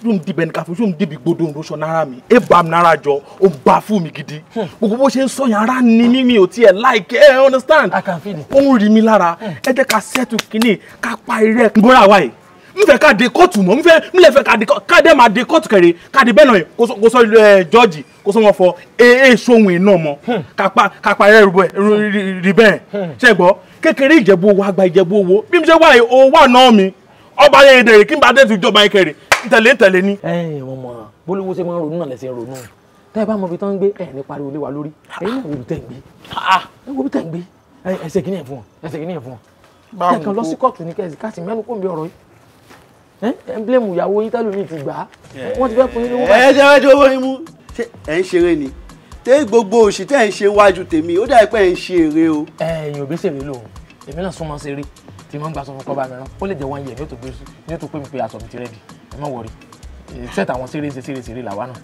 ṣùgbọ́n dìbẹ̀ nìkan fún ṣùgbọ́n dìbì gbódò ń rọṣọ nára mi ẹ bá mi nára jọ ó bá fún mi gidi hmm. gbogbo bó ṣe ń sọ yẹn ara ni mí mi ò tiẹ̀ like ẹ understand ó ń rí mi lára hmm. ẹ jẹ́ ká settle kínní ká pa irẹ́ gbọ́ra wa yìí n fẹ́ ká de kóòtù mọ́ n fẹ́ n lè fẹ́ ká de ká dẹ́ máa de kóòtù kẹrẹ ká bẹ́ẹ̀ náà yẹn kó sọ ẹ jọ́ọ̀jì eh, kó sọ wọn fọ ee eh, eh, sóhun iná mọ hmm. ká pa irẹ́ rí bẹ́ẹ̀ ṣẹ́gbọ́ kékeré Ìjẹ̀bú wa gba Ìjẹ̀bú owó bí mo ṣe wà yìí owó àná mi ọba yẹn ìdẹ̀rẹ̀ kí n bá dé ti jọba ìkẹrẹ̀ ntẹ̀lé ntẹ̀lé ni. ẹ ẹ wọn mọ bólúwó ṣe máa ń ronú náà lẹsẹ ronú tẹ ẹ bá mọ ibi tán ń gbé ẹ ní pariwo lé wa lórí ah. ẹ ní wo bí tẹ ń gbé ẹ wo bí tẹ ń gbé ẹsẹ kìíní ẹ fún ọ ẹsẹ kìíní ẹ fún ọ. báwo kò lọ sí kóòtù ní kẹsì káàsì mẹ́nu kò ń bí ọ̀rọ̀ yìí ẹ ń blame ìyàwó yín tẹ́lómi ti gbà á wọ́n ti fẹ́ fún yín lówó. ẹ ṣe wájú owó yín mú ẹ ń ṣe o. ẹ ẹ̀yin òbí ṣèrè lòun èmi náà súnmọ́ ṣeré tí wọ́n ń gbà sọ fún kọ́ba mìíràn ó lè jẹ́ one year ní o tó gbé ní o tó pé mi pé aṣọ mi ti rẹ́ẹ̀dì ẹ má wọrí eh, set àwọn sérése sérése rè làwa náà.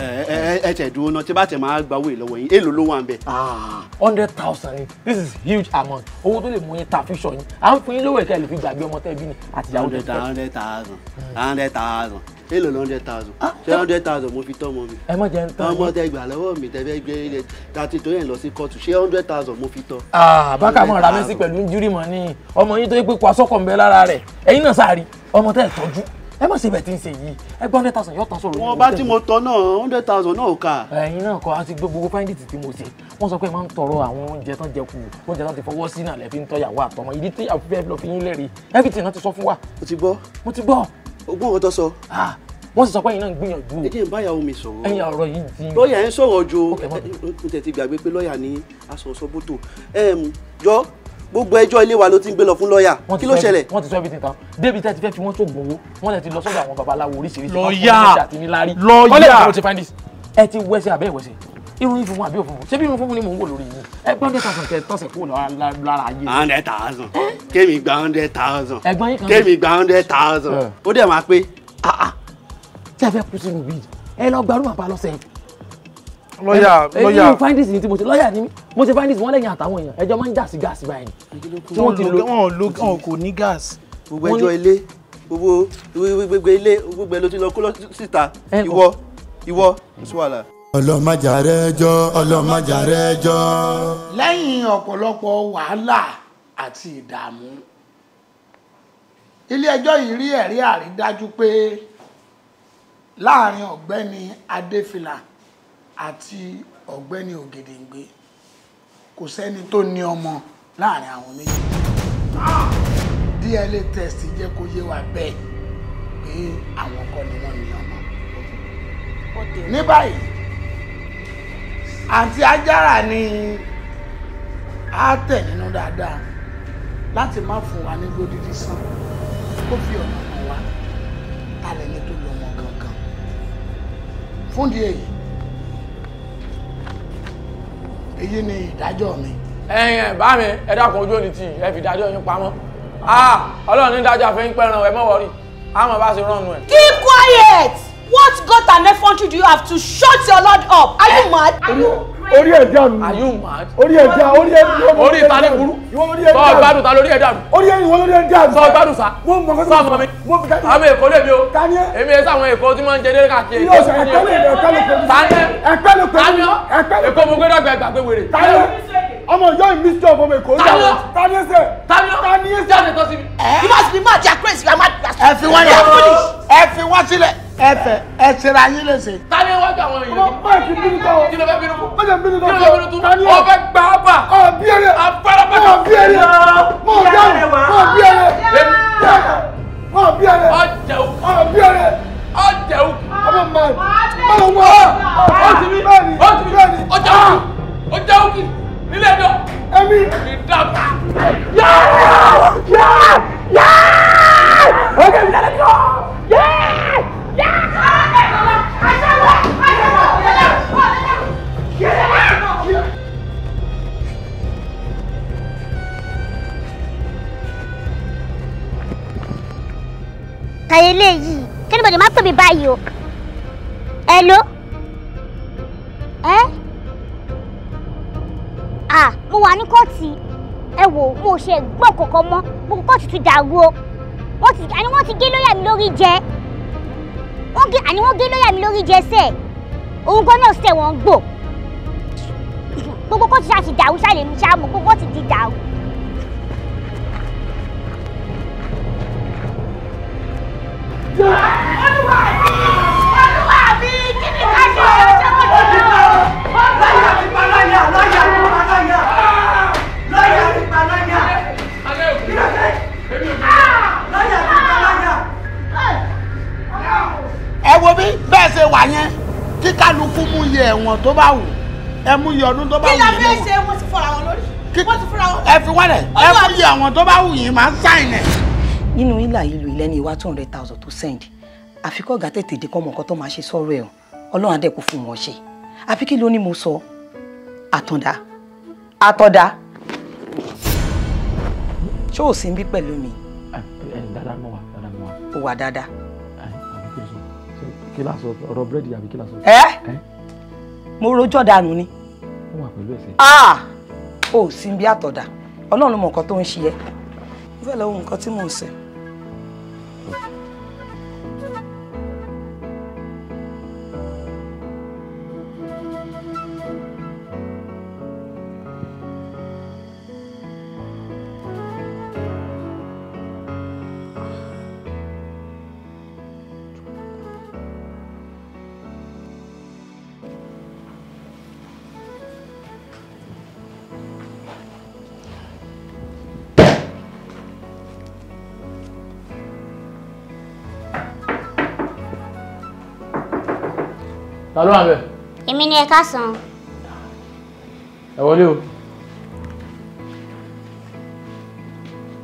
ẹ ẹ tẹ dúró náà tí bá tẹ máa gba owó ìlọ́wọ́ yín èlò ló wà ń bẹ. Ah, hundred thousand ni this is huge amount owó tó lè mú yín ta fíṣọ yín à ń fún yín lówó ẹ̀ka ẹ̀ lè fi gbàgbé ọmọ tẹ́ bí ni àtìyàwó tẹ́ fẹ́. hundred thousand hundred thousand èlò hundred thousand ah, ṣé hundred thousand mo fi tọ́ ọmọ mi. ẹ mọ̀ jẹ́ ntọ́ ọmọ tẹ gbà lọ́wọ́ mi tẹ fẹ́ gbé ilé tàti tó yẹn lọ sí kóòtù ṣé hundred thousand mo fi tọ́. Ah, bákà mọ̀ ra mẹ́sì pẹ̀lú injury money ọmọ yín tó yẹ pé kó aṣọ́kọ̀ ń bẹ lára rẹ̀ ẹ̀yin náà sáà rí ọmọ tẹ́ ẹ̀ tọ́jú ẹ mọ̀ síbẹ̀ tí ń ṣe yìí ẹ gbọ́ hundred thousand yóò tán sọ̀rọ̀. wọn bá tí mo tọ náà hundred thousand náà kà. ẹyin náà kọ àti gbogbo fáńdìtì tí mo ṣe wọn sọ pé ẹ máa ń tọrọ àwọn oúnjẹ tán jẹ kù oúnjẹ tán ti fọwọ́ sí náà lẹ́ẹ̀fi ń tọ́yàwó àtọmọ ìdí tí àfihàn lọ fi yín lẹ́rìí everything náà ti sọ fún wa. mo ti gbọ́. mo ti gbọ́ ogún ọ̀tọ̀ sọ. wọ́n sì sọ pé ẹ̀yin náà ń gbìyànjú. ẹ jẹ́ n bá ìyàwó mi sọ̀rọ̀. ẹ̀yin ọ̀rọ̀ yìí di. lọ́ọ̀yà ń sọ̀rọ̀ jù n tẹ̀ ti gbàgbé pé lọ́ọ̀yà ní asọ̀sọ̀ bótò jọ gbogbo ẹjọ́ ilé wa ló ti ń gbé lọ fún lọ́ọ̀yà kí ló ṣẹlẹ̀. wọ́n ti sọ everything tán débi tẹ́ ti fẹ́ fi wọ́n ṣoògùn owó wọ́n lè lọ sọ́dọ̀ àwọn babaláwo oríṣiríṣi. lọ́ọ̀yà lọ́ọ̀yà ẹ ti wẹ́sẹ̀ àbẹ́ ìwẹ́sẹ̀ irun funfun àbí òfunfun ṣé bí irun funfun ni mò ń wò lórí yìí ẹgbẹ́ hundred thousand tẹ tọ́sẹ̀ kó lára ayé. hundred thousand kémi gba hundred thousand kémi gba hundred thousand ó dẹ̀ máa pé tí ah, a ah, fẹ́ kú sínú bíi ẹ lọ gbarú bàbá lọ́sẹ̀. lọ́yà lọ́yà ẹ̀yin findings ni tí mo ṣe lọ́yà ni mo ṣe findings wọ́n lẹ́yìn àtàwọn èèyàn ẹjọ́ máa ń jà sí gáàsì báyìí. wọn kò ní gáàsì. gbogbo ẹjọ́ ilé gbogbo gbogbo ilé gbogbo ẹ ló ti lọ kó lọ síta ìwọ ìwọ ìṣúwàlà ọlọ́mọjàrẹ́jọ́ ọlọ́mọjàrẹ́jọ́. lẹ́yìn ọ̀pọ̀lọpọ̀ wàhálà àti ìdààmú ilé-ẹjọ́ yìí rí ẹ̀rí àrídájú pé láàrin ọ̀gbẹ́ni adéfìlà àti ọ̀gbẹ́ni ògèdèǹgbé kò sẹ́ni tó ní ọmọ láàrin àwọn méjì DNA test jẹ́ kó yé wa bẹ́ẹ̀ pé àwọn kọ́ ni wọ́n ní ọmọ ní báyìí àǹtí ajára ni á tẹ̀ nínú dáadáa láti má fún wa ní gbódìdí sàn kó fi ọ̀nà kan wá talẹ̀ ní tó lọ́mọ gangan fúndì èyí èyí ni ìdájọ́ mi. ẹ̀yin ẹ bá mi ẹ dákun ojú òní tì ẹ fi ìdájọ́ yín pamọ́ ah, ọlọ́run ní dájọ́ àfẹ́yìn pẹ́ràn ẹ mọ̀ wọ́rí àmọ́ bá ṣe rán nu ẹ. keep quiet. What guts and effrontery do you have to shut your lord up? Are you eh, mad? Are you? orí ẹ̀ dànù. are you mad. orí ẹ̀ dànù orí ẹ̀ dànù. orí ìta ní burú. sọ gbádùn ta lórí ẹ̀ dànù. orí ẹ̀ ìwọ lórí ẹ̀ dànù. sọ gbádùn sa. wọ́n mọ̀ fẹ́ sọ mi. àwọn èkó lè mi o. taniẹ. èmi yẹn sáwọn èkó tí máa ń jẹ dé káàkiri. yóò sọ ẹ̀kẹ́ lè ẹ̀kẹ́ lè pẹ̀lú. taniẹ. ẹ̀kẹ́ lè pẹ̀lú. taniẹ. èkó mo gbé dàgbà gbàgbé wèrè. taniẹ. ọmọ ìjọ ìmísí ọmọ mi kò dáwọ. taniẹ sẹ. taniẹ sẹ. jáde tó sí mi. ìbá ẹ fi wá sílẹ̀ ẹ fẹ́ ẹ ṣera yín léṣe. tani wájú àwọn èèyàn. ọmọ báyìí ti bínú kọ́. kí ló fẹ́ bínú kọ́ mi nínú ọjọ́ tani ọ ọbẹ gba ọba ọbí ẹrẹ afárabà kan ọbí ẹrẹ mọ ọbí ẹrẹ mọ ọbí ẹrẹ mọ ọbí ẹrẹ ọjẹ òkú ọbí ẹrẹ ọjẹ òkú ọmọ mọ ọmọ mọ ọtí mi ọtí mi ọjẹ òkú ọjẹ òkú nílẹ̀ ẹjọ́ ẹmí ìdàgbà yáà yáà yáà ọjẹ mi lálẹ́ kọ́ yáà yáà. àtàyè léyìí kí ni bọ̀dé má pè mí báyìí o hello ẹ eh? à ah, mo wà ní kóòtù ẹ wò mo ṣe gbọ́ kọ̀ọ̀kan mọ́ gbogbo kóòtù ti dàrú o wọ́n ti àní wọ́n ti gé lóyà mi lórí jẹ wọ́n gé àní wọ́n gé lóyà mi lórí jẹ sẹ́ẹ̀ òun gan náà sẹ́ẹ̀ wọ́n gbò gbogbo kóòtù ṣáà ti dàrú ṣáà mi ṣáà mọ̀ gbogbo kóòtù ti dàrú. ẹ wo bí bẹ́ẹ̀ ṣe wà yẹn kí kálukú mú iye ẹ̀wọ̀n tó bá wù ẹ mú iye ọdún tó bá wù yín lọ. kí la fẹ́ ṣe wọ́n ti fọ́ra wọn lórí fi wọ́n rẹ̀ ẹ mú iye ọ̀wọ̀n tó bá wù yín máa ń sáìn ẹ̀ nínú ìlà ìlú ìlẹ́ni ìwá two hundred thousand tó send àfikọ́ ọ̀gá tètè dé kọ́ mọ̀ nǹkan tó máa ṣe sọ́rọ̀ ẹ̀ o ọlọ́run adẹ́ kò fún wọn ṣe àfi kí ló ní mo sọ àtọ̀dá àtọ̀dá ṣó ò sí ń bí pẹ̀lú mi. Dada mo wà dáadáa mo wà. ó wà dáadáa. kí lásọ ọ̀rọ̀ búrẹ́dì àbí kí lásọ. ẹ mo rojọ́ dànù ni. ó wà pẹ̀lú ẹ̀sẹ̀. ó ah! sì ń bí àtọ̀dá ọlọ́run mọ̀ nǹkan tó ń ṣe ẹ́ mo fẹ́ lọ nǹkan tí mò ń sẹ́. Bye. ta ló wà bẹ́ẹ̀. èmi ni ẹ káàsán. ẹ wọlé o.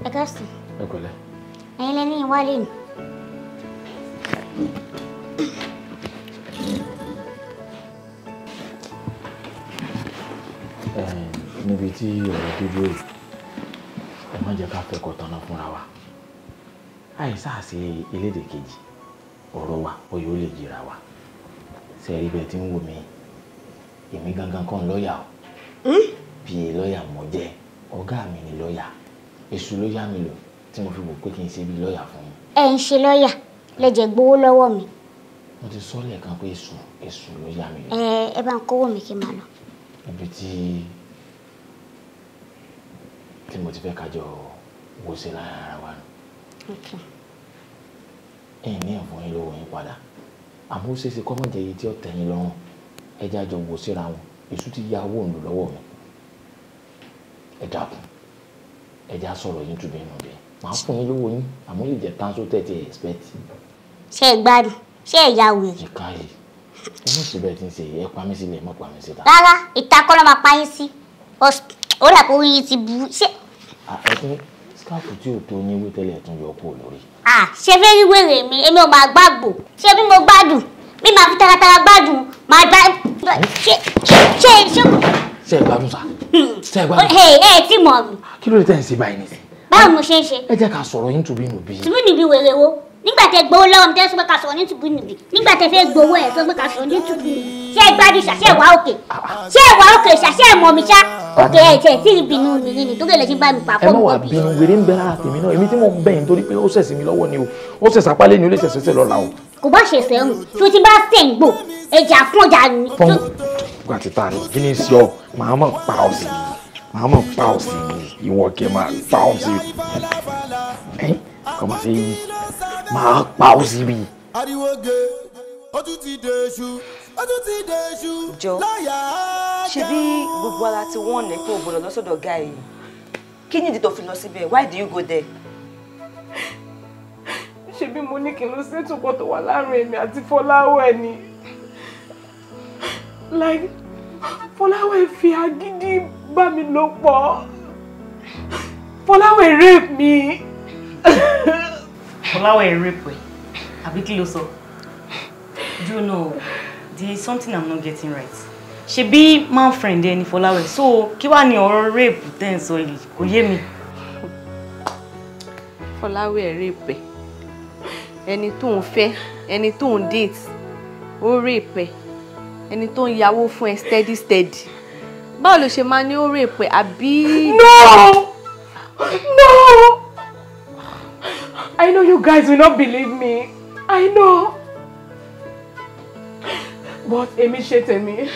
ẹ káàsán. ẹ kọlẹ. ẹ̀yin lẹni ìwálé ni. níbi tí ọ̀rọ̀ tó dúró ẹ má jẹ́ ká fẹ́kọ̀ọ́ tanná fúnra wa àìsàásì elédè ọ̀rọ̀ wa bóyá lè jìra wa ṣe rí bẹ́ẹ̀ tí ń wò mí èmi gangan kan lọ́ọ̀yà o hm? bí lọ́ọ̀yà mo jẹ́ ọ̀gá mi ni lọ́ọ̀yà èṣù ló yá mi lò tí mo fi wò pé kí n ṣe bí lọ́ọ̀yà fún mi. ẹ ń ṣe lọ́ọ̀yà lẹ́jẹ̀ gbowó lọ́wọ́ mi. mo ti sọ lẹ́ẹ̀kan pé èṣù èṣù ló yá mi lò. ẹ ẹ bá ń kówó mi kí n máa lọ. ibi tí tí mo ti fẹ́ kájọ wo ṣe lára wa nù. ẹ̀yin ní ẹ̀fọn yín lówó yín padà àmọ́ ó ṣeéṣe kọ́mọ̀ jẹ́ iye tí ó tẹ̀yìn lọ́rùn ẹja jọ wò síra wọn èṣù ti ya owó òǹdó lọ́wọ́ mi ẹ dákun ẹja sọ̀rọ̀ yín tùbí nù bẹ́ẹ̀ màá fún yín lówó yín àmọ́ lè jẹ́ tán tó tẹ̀tì expect. ṣé ẹ gbádùn ṣé ẹ ya wèrè. ìka yìí inú ìṣẹ̀bẹ̀ ti ń ṣe ẹ pa mí sílẹ̀ mọ́ pa mí síta. rárá ìtakọ́ ló máa pa yín sí ó dà ti bu skáàpù tí ò tó yín wé tẹ́lẹ̀ tún yọ kúrò lórí. à ṣe fẹ́ rí wèrè mi èmi ò máa gbàgbọ́ ṣé bí mo gbádùn bí màá fi taratara gbádùn màá gbá ṣe ṣe ṣe. ṣe gbádùn sa hmm. ṣe gbádùn. ẹ ẹ tí mọ̀ mi. kí ló lè tẹ̀ ẹ́ sí báyìí nìyí. báwo mo ṣe ń ṣe. ẹ jẹ́ ká sọ̀rọ̀ yín tùbí nùbí. tùbí nùbí wèrè wo nígbà tẹ gbowó lọ́wọ́ mi tẹ́ sọ pé ká sọ̀rọ̀ ní tùbú nìbí nígbà tẹ fẹ́ gbowó ẹ̀ sọ pé ká sọ̀rọ̀ ní tùbú nìbí ṣé ẹ ṣàṣẹ ìwà òkè ṣé ìwà òkè ṣàṣẹ ìmọ̀ mi ṣá òkè ẹ̀ tẹ̀ sí ìbínú mi ní nítorí ẹ̀ ṣe bá mi pàpọ̀ ẹ má wà bínú wèrè ń bẹ lára náà èmi tí mò ń bẹ̀ pé ó ṣẹ̀sìn mi lọ́wọ́ ni o ó ṣẹ̀sà pálẹ̀ ni ó lè ṣẹ̀ṣẹ̀ lọ́la o. kò bá ṣe sẹ́hùn tó ti bá ṣe ń gbò ẹja fún ọjà ni. fún ìgbà tí ta ni kí ni sọ màá mọ̀ pa ọ̀ sí màá mọ̀ pa ọ̀ sí ìwọ kẹ́ máa pa ọ̀ kọ́ máa ṣe yí máa pa ó síbi. ariwoge ojú ti dé ṣu ojú ti dé ṣu láyà á jẹun. ṣebí gbogbo ara ti wọ́n ní pé o gbọ́dọ̀ lọ́sọ̀dọ̀ ọ̀gá yìí kí nìdí tó fi lọ síbẹ̀ why do you go there. ṣebí mo ní kí n lọ sétò pọ̀ tó wà láàrin èmi àti fọláwẹ̀ ni like fọláwẹ̀ fi agídí bá mi lò pọ̀ fọláwẹ̀ rape mi. Fọláwọ̀ ẹ̀ rape ẹ̀ àbí kí Do you know there is something I'm not getting right? She be my friend ẹ ni Fọláwọ̀ so kí wàá ní ọ̀rọ̀ rape tẹ́ so. sọ yìí kò yé mi. Fọláwọ̀ ẹ̀ rape ẹ̀ ẹni tó ń fẹ́ ẹni tó ń date ó rape ẹ̀ ẹni tó ń yáwó fún steady steady báwo ló ṣe máa ní ó rape ẹ̀ No! No! I know you guys will not believe me. I know. But èmi ṣe tèmi.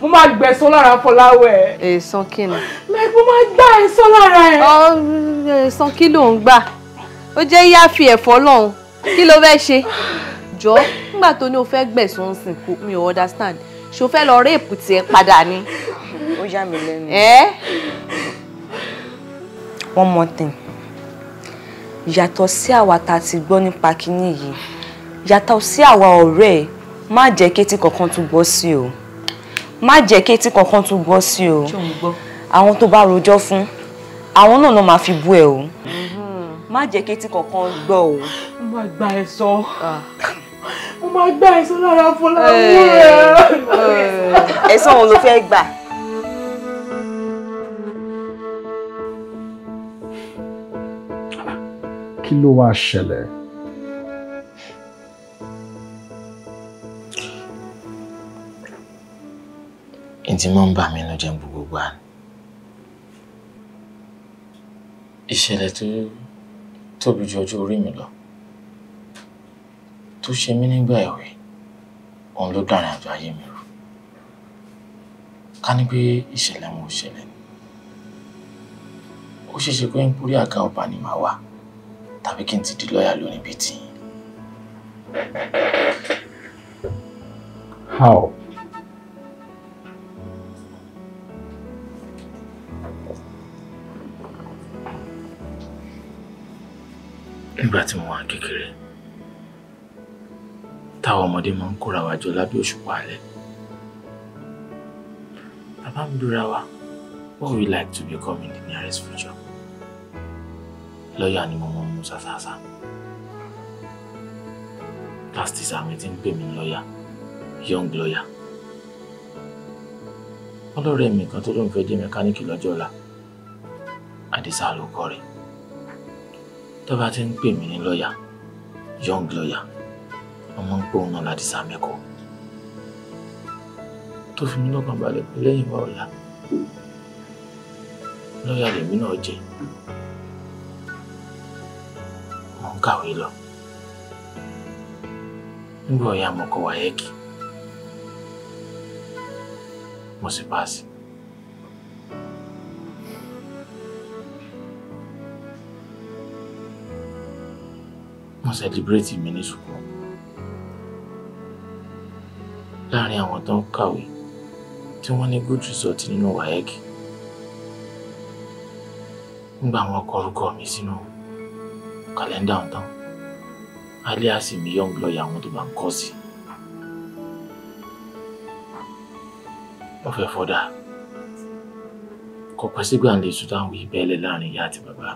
Mo máa gbẹ̀san lára Fọláwẹ̀. Ẹ̀san kí ni? Like mo máa gba ẹ̀san Oh, ẹ̀. Ẹ̀san kí ló ń gbà? Ó jẹ́ yáfi ẹ̀fọ́ lọ́hùn. Kí ló fẹ́ ṣe? Jọ́ nígbà tó ní o fẹ́ gbẹ̀san sìn kú mi ò understand. Ṣé o fẹ́ lọ réèpù tiẹ̀ padà ni? Ó yà mí lẹ́nu. One more thing yàtọ̀ sí àwa tá a ti gbọ́ nípa kinní yìí yàtọ̀ sí àwa ọ̀rẹ́ ẹ̀ má jẹ́ kétí kankan tún gbọ́ sí o má jẹ́ kétí kankan tún gbọ́ sí o àwọn tó bá rojọ́ fún àwọn náà ló máa fi bú ẹ o mm-hmm. má jẹ́ kétí kankan gbọ́ o. mo máa gba ẹ sọ ah. mo máa gba eh, ẹ sọ lára fọláwọ eh, ẹ. ẹ̀sán wo ló fẹ́ gbà. kí ló wá ṣẹlẹ̀? ìdí mọ́ ń bà mí lójẹ́ gbogbo gbà ni. ìṣẹ̀lẹ̀ tó tóbi ju ọjọ́ orí mi lọ tó ṣe mí nígbà ẹ̀wẹ̀ òun ló dàrin àjọ ayé mi rú ká ní pé ìṣẹ̀lẹ̀ wọn ò ṣẹlẹ̀ ni ó ṣeéṣe pé ń àga ọba ni màá wà tàbí kí n ti di lọ́ọ̀yà lónìí bíi tiyín. How? nígbà tí mo wà kékeré táwọn ọmọdé máa ń kóra wa jọ lábẹ́ òṣùpá alẹ́ bàbá ń bíra wa what would you like to become in the nearest future lọ́ọ̀yà ni mo mọ̀ ṣàṣàṣà class teacher mi ti ń pè mí lọ́yà young lawyer ọlọ́rẹ́ mi kan tó lóun fẹ́ jẹ́ mẹkáníìkì lọ́jọ́ ọ̀la àdìsá ló kọ́ rẹ̀ tó ti ń pè mí ní lọ́yà young lawyer ọmọ ń pòun náà ládìsá mẹ́kọ̀ọ́ tó fi mí lọ́kàn balẹ̀ pé lẹ́yìn wa ọ̀la lọ́yà lèmi náà jẹ́ mò ń kàwé lọ nígbà ọ̀yà mo kọ wáyẹ́kì mo sì paasi. mo celebrate mi ní sùkúù láàrin àwọn tó ń kàwé tí wọ́n ní good result nínú wáyẹ́kì nígbà wọn kọ orúkọ mi sínú. Si no. Kalenda ń tán alias mi young lawyer àwọn tó bá ń kọ́ sí. wọ́n fẹ́ fọ́dà kò pẹ́ sígbà ń lè sùn táwọn wí bẹ́ẹ̀lẹ̀ láàrin ìyá àti bàbá.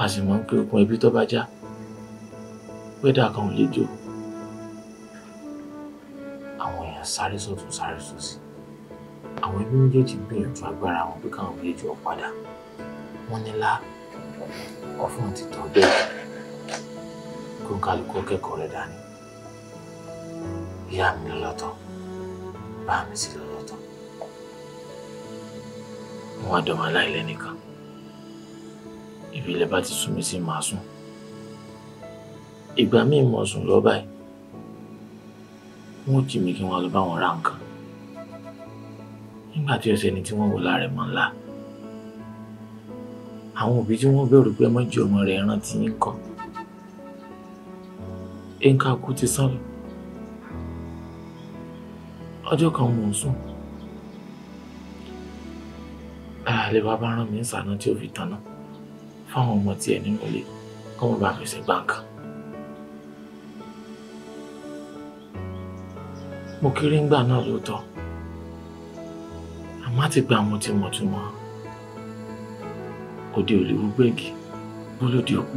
a sì mọ̀ pé okùn ẹbí tó bá já pẹ́dà kan ò lè jò àwọn èèyàn sáré sọ̀tún sáré sósì àwọn ẹbí méjèèjì gbìyànjú agbára wọn pé káwọn méjèèjì ọ̀ padà wọ́n ní lá ọ̀fun ti tán bẹ́ẹ̀ kó kálukú kẹ́kọ̀ọ́ rẹ̀ dání ìyá mi lọ́lọ́tọ̀ bá mi sí lọ́lọ́tọ̀ wọn àdọmọ aláìlẹ́nìkan ibi ilẹ̀ bá ti sún mi sí màá sùn ìgbà míì mọ̀ sùn lọ báyìí wọn ò jí mi kí wọn lọ bá wọn ra nǹkan nígbà tí ọ̀sẹ̀ ni tí wọ́n wò lára ẹ̀ mọ́ ńlá àwọn òbí tí wọ́n bẹ̀rù pé mọ́jú ọmọ rẹ̀ rántí yín kọ́ ẹ̀ka kú ti sán lọ ọjọ́ kan mò ń sùn àlè bàbá rán mi ń sànà tí ó fi tanná fáwọn ọmọ tiẹ̀ nínú ilé kọ́ mọ́ bá fèsì gbàǹkà. mo kéré ńgbà náà lóòótọ́ àmọ́ àtìgbà mo ti mọ̀ tí mo hàn òde òléwu gbẹ̀gì bólódì òkú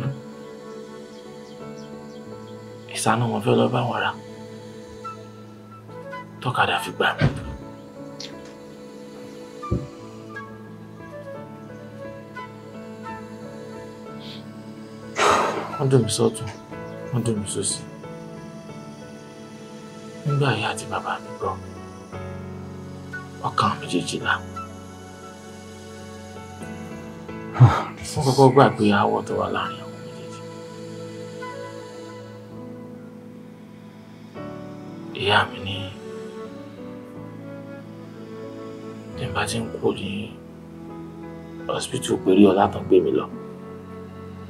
ìsáná wọn fẹ́ lọ bá wọn ra tọ́kadà fi gbà mí. wọ́n dùn mí sọ́tún wọ́n dùn mí sósì nígbà ìyá àti bàbá mi gbọ́ ọkàn méjèèjì láàmú fún kọ́kọ́ gbàgbé àwọ̀ tó wà láàrin àwọn méjèèjì. ìyá mi hospital péré ọlá tán gbé mi lọ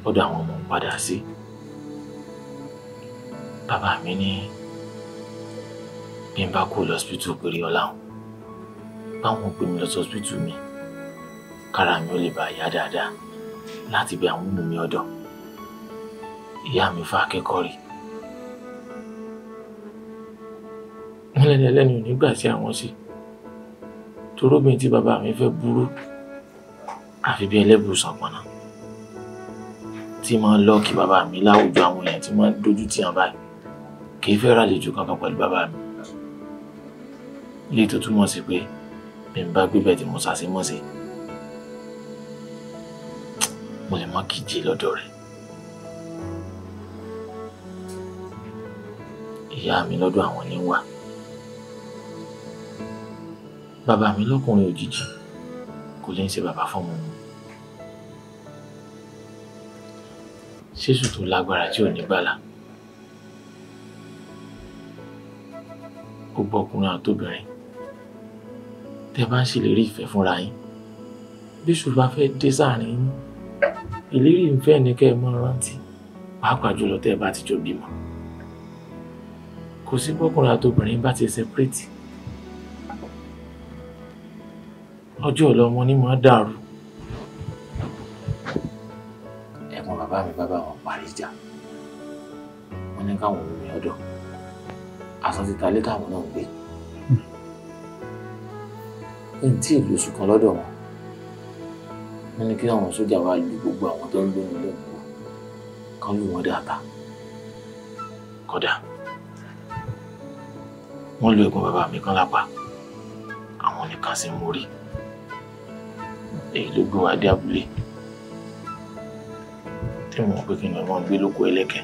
lọ́dọ̀ àwọn ọmọ padà sí. bàbá mi hospital péré ọlá wọn báwọn gbé hospital mi kára mi ó lè bá yá dáadáa láti bí àwọn ọmọ mi ọ̀dọ̀ ìyá mi fa akẹ́kọ̀ọ́ rí wọ́n lẹ́nu ẹlẹ́ni ò ní gbà sí àwọn sí torobìnrin tí bàbá mi fẹ́ burú àfi bí ẹlẹ́bùsàn pọ̀nà tí máa ń lọ́ọ̀kì bàbá mi láwùjọ àwọn èèyàn tí máa ń dojú tì hàn báyìí kì í fẹ́ ràlejò kankan pẹ̀lú bàbá mi ilé tó túmọ̀ sí pé mi ń bá gbébẹ̀ tí mo sàṣemọ́sẹ̀ mo lè má kíje lọ́dọ̀ rẹ̀. ìyá mi lọ́dọ̀ àwọn ní wà bàbá mi lọ́kùnrin òjijì kò lè ń ṣe bàbá fọ́mọ mi. Jésù tó lágbára tí ò ní gbàlà. gbogbo ọkùnrin àtobìnrin tẹ bá ń ṣèlérí ìfẹ́ fúnra yín bí ṣùgbọ́n fẹ́ dé sáàrin yín ìlérí ìfẹ́ ni kẹ́ ẹ máa rántí pàápàá jùlọ tẹ́ ẹ bá ti jọ bímọ kò sí bọ́kùnrin àtobìnrin bá ti sẹpẹ́rẹ́tì ọjọ́ ọ̀la ọmọ ní máa dàrú. ẹ̀gbọ́n bàbá mi bàbá wọn parí ìjà wọn ní káwọn omi ọ̀dọ̀ aṣọ títa létà wọn náà ń gbé hmm. ní tí ìlú oṣù kan lọ́dọ̀ wọn wọ́n ní kí àwọn sójà wá lu gbogbo àwọn tó ń lóyún lẹ́kọ̀ọ́ kán lù wọ́n dáadáa kódà wọ́n lu ẹ̀gbọ́n bàbá mi kan lápá àwọn nìkan sì mú rí èyí ló gbé wa dé abúlé tí mo pé kí n lọ́mọ gbé lóko ẹlẹ́kẹ̀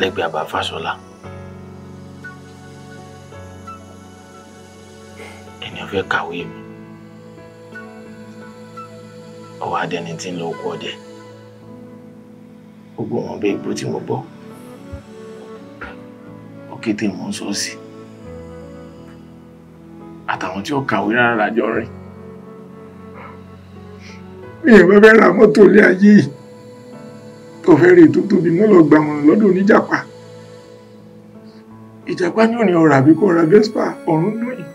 lẹ́gbẹ̀ẹ́ àbá Fáṣọlá ẹni ó kàwé mi ọwọ́ adẹni tí ń lọ oko ọdẹ gbogbo wọn bẹ igbó tí mo gbọ́ òkété mò ń sọ́ọ̀sì àtàwọn tí ó kàwé rárá jọ rìn mi ò fẹ́ ra mọ́tò ilé ayé yìí tó fẹ́ rí tó tóbi mọ́ lọ gbà wọn lọ́dọ̀ oníjàpá ìjàpá ní òní ọ̀rọ̀ àbí kò ra vespa ọ̀run dùn yìí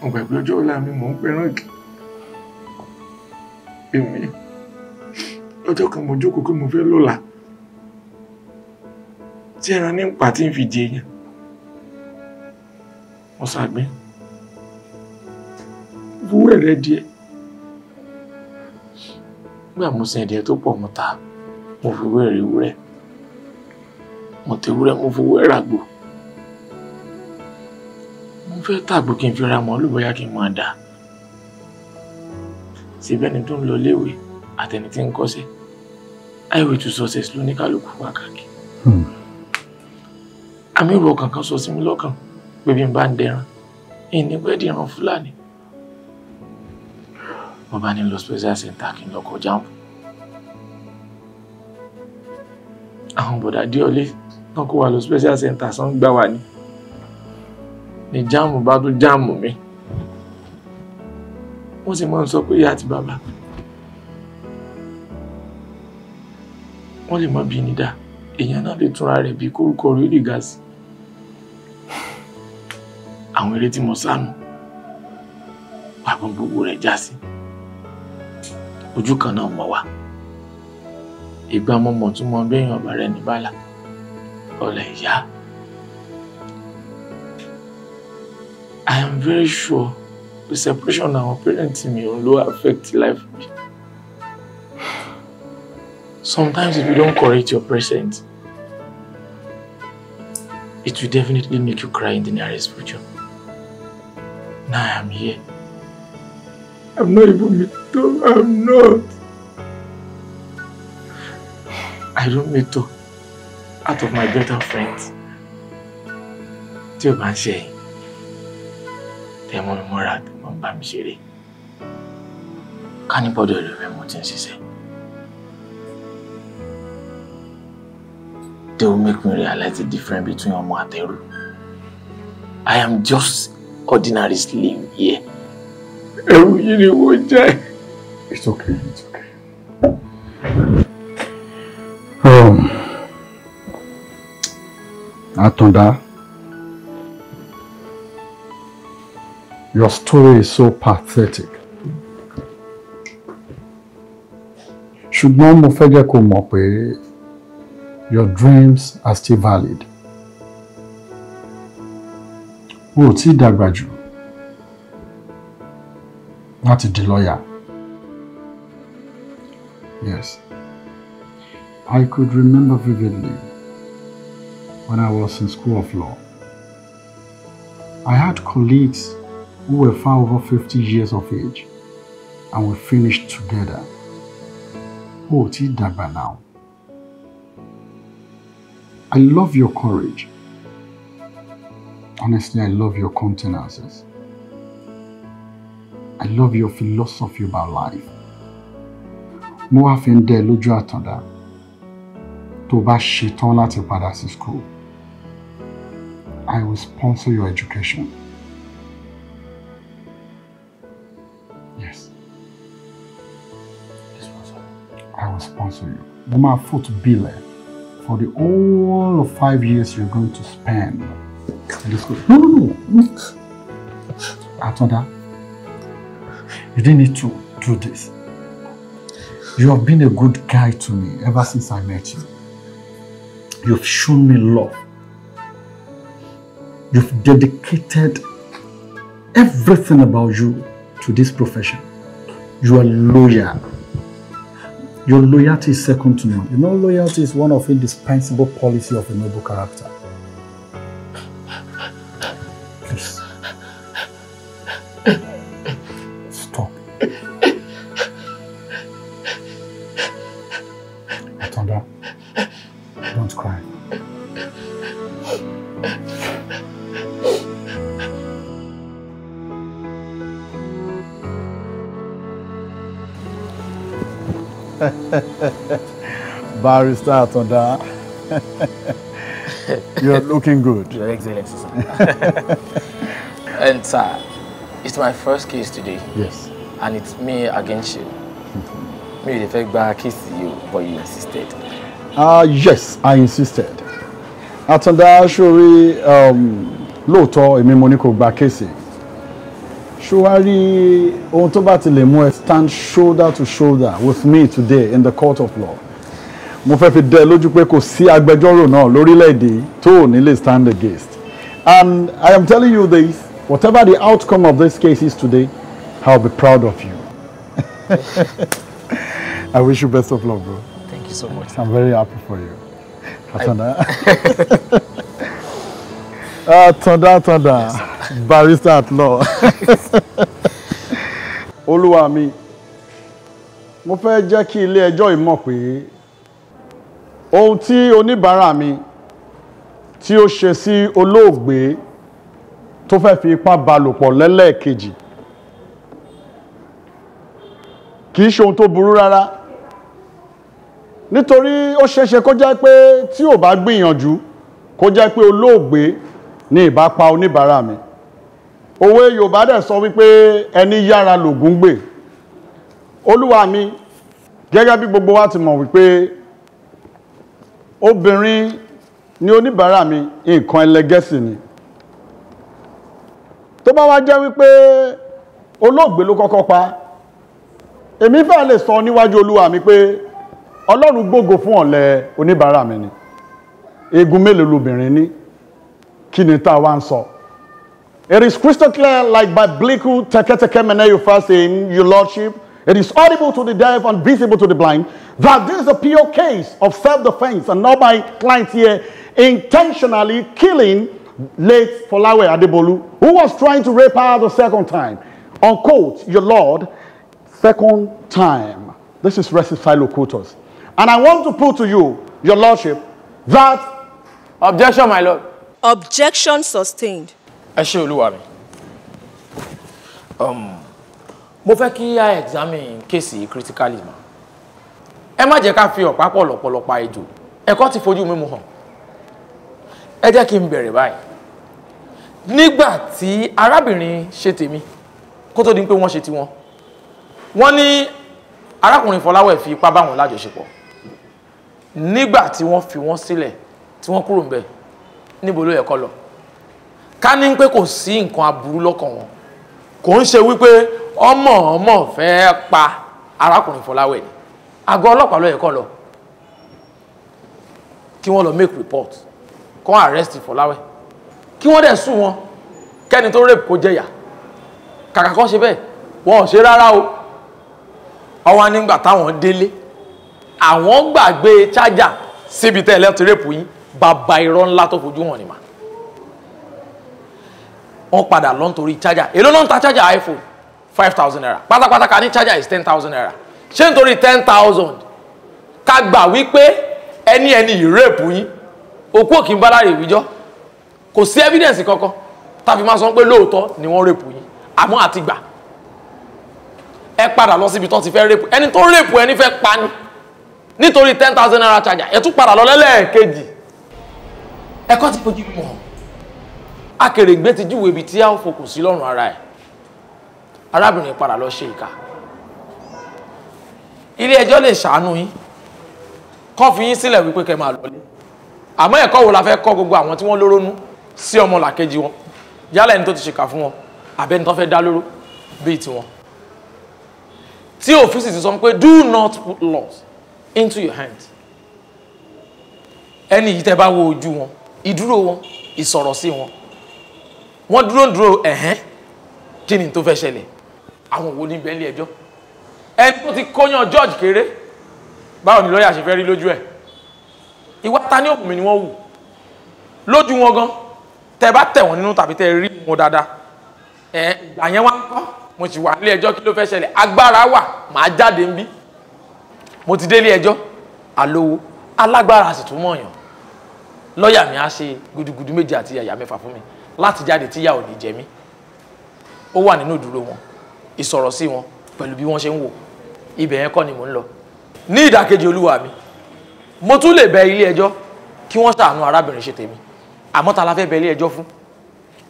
mo gbàgbé ọjọ́ ọ̀la mi mò ń pẹ́ràn kìí pè mí lọ́jọ́ kan mo jókòó pé mo fẹ́ lọ́la tí ẹran ní pa tí ń fi di èèyàn mo ṣàgbé wúwẹ̀ rẹ díẹ̀ nígbà mo sin ẹ̀dẹ̀ tó pọ̀ mo ta mo fi wúwẹ̀ wúrẹ́ mo ti wúrẹ́ mo fi wúwẹ́ ràgbò mo fẹ́ tàgbò kí n fi ra mọ́ lóbọ̀yá kí n máa dáa síbẹ̀ ni tó ń lọ léèwé àtẹni tí ń kọ́ṣẹ́ highway to success ló ní kálukú wá káàkiri. Hmm. àmì ìrò ọkàn kan sọ sí mi lọ́kàn pé bí n bá ń dẹran ìní pẹ́ di ìran fúlàní. mo bá ní lọ special center kí n lọ kọjá ń àwọn bọ̀dà díọ̀lé náà kó wa lọ special center sàn gbà wá ní. ni jáàmù bá tún jáàmù mi wọ́n sì máa ń sọ pé ìyá àti bàbá wọ́n lè má bí ní dá èèyàn náà lè túnra rẹ̀ bí kórúkọ orí lè àwọn eré tí mo sánú pàbọn gbogbo rẹ̀ já sí ojú kan náà mọ̀ wá ìgbà mo tún mọ béèyàn ọ̀bà rẹ̀ ní bàlá ọ̀lẹ̀ ìyá I am very sure The separation àwọn parents mi òun ló affect life Sometimes if you don't correct your present, it will definitely make you cry in the nearest future. Now I am here. I'm not even me too. I'm not. I don't meet to out of my better friends. Do you bá ń tẹ mọ́ mi mọ́ra tẹ mọ́ bá mi ṣeré ká ní bọ́dọ̀ ìlú rẹ mo ti ń ṣiṣẹ́ they will make me realize the difference between ọmọ àtẹrù I am just ordinary slave here ẹrù yìí ni wọ́n jẹ́ it's okay it's okay. Um, Atunda. Your story is so pathetic. Shouldn't fẹ́ jẹ́ kó mọ̀ your dreams are still valid. o ò that graduate? Not a lawyer. Yes. I could remember vividly when I was in school of law. I had colleagues who were far over 50 years of age and we finished together. Oh, it's that by now. I love your courage. Honestly, I love your countenances. I love your philosophy about life. Mo dẹ Lujua àtàndá tó bá ṣetán school. I will sponsor your education. you. Mama foot bill for the whole of five years you're going to spend in the school. No, no, no. Atonda, you didn't need to do this. You have been a good guy to me ever since I met you. You've shown me love. You've dedicated everything about you to this profession. You are loyal. Your loyalty is second to none. You know, loyalty is one of indispensable policy of a noble character. Barrister Atanda. You're looking good. Your Excellency, sir. and sir, it's my first case today. Yes. And it's me against you. me the fact that I kissed you, but you insisted. Ah, uh, yes, I insisted. Atanda, Shuri, um, lóòótọ́ èmi mo ní kò gba kéèsì ṣùwárí ohun tó bá ti lè mú ẹ stand shoulder to shoulder with me today in the court of law mo fẹ́ fi dẹ́ ẹ lójú pé kò sí agbẹjọ́rò náà lórílẹ̀‐èdè tó ò ní stand against and I am telling you this whatever the outcome of this case is today I will be proud of you I wish you best of luck bro. Thank you so much. I'm very happy for you. Atanda. Atanda Atanda barrister at law. Olúwa mi, mo fẹ́ jẹ́ kí ilé ẹjọ́ yìí mọ̀ ohun tí oníbàárà mi tí ó ṣe sí olóògbé tó fẹ́ fi ipá bá lòpọ̀ lẹ́lẹ́ẹ̀kejì kìí ṣe ohun tó burú rárá nítorí ó ṣeéṣe kó jẹ́ pé tí ò bá gbìyànjú kó jẹ́ pé olóògbé ni ìbá pa oníbàárà mi òwe Yorùbá dẹ̀ sọ wípé ẹni yára lògùn gbè olúwa mi gẹ́gẹ́ bí gbogbo wa ti mọ̀ wípé obìnrin ni oníbàárà mi nǹkan ẹlẹgẹ́sì ni tó bá wá jẹ́ wípé olóògbé ló kọ́kọ́ pa èmi fẹ́ lè sọ níwájú olúwa mi pé ọlọ́run gbógo fún ọ̀lẹ oníbàárà mi ni egun mélòó lobìnrin ní kí ni tá a wá ń sọ. It is crystal clear like biblical teke teke meneyu fasting, your lordship, It is audible to the deaf and visible to the blind that this is a pure case of self defense and not my client here intentionally killing late Folawe Adebolu, who was trying to rape her the second time. Unquote, your Lord, second time. This is Reciphilo And I want to put to you, your Lordship, that. Objection, my Lord. Objection sustained. Ẹ ṣé Um mo fẹ́ kí a examine kéèsì critically ma ẹ má jẹ́ ká fi ọ̀pá pọ̀ lọ́pọ̀lọpọ̀ ejò ẹ̀kọ́ ti fojú mímu hàn ẹ jẹ́ kí n bẹ̀rẹ̀ báyìí nígbà tí arábìnrin ṣe tèmi kó tó di pé wọ́n ṣe tiwọn wọ́n ní arákùnrin Fọláwẹ̀ fi ipá bá wọn lájọṣepọ̀ nígbà tí wọ́n fi wọ́n sílẹ̀ tí wọ́n kúrò ń bẹ̀ níbo ló yẹ kó lọ ká ní pé kò sí nǹkan aburú lọ́kàn wọn kò ń ṣe wípé ọmọ ọmọ fẹ́ pa arákùnrin Fọláwẹ̀ ni àgọ́ ọlọ́pàá ló yẹ kó lọ kí wọ́n lọ make report kó arrest Fọláwẹ̀ kí wọ́n dẹ̀ sùn wọn kẹ́ni tó rape kó jẹ̀yà kàkà kan ṣe bẹ́ẹ̀ wọn ò ṣe rárá o ọwọ́ nígbà táwọn délé àwọn gbàgbé chájà síbi tẹ́ ẹ lẹ́tọ̀ rape yín bàbá irọ́ ńlá tó fojú hàn ni mà wọ́n padà lọ nítorí charger èló ló ń ta charger iphone five thousand naira pátápátá ká ní charger is ten thousand naira ṣé nítorí ten thousand ká gbà wípé ẹni ẹni ìrèpù yín òkú òkì ń bá kò sí evidence kankan tàbí máa sọ pé lóòótọ́ ni wọ́n rèpù yín àmọ́ àti gbà ẹ padà lọ síbi tó ti fẹ́ rèpù ẹni tó rèpù ẹni fẹ́ pa ni nítorí ten thousand naira charger ẹ tún padà lọ lẹ́lẹ́ẹ̀kejì ẹ̀kọ́ ti fojú pọ̀ akèrègbè ti júwèé ibi tí a ó fokùn sí lọ́rùn ara ẹ̀ arábìnrin padà lọ ṣe ìkà ilé ẹjọ́ lè ṣàánú yín kọ́ fi yín sílẹ̀ wípé kẹ́ máa lọlé àmọ́ ẹ̀kọ́ wo la fẹ́ kọ́ gbogbo àwọn tí wọ́n lórónú sí ọmọ làkejì wọn yálà ẹni tó ti ṣèkà fún wọn àbẹ́ni tó fẹ́ dá lóró bíi tiwọn tí òfin ti sọ pé do not put laws into your hand ẹni yìí tẹ́ bá wo ojú wọn ìdúró wọn ìsọ̀rọ̀ sí wọn wọ́n dúró dúró ẹ̀hẹ́n kí ni tó fẹ́ ṣẹlẹ̀ àwọn wo ní bẹ́ẹ̀lì ẹjọ́ ẹni tó ti kóyàn george kéré báwo ni lọ́ọ̀yà ṣe fẹ́ rí lójú ẹ̀ ìwà ta ní òkùnmí ni wọ́n wù lójú wọn gan tẹ bá tẹ̀ wọ́n nínú tàbí tẹ rí wọn dáadáa ẹ̀ ìgbà yẹn wá ń kọ́ mo ti wà nílé ẹjọ́ kí ló fẹ́ ṣẹlẹ̀ agbára wà màá jáde ń bí mo ti délé ẹjọ́ àlówó alágbára sì tún mọ̀ọ́yàn lọ́ọ̀yà mi á ṣe gudugudu méje àti àyà mẹ́fà fún mi láti jáde tíyà ò ní jẹ mí ó wà nínú ìdúró wọn ìsọ̀rọ̀ sí wọn pẹ̀lú bí wọ́n ṣe ń wò ibẹ̀ yẹn kọ́ ni mò ń lọ ní ìdàkejì olúwa mi mo tún lè bẹ ilé ẹjọ́ kí wọ́n ṣàánú arábìnrin ṣe tèmi àmọ́ ta la fẹ́ bẹ ilé ẹjọ́ fún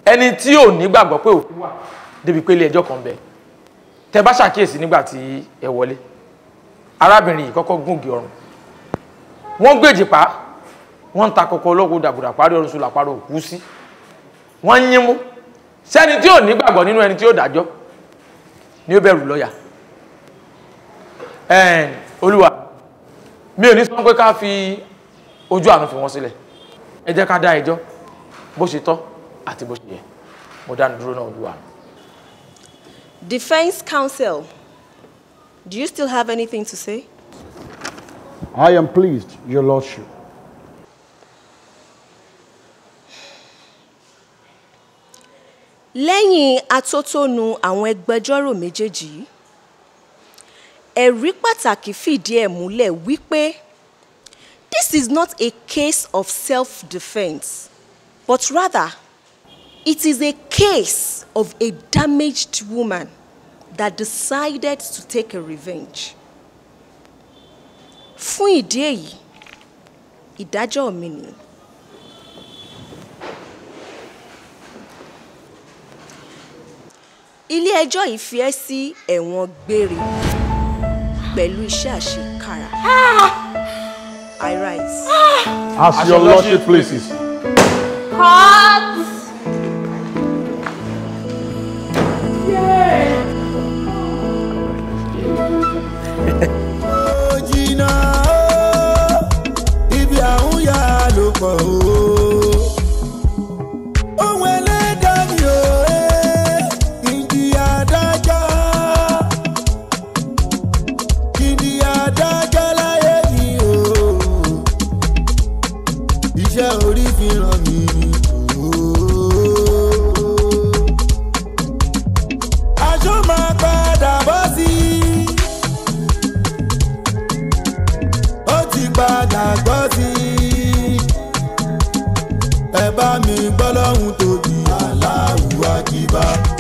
ẹni tí ò ní gbàgbọ́ pé òkú wà débi pé ilé ẹjọ́ kan bẹ tẹ bá ṣàkíyèsí nígbà tí ẹ wọlé arábìnrin yìí kọ́kọ́ gùn ògì ọrùn wọ́n gbèjì pa wọ́n ń ta kọ́kọ́ ológun dàbùdà parí ọrùn sùn làpárò òkú sí wọ́n ń yín sẹ́ni tí ò ní gbàgbọ́ nínú ẹni tí ó dájọ́ ni ó bẹ̀rù lọ́yà olúwa mi ò ní sọ pé ká fi ojú àánú fi wọ́n sílẹ̀ ẹ jẹ́ ká dá ẹjọ́ bó ṣe tọ́ àti bó ṣe yẹ mo dá dúró náà olúwa. Defense counsel, do you still have anything to say? I am pleased, Your Lordship. lẹ́yìn atótónu àwọn agbẹjọ́rò méjèèjì ẹ̀rí pàtàkì fìdí ẹ̀ múlẹ̀ wípé this is not a case of self-defense but rather it is a case of a damaged woman that decided to take a revenge. fún ìdí èyí ìdájọ́ mi nìyí. ilé-ẹjọ́ yìí fi ẹ́ sí ẹ̀wọ̀n gbére pẹ̀lú iṣẹ́ àṣekára. Ah! I rise. As, your lordship pleases. Cut! Yeah. Bye.